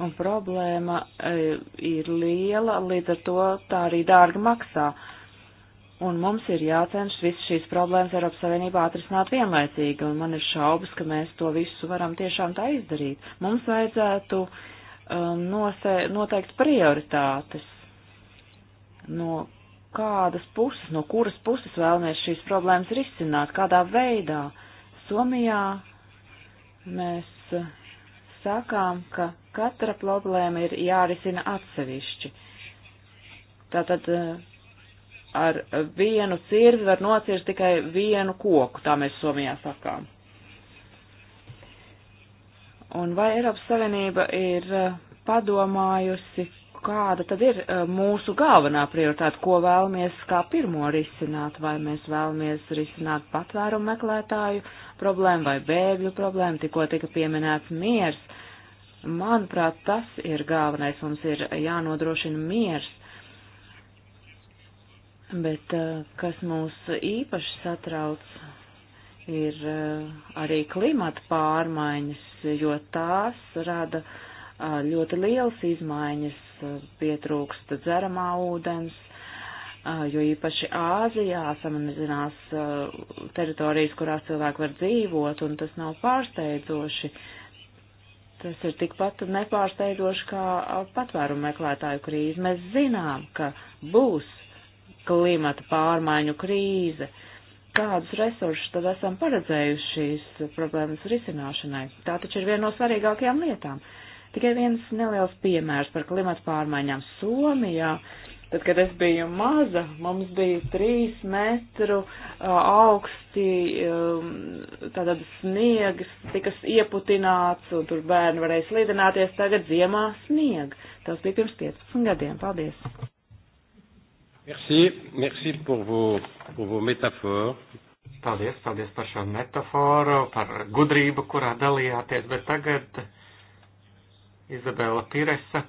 Speaker 2: Un problēma e, ir liela, līdz ar to tā arī dārgi maksā. Un mums ir jācenšas visas šīs problēmas Eiropas Savienībā atrisināt vienlaicīgi, un man ir šaubas, ka mēs to visu varam tiešām tā izdarīt. Mums vajadzētu um, nose, noteikt prioritātes, no kādas puses, no kuras puses vēlamies šīs problēmas risināt, kādā veidā. Somijā Mēs eh, sakām, ka katra problēma ir jārisina atsevišķi. Tātad eh, ar vienu cirvi var nocirst tikai vienu koku, tā mēs Somijā sakām. Un vai Eiropas Savienība ir eh, padomājusi, kāda tad ir mūsu galvenā prioritāte, ko vēlamies kā pirmo risināt, vai mēs vēlamies risināt patvērumu meklētāju problēma vai bēgļu problēma, tikko tika pieminēts miers. Manuprāt, tas ir galvenais, mums ir jānodrošina miers. Bet eh, kas mūs īpaši satrauc, ir eh, arī klimata pārmaiņas, jo tās rada eh, ļoti lielas izmaiņas, pietrūkst dzeramā ūdens, jo īpaši Āzijā samazinās teritorijas, kurās cilvēki var dzīvot, un tas nav pārsteidzoši. Tas ir tikpat nepārsteidzoši kā patvērumu meklētāju krīze. Mēs zinām, ka būs klimata pārmaiņu krīze. Kādus resursus tad esam paredzējuši šīs problēmas risināšanai? Tā taču ir viena no svarīgākajām lietām. Tikai viens neliels piemērs par klimata pārmaiņām Somijā. Ja Tad, kad es biju maza, mums bija trīs metru augsti, um, tātad sniegs tika ieputināts, un tur bērni varēja slīdināties, tagad ziemā snieg. Tas bija pirms 15 gadiem. Paldies!
Speaker 1: Merci, merci pour vos, pour vos métaphores.
Speaker 3: Paldies, paldies par šo metaforu, par gudrību, kurā dalījāties, bet tagad Izabela Piresa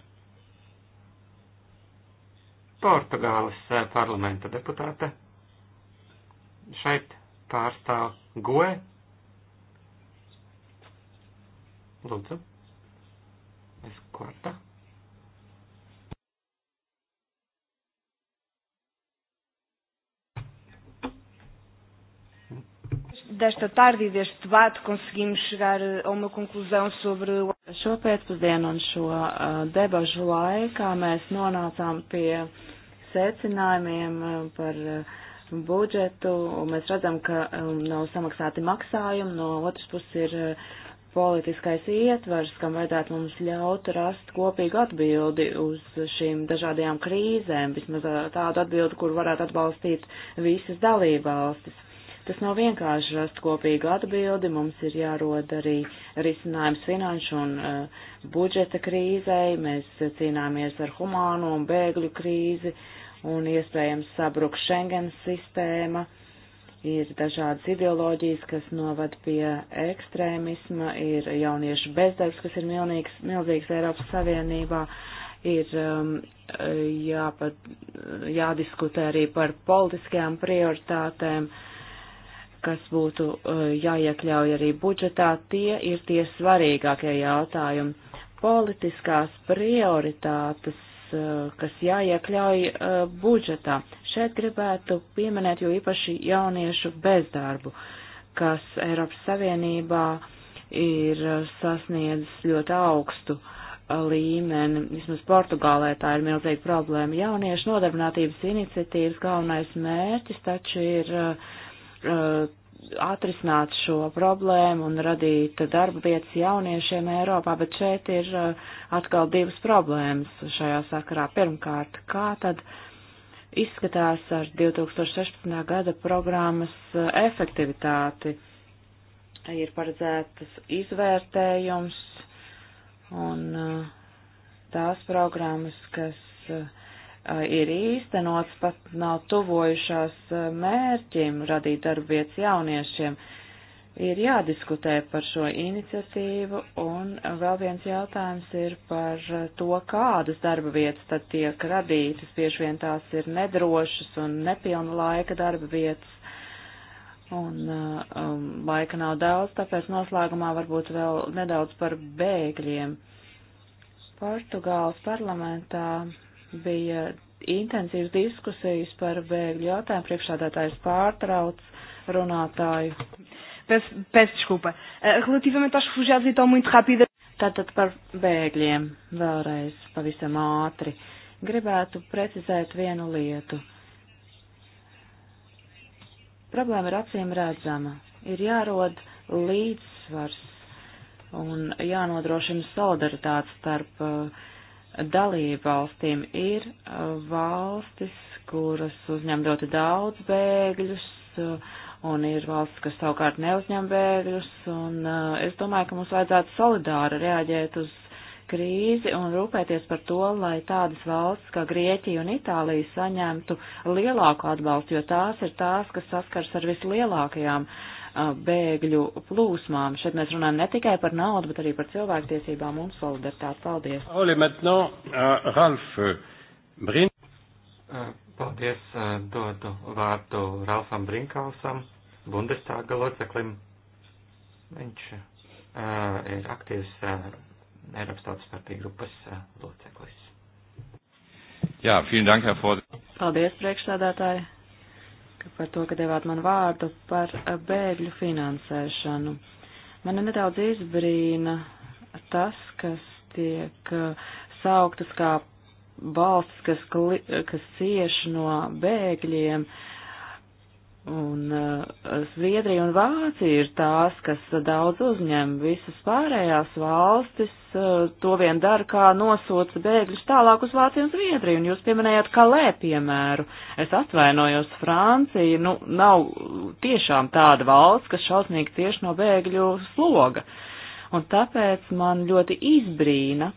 Speaker 3: Portugāles eh, parlamenta deputāte. Šeit pārstāv Goe. Lūdzu. Es kvarta.
Speaker 2: desta tarde e deste debate conseguimos chegar eh, a uma conclusão sobre o. Šo pēcpusdienu un šo uh, eh, debažu laikā mēs nonācām pie secinājumiem eh, par uh, budžetu. Mēs redzam, ka um, nav samaksāti maksājumi, no otras puses ir uh, politiskais ietvers, kam vajadzētu mums ļaut rast kopīgu atbildi uz šīm dažādajām krīzēm, vismaz tādu atbildi, kur varētu atbalstīt visas dalībvalstis. Tas nav vienkārši rast kopīgu atbildi, mums ir jārod arī risinājums finanšu un uh, budžeta krīzei, mēs cīnāmies ar humāno un bēgļu krīzi un iespējams sabruk Schengen sistēma. Ir dažādas ideoloģijas, kas novad pie ekstrēmisma, ir jauniešu bezdarbs, kas ir milnīgs, milzīgs Eiropas Savienībā, ir um, jāpad, jādiskutē arī par politiskajām prioritātēm. Uh, kas būtu uh, jāiekļauj arī budžetā, tie ir tie svarīgākie jautājumi. Politiskās prioritātes, uh, kas jāiekļauj uh, budžetā. Šeit gribētu pieminēt jo īpaši jauniešu bezdarbu, kas Eiropas Savienībā ir sasniedzis ļoti augstu līmeni. Vismaz Portugālē tā ir milzīga problēma. Jauniešu nodarbinātības iniciatīvas galvenais mērķis taču ir uh, uh, atrisināt šo problēmu un radīt darba vietas jauniešiem Eiropā, bet šeit ir uh, atkal divas problēmas šajā sakarā. Pirmkārt, kā tad izskatās ar 2016. gada programmas uh, efektivitāti? Ir paredzētas izvērtējums un uh, tās programmas, kas uh, ir īstenots, pat nav tuvojušās mērķim radīt darba vietas jauniešiem. Ir jādiskutē par šo iniciatīvu, un vēl viens jautājums ir par to, kādas darba vietas tad tiek radītas. Bieži vien tās ir nedrošas un nepilna laika darba vietas, un um, laika nav daudz, tāpēc noslēgumā varbūt vēl nedaudz par bēgļiem. Portugāles parlamentā bija intensīvas diskusijas par bēgļu jautājumu. Priekšādātājs pārtrauc runātāju. Peço, peço desculpa. Eh, Relativamente aos refugiados, então, muito rápida. Tātad par bēgļiem vēlreiz pavisam ātri. Gribētu precizēt vienu lietu. Problēma ir acīm redzama. Ir jārod līdzsvars un jānodrošina solidaritāte starp uh, dalību valstīm ir uh, valstis, kuras uzņem ļoti daudz bēgļus, uh, un ir valsts, kas savukārt neuzņem bēgļus, un uh, es domāju, ka mums vajadzētu solidāri reaģēt uz krīzi un rūpēties par to, lai tādas valsts kā Grieķija un Itālija saņemtu lielāku atbalstu, jo tās ir tās, kas saskars ar vislielākajām uh, bēgļu plūsmām. Šeit mēs runājam ne tikai par naudu, bet arī par cilvēktiesībām un solidaritāti. Paldies! Oli,
Speaker 1: maintenant, uh, Ralf, euh, Brin...
Speaker 3: Paldies, dodu vārdu Ralfam Brinkausam, Bundestāga loceklim. Viņš uh, ir aktīvs uh, Eiropas Tautas partija grupas uh, loceklis. Jā, vielen dank,
Speaker 2: Herr Ford. Paldies, priekšsādātāji par to, ka devāt man vārdu par eh, bēgļu finansēšanu. Mani nedaudz izbrīna tas, kas tiek eh, sauktas kā valsts, kas, kas cieš no bēgļiem. Uh, Un eh, Zviedrija un Vācija ir tās, kas daudz uzņem visas pārējās valstis, eh, to vien dara, kā nosūta bēgļus tālāk uz Vāciju un Zviedriju. Un jūs pieminējāt Kalē piemēru. Es atvainojos, Francija, nu, nav tiešām tāda valsts, kas šausmīgi cieši no bēgļu sloga. Un tāpēc man ļoti izbrīna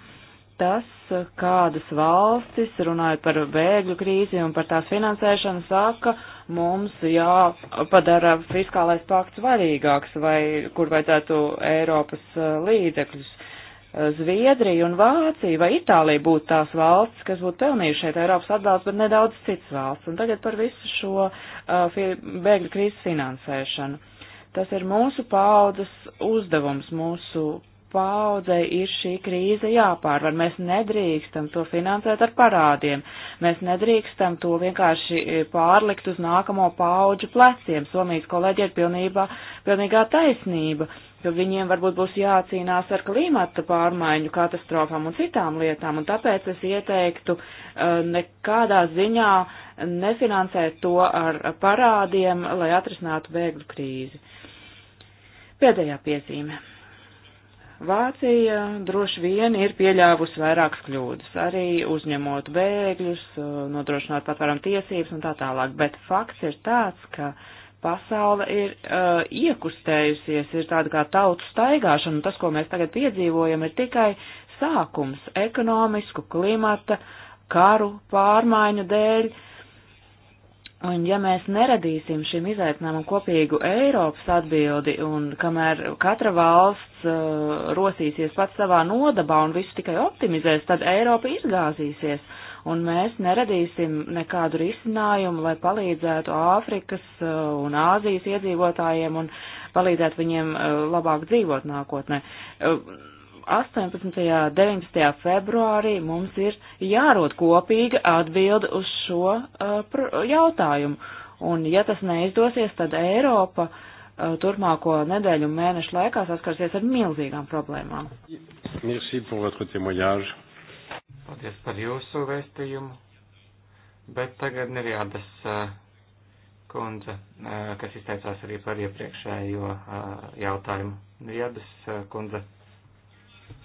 Speaker 2: tas, eh, kādas valstis, runājot par bēgļu krīzi un par tās finansēšanu, saka, mums jāpadara fiskālais pakts varīgāks, vai kur vajadzētu Eiropas uh, līdzekļus. Uh, Zviedrija un Vācija vai Itālija būtu tās valsts, kas būtu pelnījuši šeit Eiropas atbalstu, bet nedaudz cits valsts. Un tagad par visu šo uh, bēgļu krīzes finansēšanu. Tas ir mūsu paudzes uzdevums, mūsu paudzei ir šī krīze jāpārvar. Mēs nedrīkstam to finansēt ar parādiem. Mēs nedrīkstam to vienkārši e, pārlikt uz nākamo paudžu pleciem. Somijas kolēģi ir pilnībā, pilnīgā taisnība, jo viņiem varbūt būs jācīnās ar klimata pārmaiņu katastrofām un citām lietām, un tāpēc es ieteiktu e, nekādā ziņā nefinansēt to ar parādiem, lai atrisinātu bēgļu krīzi. Pēdējā piezīme. Vācija droši vien ir pieļāvusi vairākas kļūdas, arī uzņemot bēgļus, nodrošinot patvaram tiesības un tā tālāk, bet fakts ir tāds, ka pasaule ir uh, iekustējusies, ir tāda kā tautu staigāšana, un tas, ko mēs tagad piedzīvojam, ir tikai sākums ekonomisku klimata, karu pārmaiņu dēļ, uh, Un ja mēs neradīsim šim izaicinājumam kopīgu Eiropas atbildi, un kamēr katra valsts uh, rosīsies pats savā nodabā un visu tikai optimizēs, tad Eiropa izgāzīsies, un mēs neradīsim nekādu risinājumu, lai palīdzētu Āfrikas uh, un Āzijas iedzīvotājiem un palīdzētu viņiem uh, labāk dzīvot nākotnē. Uh, 18. un 19. februārī mums ir jārod kopīga atbilde uz šo uh, jautājumu. Un ja tas neizdosies, tad Eiropa uh, turpmāko nedēļu un mēnešu laikā saskarsies ar milzīgām problēmām.
Speaker 1: Merci pour votre témoignage.
Speaker 3: Paldies par jūsu vēstījumu. Bet tagad neviādas uh, kundze, uh, kas izteicās arī par iepriekšējo uh, jautājumu. Neviādas uh, kundze.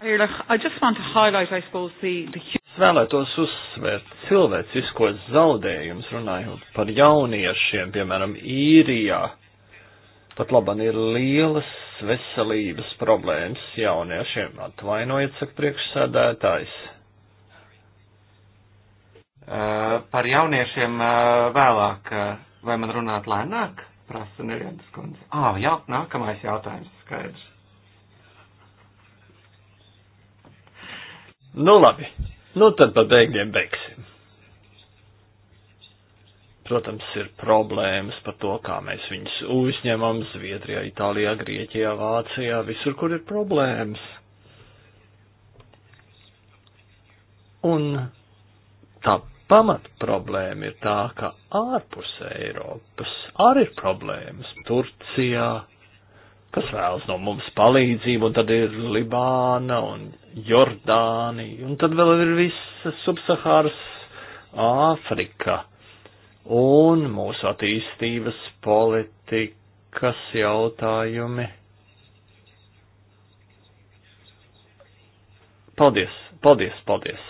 Speaker 2: Es
Speaker 3: vēlētos uzsvērt cilvēciskos
Speaker 4: zaudējumus, runājot par jauniešiem, piemēram, īrijā. Pat labam ir lielas veselības problēmas jauniešiem. Atvainojiet,
Speaker 3: saka priekšsēdētājs. Eh, par jauniešiem eh, vēlāk, eh, vai man runāt lēnāk, prasa neviens kundze. Ā, jā, nākamais jautājums skaidrs. Nu labi, nu tad pa beigļiem beigsim.
Speaker 4: Protams, ir problēmas par to, kā mēs viņus uzņemam Zviedrijā, Itālijā, Grieķijā, Vācijā, visur, kur ir problēmas. Un tā pamat problēma ir tā, ka ārpus Eiropas arī ir problēmas. Turcijā, kas vēlas no mums palīdzību, un tad ir Libāna un Jordānija, un tad vēl ir visa subsahāras Āfrika un mūsu attīstības politikas jautājumi. Paldies, paldies, paldies.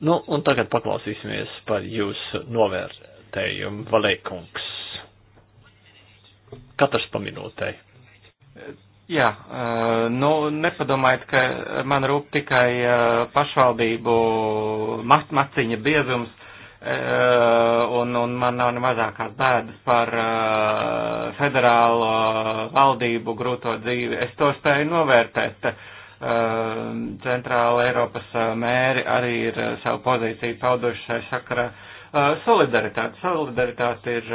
Speaker 4: Nu, un tagad paklausīsimies par jūsu novērtējumu, Valēkungs. Katrs pa minūtei.
Speaker 3: Jā, eh, nu nepadomājiet, ka man rūp tikai eh, pašvaldību mat maciņa biezums eh, un, un man nav ne mazākās bēdas par federālo valdību grūto dzīvi. Es to spēju novērtēt. Centrāla Eiropas mēri arī ir savu pozīciju pauduši šai sakarā. Solidaritāte. Solidaritāte ir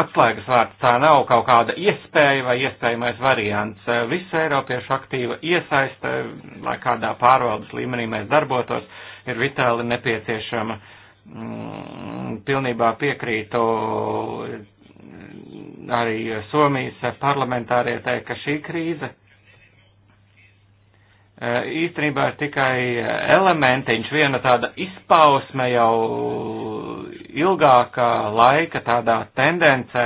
Speaker 3: atslēgas vārds. Tā nav kaut kāda iespēja vai iespējamais variants. Visa Eiropiešu aktīva iesaiste, lai kādā pārvaldes līmenī mēs darbotos, ir vitāli nepieciešama. Mm, pilnībā piekrītu mm, arī Somijas parlamentārietai, ka šī krīze eh, īstenībā ir tikai elementiņš, viena tāda izpausme jau ilgāka laika tādā tendencē,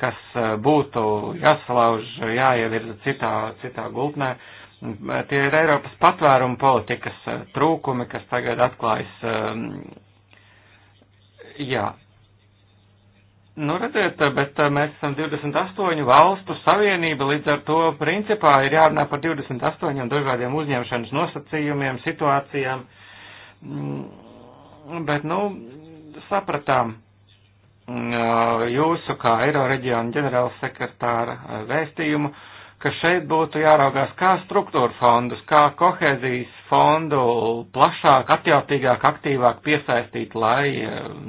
Speaker 3: kas e, būtu jāsalauž, jāievirza citā, citā gultnē. Tie ir Eiropas patvērumu politikas e, trūkumi, kas tagad atklājas. E, jā. Nu, redziet, bet mēs esam 28 valstu savienība, līdz ar to principā ir jārunā par 28 dažādiem uzņemšanas nosacījumiem, situācijām. Mm, bet, nu, sapratām mm, jūsu kā Eiro reģiona ģenerāla sekretāra vēstījumu, ka šeit būtu jāraugās kā struktūra fondus, kā kohēzijas fondu plašāk, atjautīgāk, aktīvāk piesaistīt, lai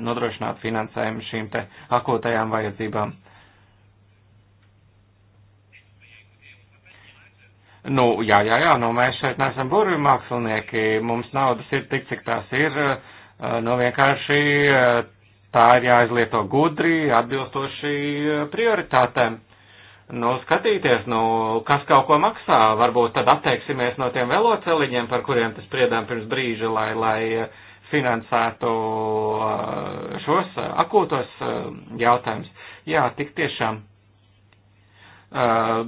Speaker 3: nodrošinātu finansējumu šīm te akūtajām vajadzībām. Nu, jā, jā, jā, nu mēs šeit neesam burvju mākslinieki, mums naudas ir tik, cik tās ir. Uh, Nu, vienkārši tā ir jāizlieto gudri, atbilstoši prioritātēm. Nu, skatīties, nu, kas kaut ko maksā, varbūt tad atteiksimies no tiem veloceliņiem, par kuriem tas priedām pirms brīža, lai, lai finansētu šos akūtos jautājumus. Jā, tik tiešām.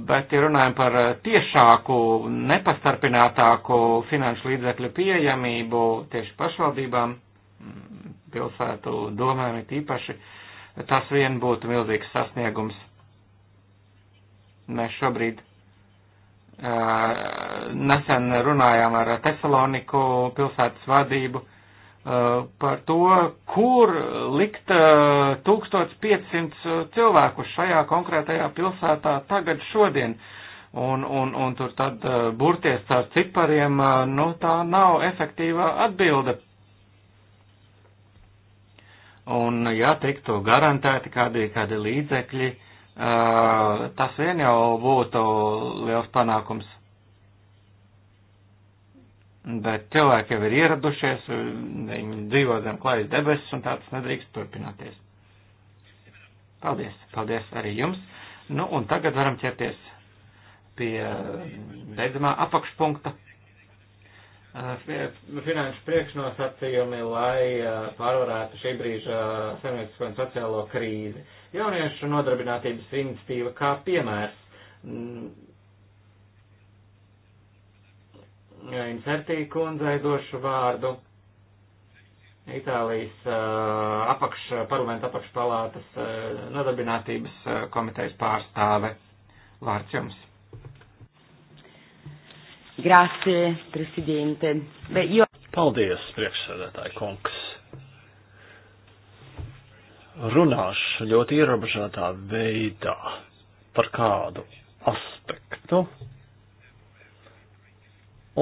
Speaker 3: Bet, ja runājam par tiešāku, nepastarpinātāku finanšu līdzekļu pieejamību tieši pašvaldībām, pilsētu domēm it īpaši, tas vien būtu milzīgs sasniegums. Mēs šobrīd nesen runājām ar Tesaloniku pilsētas vadību par to, kur likt 1500 cilvēku šajā konkrētajā pilsētā tagad šodien. Un, un, un tur tad burties ar cipariem, nu tā nav efektīva atbilde un ja tiktu garantēti kādi, kādi līdzekļi, uh, tas vien jau būtu liels panākums. Bet cilvēki jau ir ieradušies, viņi dzīvo zem klājas debesis, un tā tas nedrīkst turpināties. Paldies, paldies arī jums. Nu, un tagad varam ķerties pie beidzamā apakšpunkta. Nu, finanšu priekšnosacījumi, lai pārvarētu šī brīža saimniecisko un sociālo krīzi. Jauniešu nodarbinātības iniciatīva kā piemērs. Mm. Insertī kundzei došu vārdu. Itālijas apakš, parlamenta apakšpalātas nodarbinātības komitejas pārstāve. Vārds jums.
Speaker 2: Grācie, prezidente.
Speaker 4: Be, jo... Paldies, priekšsēdētāji kungs. Runāšu ļoti ierobežotā veidā par kādu aspektu,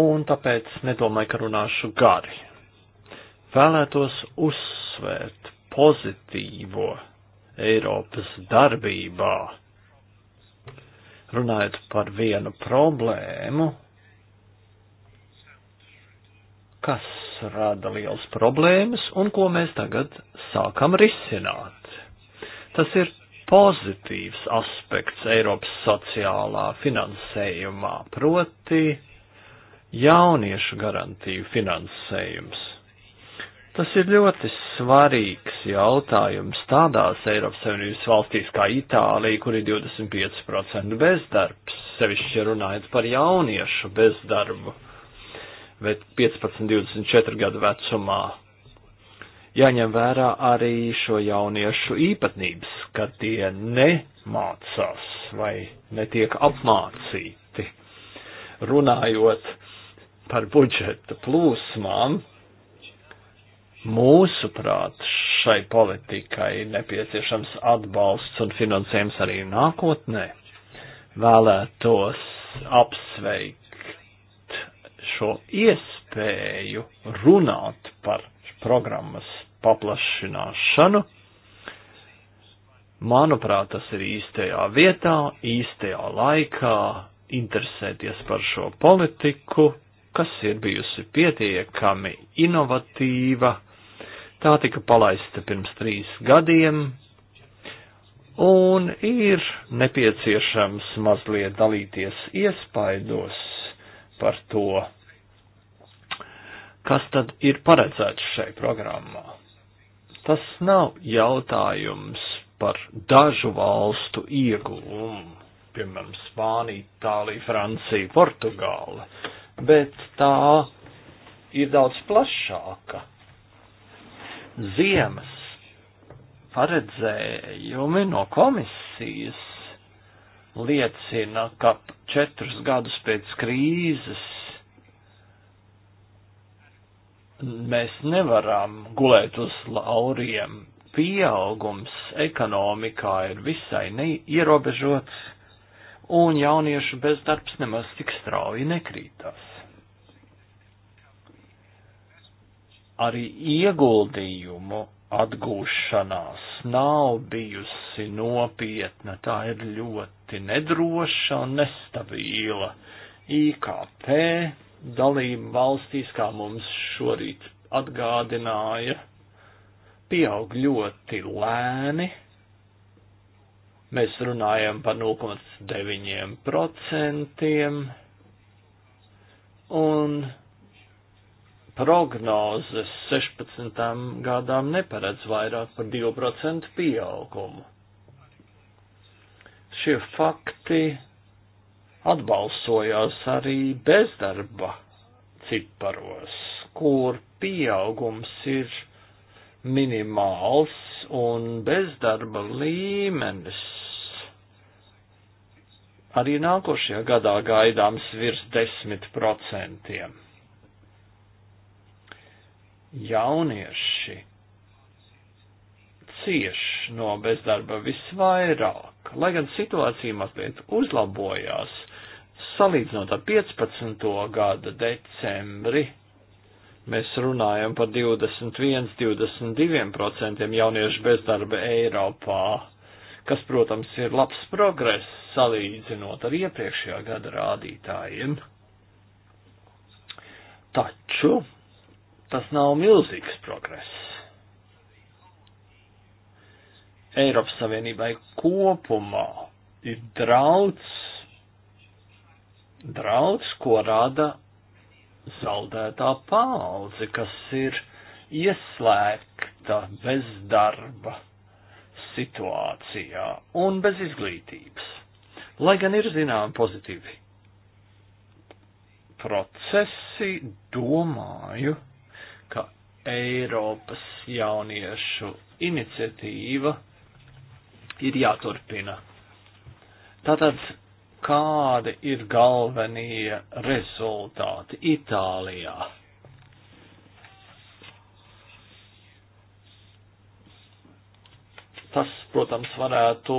Speaker 4: un tāpēc nedomāju, ka runāšu gari. Vēlētos uzsvērt pozitīvo Eiropas darbībā, runājot par vienu problēmu, kas rada liels problēmas un ko mēs tagad sākam risināt. Tas ir pozitīvs aspekts Eiropas sociālā finansējumā, proti jauniešu garantiju finansējums. Tas ir ļoti svarīgs jautājums tādās Eiropas Savienības valstīs kā Itālija, kur ir 25% bezdarbs, sevišķi runājot par jauniešu bezdarbu vai 15, 24 gadu vecumā. Jāņem vērā arī šo jauniešu īpatnības, ka tie nemācās vai netiek apmācīti. Runājot par budžeta plūsmām, mūsuprāt, šai politikai nepieciešams atbalsts un finansējums arī nākotnē. Vēlētos apsveikt šo iespēju runāt par programmas paplašināšanu, manuprāt, tas ir īstajā vietā, īstajā laikā interesēties par šo politiku, kas ir bijusi pietiekami inovatīva. Tā tika palaista pirms trīs gadiem, un ir nepieciešams mazliet dalīties iespaidos par to, kas tad ir paredzēts šai programmā. Tas nav jautājums par dažu valstu ieguvumu, piemēram, Spānija, Itālija, Francija, Portugāla, bet tā ir daudz plašāka. Ziemas paredzējumi no komisijas liecina, ka četrus gadus pēc krīzes mēs nevaram gulēt uz lauriem. Pieaugums ekonomikā ir visai neierobežots, un jauniešu bezdarbs nemaz tik strauji nekrītās. Arī ieguldījumu atgūšanās nav bijusi nopietna, tā ir ļoti ļoti nedroša un nestabila. IKP dalība valstīs, kā mums šorīt atgādināja, pieaug ļoti lēni. Mēs runājam par 0,9% un prognozes 16. gadām neparedz vairāk par 2% pieaugumu. Šie fakti atbalsojās arī bezdarba ciparos, kur pieaugums ir minimāls un bezdarba līmenis arī nākošajā gadā gaidāms virs desmit procentiem. Jaunieši cieš no bezdarba visvairāk lai gan situācija mazliet uzlabojās, salīdzinot ar 15. gada decembri, mēs runājam par 21-22% jauniešu bezdarba Eiropā, kas, protams, ir labs progress salīdzinot ar iepriekšējā gada rādītājiem. Taču tas nav milzīgs progress. Eiropas Savienībai kopumā ir draudz, draudz, ko rada zaudētā paudze, kas ir ieslēgta bezdarba situācijā un bez izglītības. Lai gan ir zinām pozitīvi procesi, domāju, ka Eiropas jauniešu iniciatīva ir jāturpina. Tātad, kādi ir galvenie rezultāti Itālijā? Tas, protams, varētu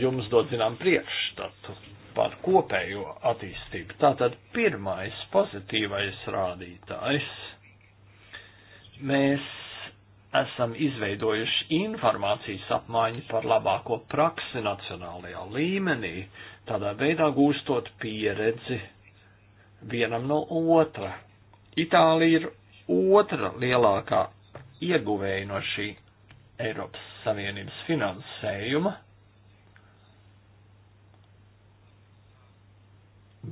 Speaker 4: jums dot zinām priekšstatu par kopējo attīstību. Tātad pirmais pozitīvais rādītājs. Mēs esam izveidojuši informācijas apmaiņu par labāko praksi nacionālajā līmenī, tādā veidā gūstot pieredzi vienam no otra. Itālija ir otra lielākā ieguvēja no šī Eiropas Savienības finansējuma.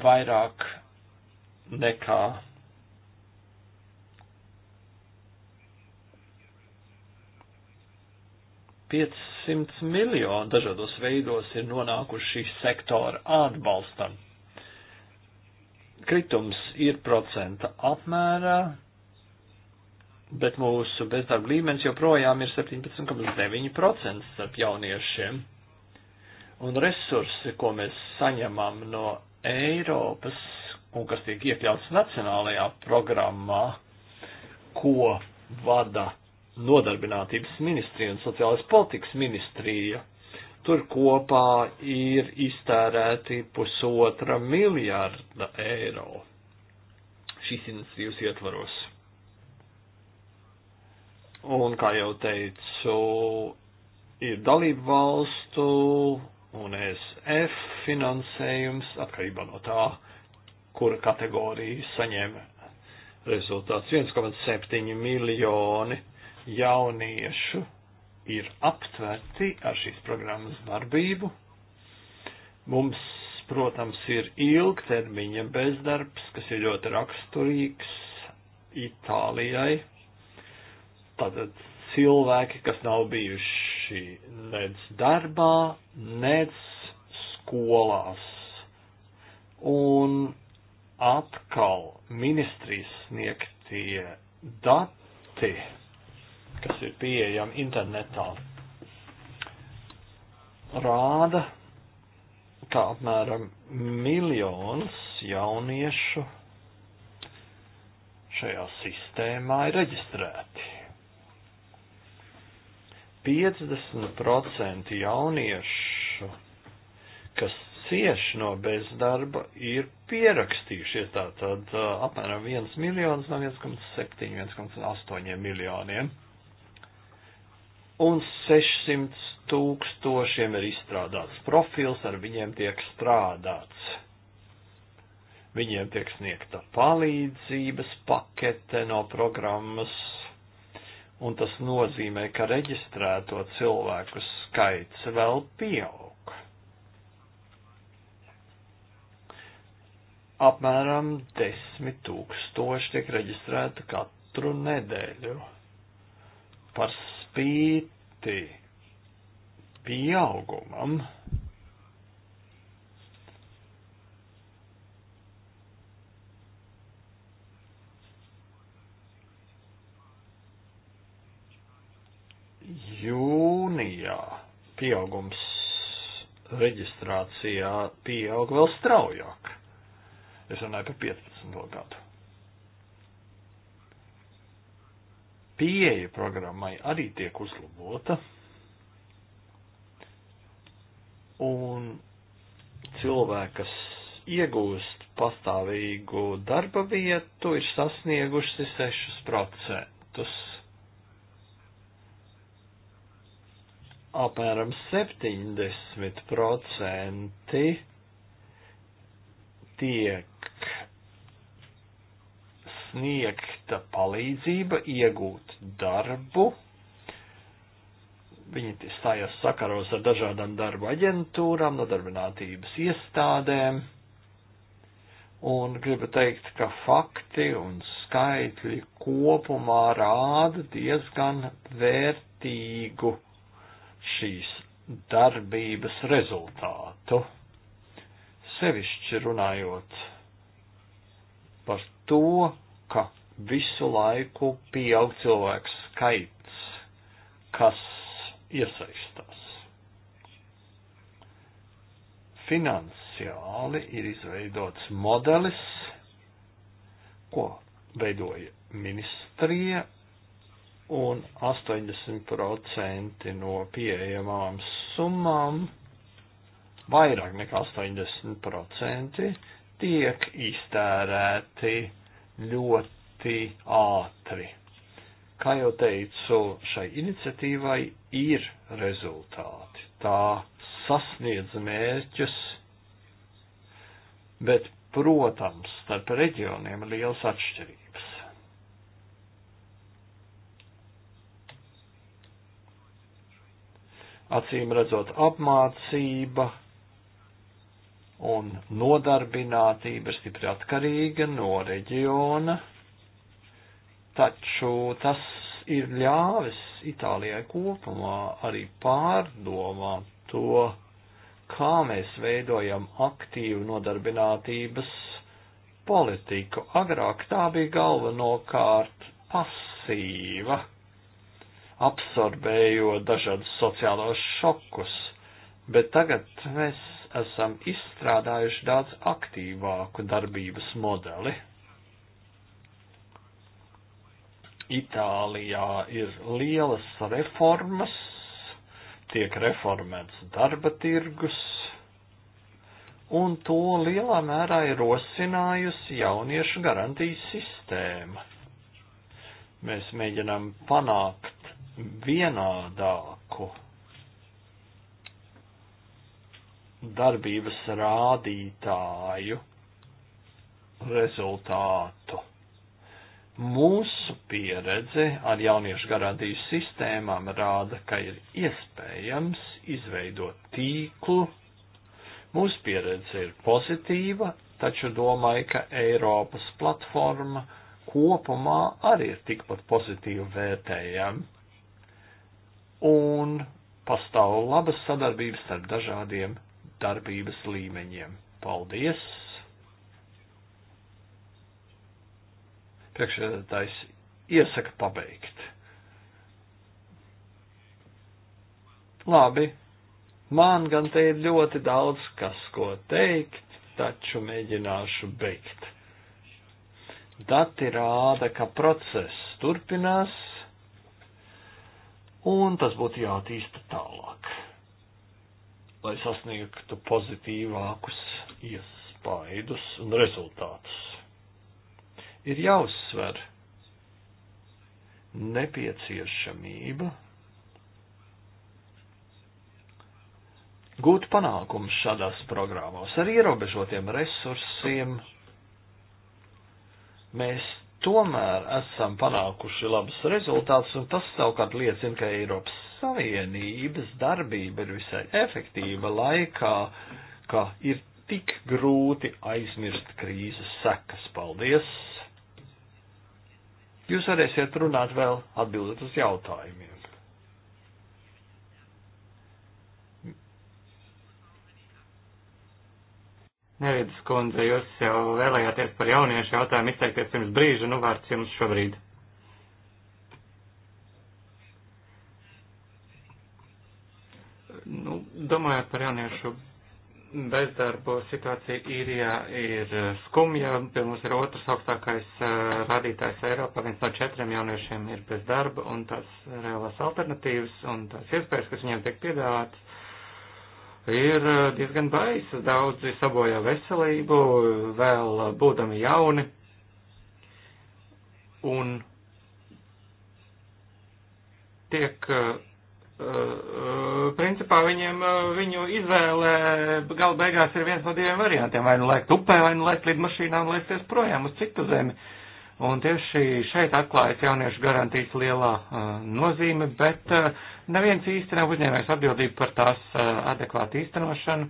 Speaker 4: Vairāk nekā 500 miljoni dažādos veidos ir nonākuši šī sektora atbalstam. Kritums ir procenta apmērā, bet mūsu bezdarba līmenis joprojām ir 17,9% starp jauniešiem. Un resursi, ko mēs saņemam no Eiropas un kas tiek iekļauts nacionālajā programmā, ko vada nodarbinātības ministrija un sociālās politikas ministrija. Tur kopā ir iztērēti pusotra miljārda eiro šīs iniciatīvas ietvaros. Un, kā jau teicu, ir dalību valstu un ESF finansējums atkarībā no tā, kura kategorija saņem rezultāts 1,7 miljoni jauniešu ir aptverti ar šīs programmas darbību. Mums, protams, ir ilgtermiņa bezdarbs, kas ir ļoti raksturīgs Itālijai. Tātad cilvēki, kas nav bijuši nec darbā, nec skolās. Un atkal ministrijas sniegtie dati kas ir pieejami internetā, rāda, ka apmēram miljons jauniešu šajā sistēmā ir reģistrēti. 50% jauniešu, kas cieš no bezdarba, ir pierakstījušies tātad apmēram 1 miljons no 1,7, 1,8 miljoniem un 600 tūkstošiem ir izstrādāts profils, ar viņiem tiek strādāts. Viņiem tiek sniegta palīdzības pakete no programmas, un tas nozīmē, ka reģistrēto cilvēku skaits vēl pieaug. Apmēram desmit tūkstoši tiek reģistrēta katru nedēļu. Par spīti pieaugumam jūnijā pieaugums reģistrācijā pieaug vēl straujāk. Es runāju par 15. gadu. pieeja programmai arī tiek uzlabota. Un cilvēki, kas iegūst pastāvīgu darba vietu, ir sasnieguši 6%. Apmēram 70% tiek sniegta palīdzība iegūt darbu. Viņi stājās sakaros ar dažādām darba aģentūrām, nodarbinātības iestādēm. Un gribu teikt, ka fakti un skaitļi kopumā rāda diezgan vērtīgu šīs darbības rezultātu. Sevišķi runājot par to, ka visu laiku pieaug cilvēks skaits, kas iesaistās. Finansiāli ir izveidots modelis, ko veidoja ministrija, un 80% no pieejamām summām, vairāk nekā 80%, tiek iztērēti ļoti ātri. Kā jau teicu, šai iniciatīvai ir rezultāti. Tā sasniedz mērķus, bet, protams, starp reģioniem ir liels atšķirības. Acīm redzot, apmācība un nodarbinātība ir stipri atkarīga no reģiona, taču tas ir ļāvis Itālijai kopumā arī pārdomāt to, kā mēs veidojam aktīvu nodarbinātības politiku. Agrāk tā bija galvenokārt pasīva, absorbējot dažādus sociālos šokus, bet tagad mēs esam izstrādājuši daudz aktīvāku darbības modeli. Itālijā ir lielas reformas, tiek reformēts darba tirgus, un to lielā mērā ir rosinājusi jauniešu garantijas sistēma. Mēs mēģinām panākt vienādāku darbības rādītāju rezultātu. Mūsu pieredze ar jauniešu garantiju sistēmām rāda, ka ir iespējams izveidot tīklu. Mūsu pieredze ir pozitīva, taču domāju, ka Eiropas platforma kopumā arī ir tikpat pozitīvi vērtējama. Un pastāv labas sadarbības starp dažādiem darbības līmeņiem. Paldies! Priekšsēdētājs iesaka pabeigt. Labi, man gan te ir ļoti daudz, kas ko teikt, taču mēģināšu beigt. Dati rāda, ka process turpinās, un tas būtu jātīsta tālāk lai sasniegtu pozitīvākus iespaidus un rezultātus. Ir jāuzsver nepieciešamība gūt panākumus šādās programmās ar ierobežotiem resursiem. Mēs tomēr esam panākuši labus rezultātus, un tas savukārt liecina, ka Eiropas Savienības darbība ir visai efektīva laikā, ka ir tik grūti aizmirst krīzes sekas. Paldies! Jūs varēsiet runāt vēl atbildot uz
Speaker 3: jautājumiem. Nevidas kundze, jūs jau vēlējāties par jauniešu jautājumu izteikties pirms brīža, nu vārds jums šobrīd. Nu, domājot par jauniešu bezdarbu, situācija īrijā ir eh, skumja, pie mums ir otrs augstākais eh, rādītājs Eiropā, viens no četriem jauniešiem ir bez darba, un tās reālās alternatīvas un tās iespējas, kas viņiem tiek piedāvātas ir eh, diezgan baisa. Daudzi sabojā veselību, vēl būdami jauni. Un tiek, eh, eh, principā viņiem, viņu izvēle galu beigās ir viens no diviem variantiem. Vai nu lēkt upē, vai nu lēkt līdz mašīnām, lēkties projām uz citu zemi. Uh, Un tieši šeit atklājas jauniešu garantijas lielā uh, nozīme, bet uh, neviens īsti nav uzņēmējis atbildību par tās uh, adekvātu īstenošanu.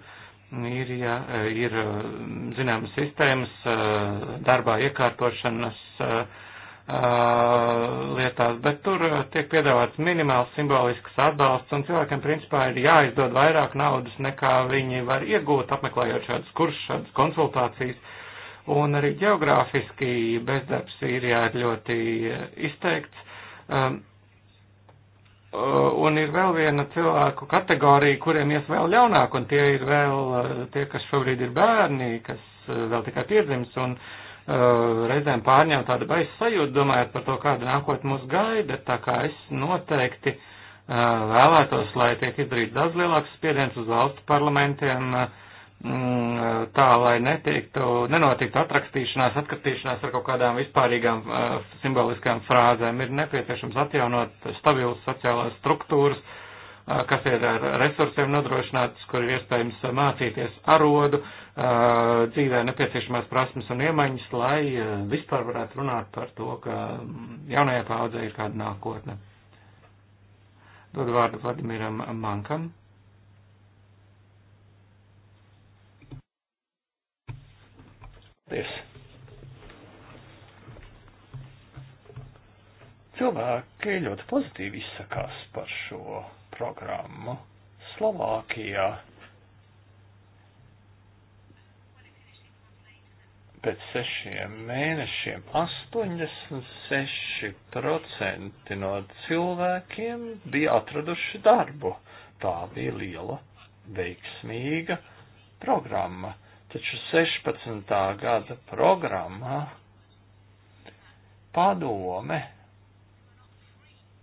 Speaker 3: Ir, ja, ir zināmas sistēmas, uh, darbā iekārtošanas uh, uh, lietās, bet tur tiek piedāvāts minimāls simbolisks atbalsts, un cilvēkiem principā ir jāizdod vairāk naudas, nekā viņi var iegūt, apmeklējot šādas kursus, šādas konsultācijas un arī geogrāfiski bezdarbs Sīrijā ir ļoti eh, izteikts. Um, un ir vēl viena cilvēku kategorija, kuriem ies vēl ļaunāk, un tie ir vēl eh, tie, kas šobrīd ir bērni, kas eh, vēl tikai piedzims, un uh, reizēm pārņem tādu baisu sajūtu, domājot par to, kāda nākotnē mūs gaida, tā kā es noteikti uh, vēlētos, lai tiek izdarīts daudz lielāks spiediens uz valstu parlamentiem, uh, Mm, tā, lai netiktu, nenotiktu atrakstīšanās, atkatīšanās ar kaut kādām vispārīgām uh, simboliskām frāzēm. Ir nepieciešams atjaunot stabilas sociālās struktūras, uh, kas ir ar resursiem nodrošinātas, kur ir iespējams mācīties arodu, uh, dzīvē nepieciešamās prasmes un iemaņas, lai vispār varētu runāt par to, ka mm, jaunajā paudzē ir kāda nākotne. Dod vārdu Vladimiram Mankam. Paldies!
Speaker 4: Cilvēki ļoti pozitīvi izsakās par šo programmu Slovākijā. Pēc sešiem mēnešiem 86% no cilvēkiem bija atraduši darbu. Tā bija liela, veiksmīga programma. Taču 16. gada programmā padome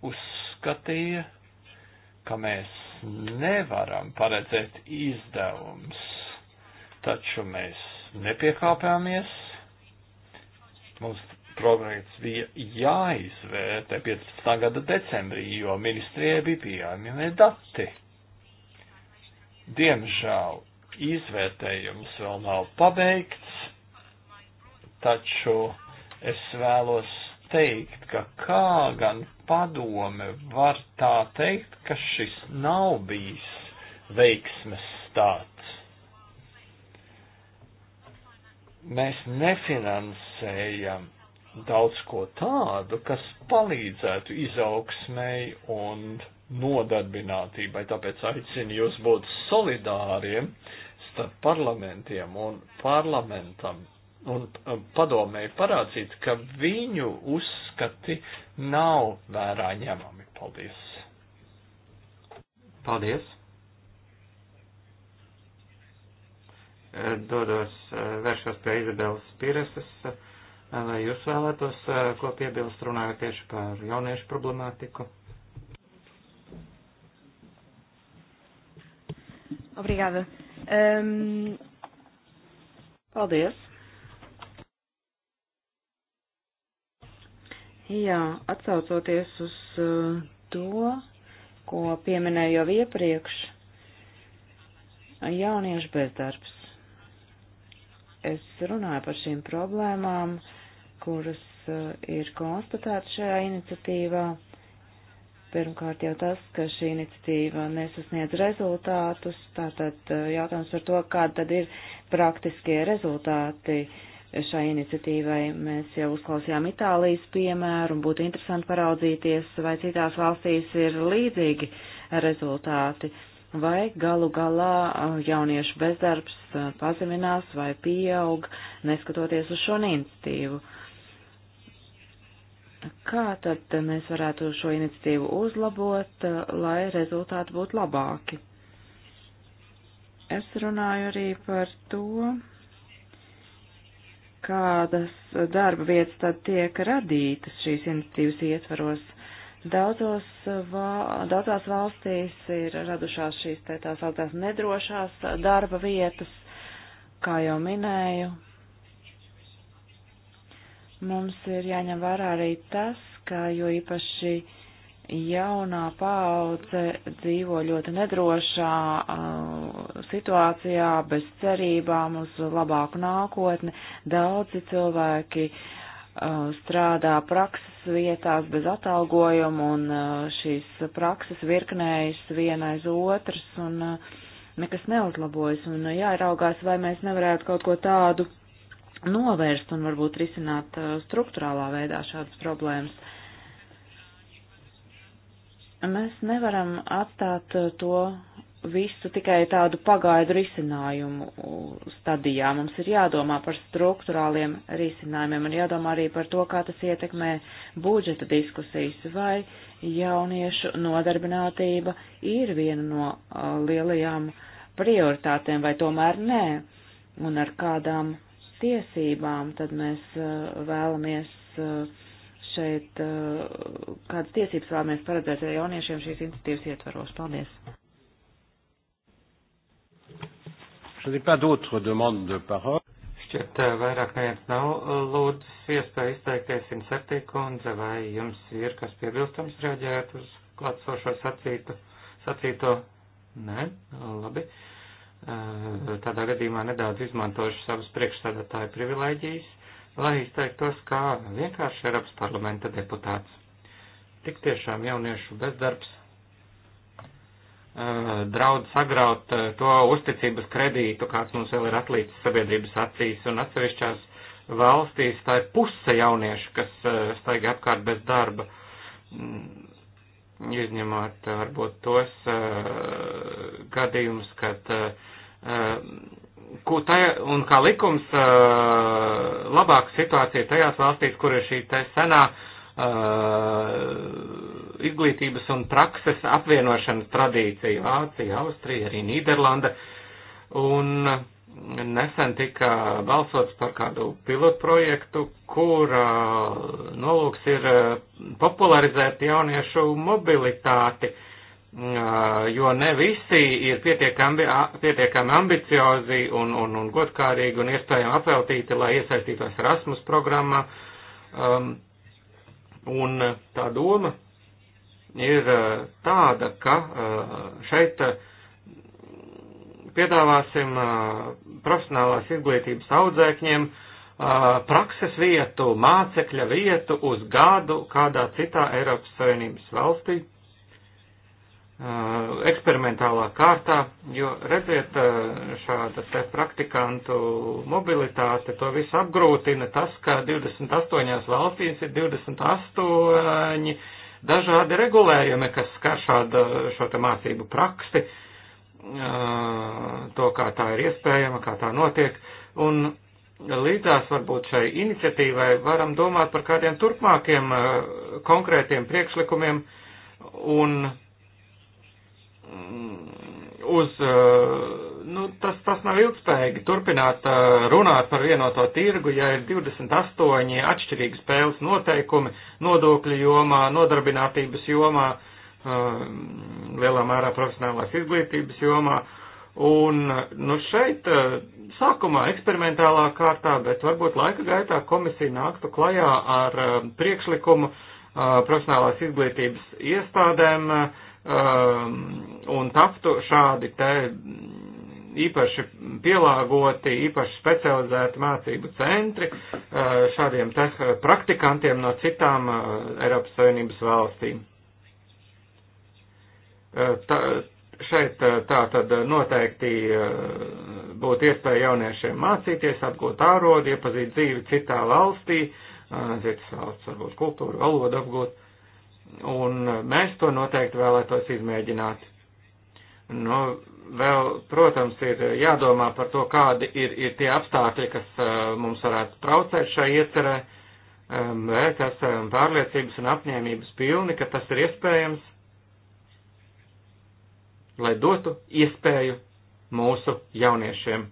Speaker 4: uzskatīja, ka mēs nevaram paredzēt izdevums, taču mēs nepiekāpāmies. Mums projekts bija jāizvērtē 15. gada decembrī, jo ministrijai bija pieejami dati. Diemžēl Izvērtējums vēl nav pabeigts, taču es vēlos teikt, ka kā gan padome var tā teikt, ka šis nav bijis veiksmes stāsts. Mēs nefinansējam daudz ko tādu, kas palīdzētu izaugsmēji un nodarbinātībai, tāpēc aicinu jūs būt solidāriem starp parlamentiem un parlamentam un um, padomēji parādīt, ka viņu uzskati nav vērā ņemami. Paldies!
Speaker 3: Paldies! Eh, dodos, eh, vēršos pie Izabelas Piresas, eh, vai jūs vēlētos ko piebilst runājot tieši par jauniešu problemātiku?
Speaker 2: Obrigada. Um, paldies! Jā, atsaucoties uz uh, to, ko pieminēju jau iepriekš, jauniešu bezdarbs. Es runāju par šīm problēmām, kuras uh, ir konstatētas šajā iniciatīvā. Uh, Pirmkārt jau tas, ka šī iniciatīva nesasniedz rezultātus, tātad eh, jautājums par to, kāda tad ir praktiskie rezultāti šai iniciatīvai. Mēs jau uzklausījām Itālijas piemēru un būtu interesanti paraudzīties, vai citās valstīs ir līdzīgi rezultāti vai galu galā eh, jauniešu bezdarbs eh, pazeminās vai pieaug, neskatoties uz šo iniciatīvu. Kā tad mēs varētu šo iniciatīvu uzlabot, lai rezultāti būtu labāki? Es runāju arī par to, kādas darba vietas tad tiek radītas šīs iniciatīvas ietvaros. Daudzos, daudzās valstīs ir radušās šīs tā tās augstās nedrošās darba vietas, kā jau minēju, Mums ir jāņem vērā arī tas, ka jo īpaši jaunā paudze dzīvo ļoti nedrošā uh, situācijā, bez cerībām uz labāku nākotni. Daudzi cilvēki uh, strādā prakses vietās bez atalgojuma un uh, šīs prakses virknējas viena aiz otras un uh, nekas neuzlabojas. Un uh, jāraugās, vai mēs nevarētu kaut ko tādu novērst un varbūt risināt uh, struktūrālā veidā šādas problēmas. Mēs nevaram atstāt uh, to visu tikai tādu pagaidu risinājumu uh, stadijā. Mums ir jādomā par struktūrāliem risinājumiem un jādomā arī par to, kā tas ietekmē budžeta diskusijas vai jauniešu nodarbinātība ir viena no lielajām prioritātēm vai tomēr nē un ar kādām tiesībām, tad mēs uh, vēlamies uh, šeit, uh, kādas tiesības vēlamies paredzēt arī jauniešiem šīs iniciatīvas ietvaros. Paldies!
Speaker 1: Šķiet, vairāk neviens nav
Speaker 3: lūdzis iespēju izteikties 107 kundze, vai jums ir kas piebilstams reaģēt uz klātsošo sacītu, sacīto? Nē, labi. Uh, tādā gadījumā nedaudz izmantošu savas priekšstādātāju privilēģijas, lai izteiktos kā vienkārši Eiropas parlamenta deputāts. Tik tiešām jauniešu bezdarbs draud sagraut to uzticības kredītu, kāds mums vēl ir atlicis sabiedrības acīs un atsevišķās valstīs, tā ir puse jauniešu, kas staigā apkārt bez darba, mm, izņemot varbūt tos gadījumus, kad uh, Eh, ko tajā, un kā likums eh, labāka situācija tajās valstīs, kur ir šī te senā eh, izglītības un prakses apvienošanas tradīcija - Vācija, Austrija, arī Nīderlanda. Un nesen tika balsots par kādu pilotprojektu, kur nolūks ir popularizēt jauniešu mobilitāti. Uh, jo ne visi ir pietiekami, pietiekami ambiciozi un, un, un godkārīgi un iespējami apveltīti, lai iesaistītos Erasmus programmā. Um, un tā doma ir tāda, ka šeit piedāvāsim profesionālās izglītības audzēkņiem prakses vietu, mācekļa vietu uz gadu kādā citā Eiropas Savienības valstī eksperimentālā kārtā, jo redziet, šāda te praktikantu mobilitāte to visu apgrūtina tas, ka 28 valstīs ir 28 dažādi regulējumi, kas skar šāda, šo te mācību praksi, to, kā tā ir iespējama, kā tā notiek, un līdzās varbūt šai iniciatīvai varam domāt par kādiem turpmākiem konkrētiem priekšlikumiem un Mm, uz, eh, nu, tas, tas nav ilgspējīgi turpināt eh, runāt par vienoto tirgu, ja ir 28 atšķirīgi spēles noteikumi nodokļu jomā, nodarbinātības jomā, eh, lielā mērā profesionālās izglītības jomā. Un, nu, šeit sākumā eksperimentālā kārtā, bet varbūt laika gaitā komisija nāktu klajā ar priekšlikumu profesionālās izglītības iestādēm, uh, um, un taptu šādi te īpaši pielāgoti, īpaši specializēti mācību centri uh, šādiem te praktikantiem no citām uh, Eiropas Savienības valstīm. Uh, tā, šeit tā tad noteikti būtu iespēja jauniešiem mācīties, apgūt ārodu, iepazīt dzīvi citā valstī, citas valsts varbūt kultūru, valodu apgūt. Un mēs to noteikti vēlētos izmēģināt. Nu, vēl, protams, ir jādomā par to, kādi ir, ir tie apstākļi, kas uh, mums varētu traucēt šai iecerē, um, bet esam pārliecības un apņēmības pilni, ka tas ir iespējams, lai dotu iespēju mūsu jauniešiem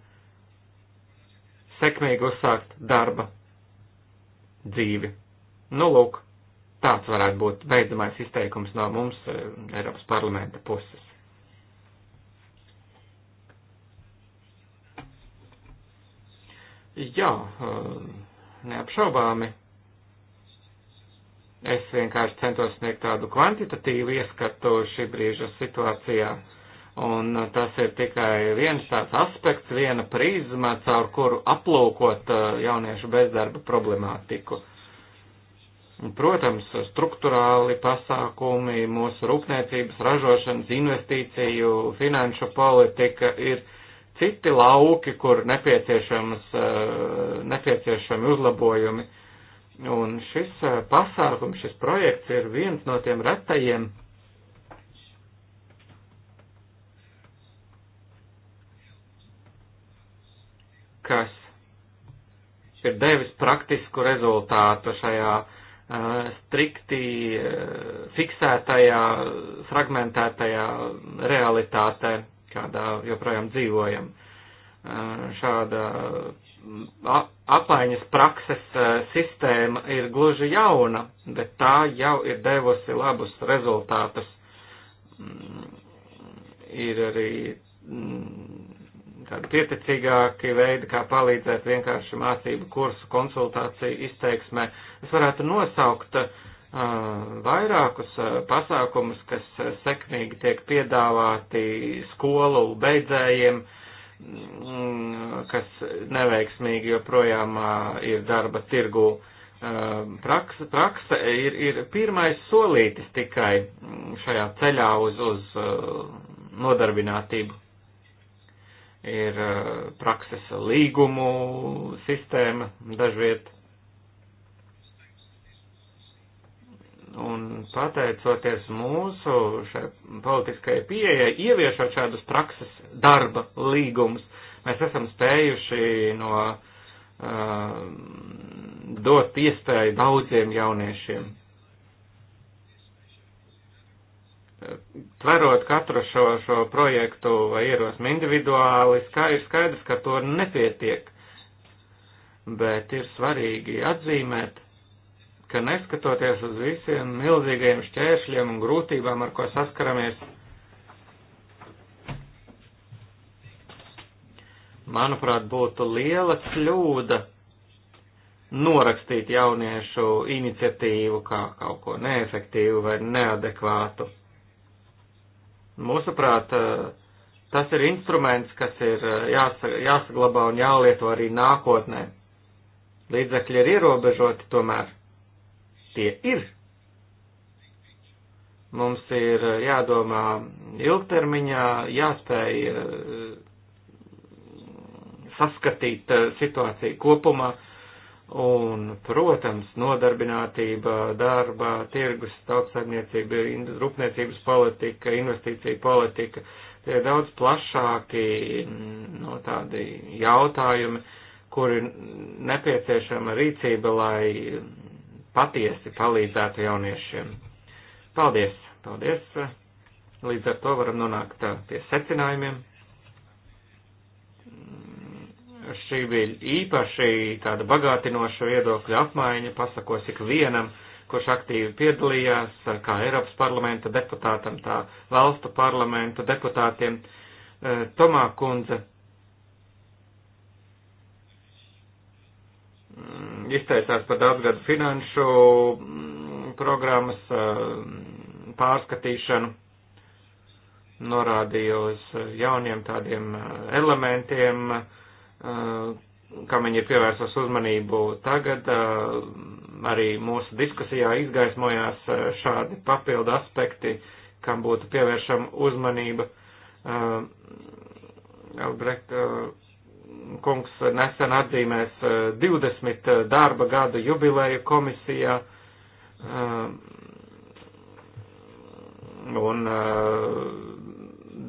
Speaker 3: sekmīgi uzsākt darba dzīvi. Nu, lūk. Tāds varētu būt beidzamais izteikums no mums, eh, Eiropas parlamenta puses. Jā, eh, neapšaubāmi. Es vienkārši centos sniegt tādu kvantitatīvu ieskatu šī brīža situācijā. Un eh, tas ir tikai viens tāds aspekts, viena prizma, caur kuru aplūkot jauniešu bezdarba problemātiku. Uh, Protams, struktūrāli pasākumi, mūsu rūpniecības, ražošanas, investīciju, finanšu politika ir citi lauki, kur eh, nepieciešami uzlabojumi. Un šis eh, pasākums, šis projekts ir viens no tiem retajiem, kas ir devis praktisku rezultātu šajā Eh, strikti eh, fiksētajā, fragmentētajā realitātē, kādā joprojām dzīvojam. Eh, šāda mm, apmaiņas prakses sistēma ir gluži jauna, bet tā jau ir devusi labus rezultātus. Mm, ir arī mm, tādi pieticīgāki veidi, kā palīdzēt vienkārši mācību kursu, konsultāciju, izteiksmē. Es varētu nosaukt uh, vairākus uh, pasākumus, kas sekmīgi tiek piedāvāti skolu beidzējiem, mm, kas neveiksmīgi joprojām uh, ir darba tirgū. Praksa, praksa ir, ir pirmais solītis tikai šajā ceļā uz, uz nodarbinātību ir uh, prakses līgumu sistēma dažviet. Un pateicoties mūsu šai politiskajai pieejai, ieviešot šādus prakses darba līgumus, mēs esam spējuši no uh, dot iespēju daudziem jauniešiem tverot katru šo, šo projektu vai ierosmi individuāli, kā ir skaidrs, ka to nepietiek. Bet ir svarīgi atzīmēt, ka neskatoties uz visiem milzīgajiem šķēršļiem un grūtībām, ar ko saskaramies, manuprāt, būtu liela kļūda norakstīt jauniešu iniciatīvu kā kaut ko neefektīvu vai neadekvātu. Mūsuprāt, eh, tas ir instruments, kas ir eh, jāsaglabā un jālieto arī nākotnē. Līdzekļi ir ierobežoti tomēr. Tie ir. Mums ir eh, jādomā ilgtermiņā, jāspēj saskatīt situāciju kopumā Un, protams, nodarbinātība, darba, tirgus, tautsaimniecība, rūpniecības politika, investīcija politika, tie ir daudz plašāki mm, no tādi jautājumi, kuri nepieciešama rīcība, lai patiesi palīdzētu jauniešiem. Paldies! Paldies! Līdz ar to varam nonākt pie secinājumiem šī bija īpaši tāda bagātinoša viedokļa apmaiņa, pasakos ik vienam, kurš aktīvi piedalījās, kā Eiropas parlamenta deputātam, tā valstu parlamentu deputātiem. E, Tomā kundze mm, izteicās par daudzgadu finanšu mm, programmas e, pārskatīšanu, norādīja uz jauniem tādiem e, elementiem, Uh, kam viņi ir pievērsus uzmanību tagad, uh, arī mūsu diskusijā izgaismojās uh, šādi papildu aspekti, kam būtu pievēršama uzmanība. Elbrekt kungs nesen atzīmēs 20 darba gadu jubileju komisijā. Un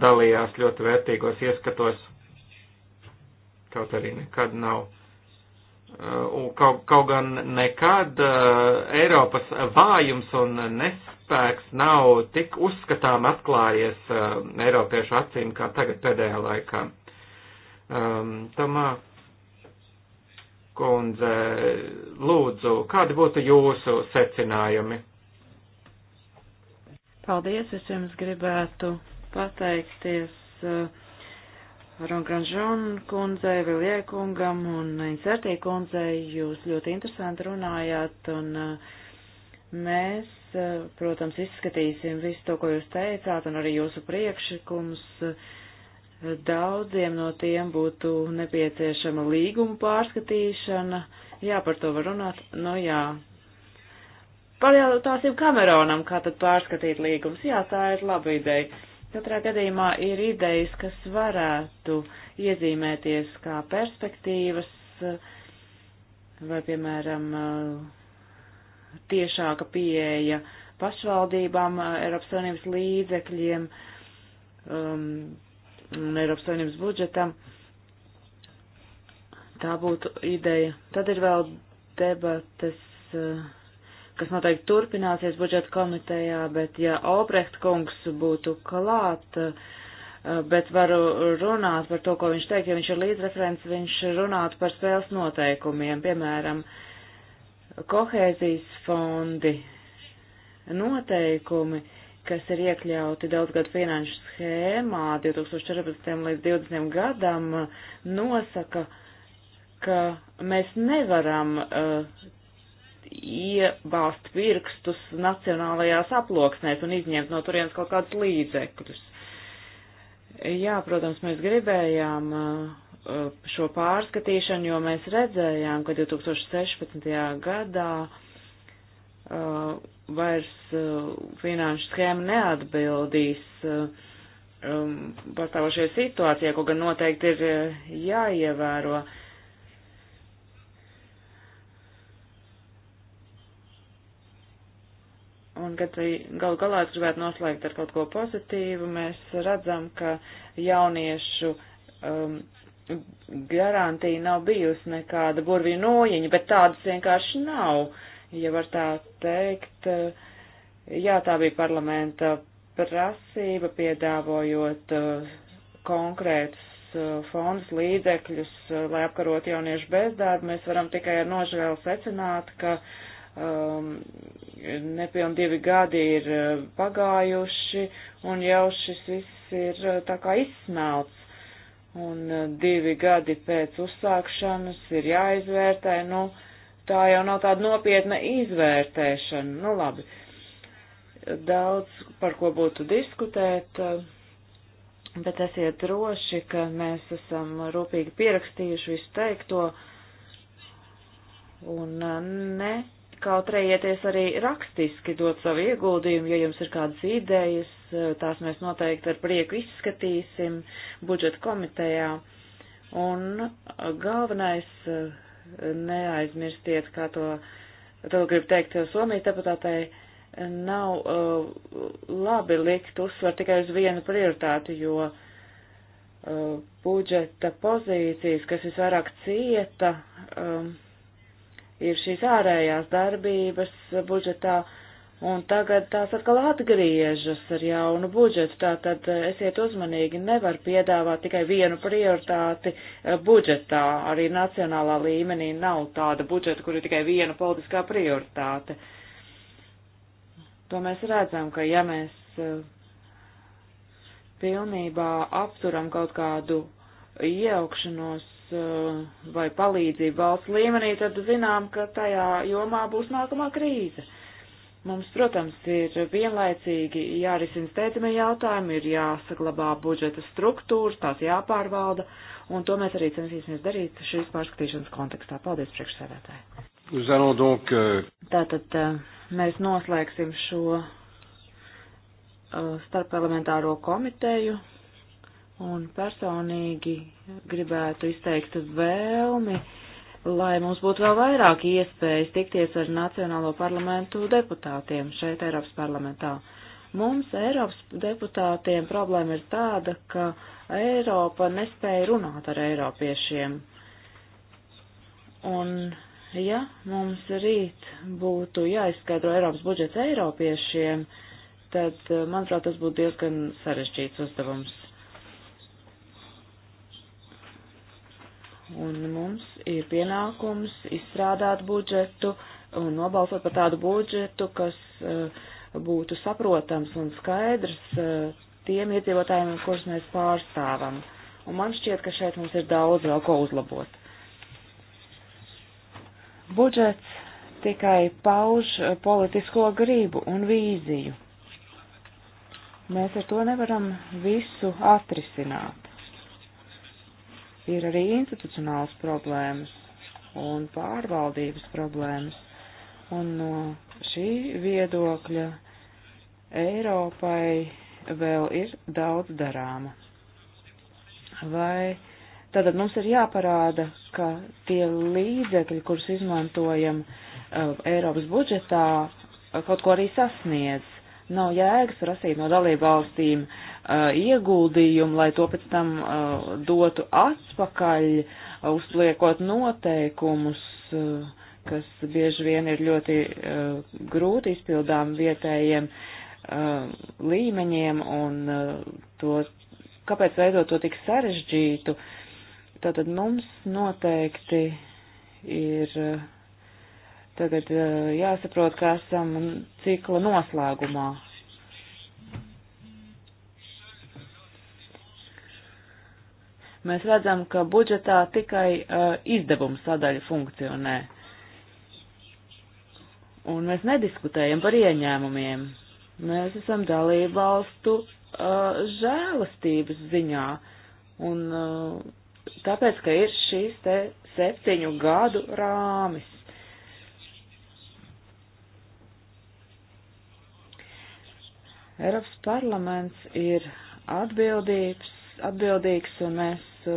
Speaker 3: dalījās ļoti vērtīgos ieskatos kaut arī nekad nav. Uh, un kaut, kaut gan nekad uh, Eiropas vājums un nespēks nav tik uzskatām atklājies uh, Eiropiešu acīm kā tagad pēdējā laikā. Um, Tamā kundze, lūdzu, kādi būtu jūsu secinājumi?
Speaker 2: Paldies, es jums gribētu pateikties uh, Rongranžon kundzei, Vilie kungam un Insertī kundzei. Jūs ļoti interesanti runājāt un uh, mēs, uh, protams, izskatīsim visu to, ko jūs teicāt un arī jūsu priekšlikums. Uh, daudziem no tiem būtu nepieciešama līguma pārskatīšana. Jā, par to var runāt. Nu jā, pajautāsim Kameronam, kā tad pārskatīt līgums. Jā, tā ir laba ideja. Katrā gadījumā ir idejas, kas varētu iezīmēties kā perspektīvas vai, piemēram, tiešāka pieeja pašvaldībām, Eiropas Savienības līdzekļiem um, un Eiropas Savienības budžetam. Tā būtu ideja. Tad ir vēl debates. Uh, kas noteikti turpināsies budžeta komitejā, bet ja Obrecht kungs būtu klāt, eh, bet varu runāt par to, ko viņš teikt, ja viņš ir līdzreferents, viņš runātu par spēles noteikumiem, piemēram, kohēzijas fondi noteikumi, kas ir iekļauti daudzgadu finanšu schēmā 2014 līdz 2020 gadam, nosaka, ka mēs nevaram uh, iebāzt pirkstus nacionālajās aploksnēs un izņemt no turienes kaut kādus līdzekļus. Jā, protams, mēs gribējām uh, šo pārskatīšanu, jo mēs redzējām, ka 2016. gadā uh, vairs uh, finanšu schēma neatbildīs um, pastāvošajai situācijai, ko gan noteikti ir jāievēro. Un kad gal galā es gribētu noslēgt ar kaut ko pozitīvu, mēs redzam, ka jauniešu um, garantija nav bijusi nekāda burvju nojiņa, bet tādas vienkārši nav. Ja var tā teikt, eh, jā, tā bija parlamenta prasība piedāvojot uh, konkrētus uh, fondus līdzekļus, uh, lai apkarot jauniešu bezdarbu, mēs varam tikai ar nožēlu secināt, ka uh, um, nepilni divi gadi ir uh, pagājuši, un jau šis viss ir uh, tā kā izsmelts. Un uh, divi gadi pēc uzsākšanas ir jāizvērtē, nu, tā jau nav tāda nopietna izvērtēšana, nu labi. Daudz par ko būtu diskutēt, bet esiet droši, ka mēs esam rūpīgi pierakstījuši visu teikto un ne kautrējieties arī rakstiski dot savu ieguldījumu, ja jums ir kādas idejas, eh, tās mēs noteikti ar prieku izskatīsim budžeta komitejā. Un eh, galvenais, eh, neaizmirstiet, kā to, to gribu teikt Somijas deputātei, nav labi likt uzsvar tikai uz vienu prioritāti, jo budžeta pozīcijas, kas visvairāk cieta, um, ir šīs ārējās darbības budžetā, un tagad tās atkal atgriežas ar jaunu budžetu, tātad eh, esiet uzmanīgi, nevar piedāvāt tikai vienu prioritāti eh, budžetā, arī nacionālā līmenī nav tāda budžeta, kur ir tikai viena politiskā prioritāte. To mēs redzam, ka ja mēs eh, pilnībā apturam kaut kādu iejaukšanos Uh, vai palīdzību valsts līmenī, tad zinām, ka tajā jomā būs nākamā krīze. Mums, protams, ir vienlaicīgi jārisina steidzamie jautājumi, ir jāsaglabā budžeta struktūras, tās jāpārvalda, un to mēs arī censīsimies darīt šīs pārskatīšanas kontekstā. Paldies, priekšsēdētāji!
Speaker 1: Donc, uh...
Speaker 2: Tātad mēs noslēgsim šo uh, starpelementāro komiteju un personīgi gribētu izteikt vēlmi, lai mums būtu vēl vairāk iespējas tikties ar Nacionālo parlamentu deputātiem šeit Eiropas parlamentā. Mums Eiropas deputātiem problēma ir tāda, ka Eiropa nespēja runāt ar eiropiešiem. Un, ja mums rīt būtu jāizskaidro Eiropas budžets eiropiešiem, tad, manuprāt, tas būtu diezgan sarežģīts uzdevums. Un mums ir pienākums izstrādāt budžetu un nobalsot par tādu budžetu, kas uh, būtu saprotams un skaidrs uh, tiem iedzīvotājiem, kurus mēs pārstāvam. Un man šķiet, ka šeit mums ir daudz vēl ko uzlabot. Budžets tikai pauž eh, politisko gribu un vīziju. Mēs ar to nevaram visu atrisināt ir arī institucionāls problēmas un pārvaldības problēmas. Un no šī viedokļa Eiropai vēl ir daudz darāma. Vai tātad mums ir jāparāda, ka tie līdzekļi, kurus izmantojam uh, Eiropas budžetā, uh, kaut ko arī sasniedz. Nav jēgas prasīt no dalību valstīm uh, Uh, ieguldījumu, lai to pēc tam uh, dotu atpakaļ, uh, uzliekot noteikumus, kas bieži vien ir ļoti grūti izpildām vietējiem līmeņiem un to, kāpēc veidot to tik sarežģītu. Tātad mums noteikti ir tagad jāsaprot, ka esam cikla noslēgumā mēs redzam, ka budžetā tikai uh, izdevumu sadaļa funkcionē. Un mēs nediskutējam par ieņēmumiem. Mēs esam dalību valstu uh, žēlastības ziņā. Un uh, tāpēc, ka ir šīs te septiņu gadu rāmis. Eiropas parlaments ir atbildības atbildīgs, un mēs E,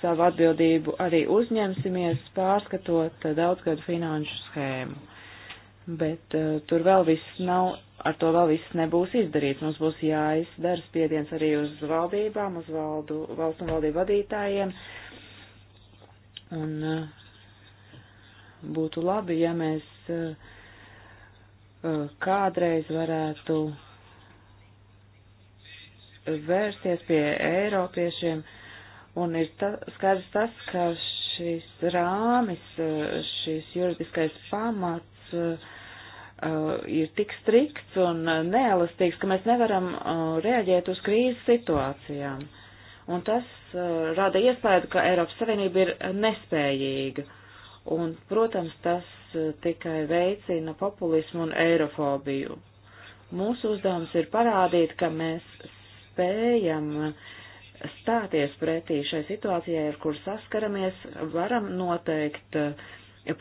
Speaker 2: savu atbildību arī uzņemsimies, pārskatot daudzgadu finanšu schēmu. Bet uh, tur vēl viss nav, ar to vēl viss nebūs izdarīts. Mums būs jāizdara spiediens arī uz valdībām, uz valdu, valstu un valdību vadītājiem. Un uh, būtu labi, ja mēs uh, kādreiz varētu vērsties pie Eiropiešiem. Uh, Un ir ta, skaidrs tas, ka šis rāmis, šis juridiskais pamats uh, ir tik strikts un neelastīgs, ka mēs nevaram uh, reaģēt uz krīzes situācijām. Un tas uh, rada iespēju, ka Eiropas Savienība ir nespējīga. Un, protams, tas uh, tikai veicina populismu un eirofobiju. Mūsu uzdevums ir parādīt, ka mēs spējam uh, stāties pretī šai situācijai, ar kur saskaramies, varam noteikt eh,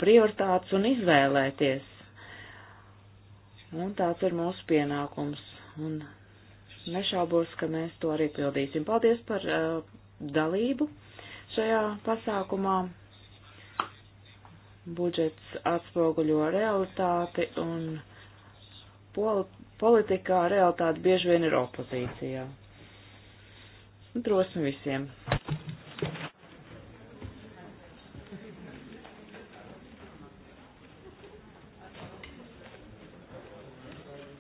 Speaker 2: prioritātes un izvēlēties. Un tāds ir mūsu pienākums. Un nešaubos, ka mēs to arī pildīsim. Paldies par uh, dalību šajā pasākumā. Budžets atspoguļo realitāti un pol politikā realitāte bieži vien ir opozīcijā. Drosmi visiem!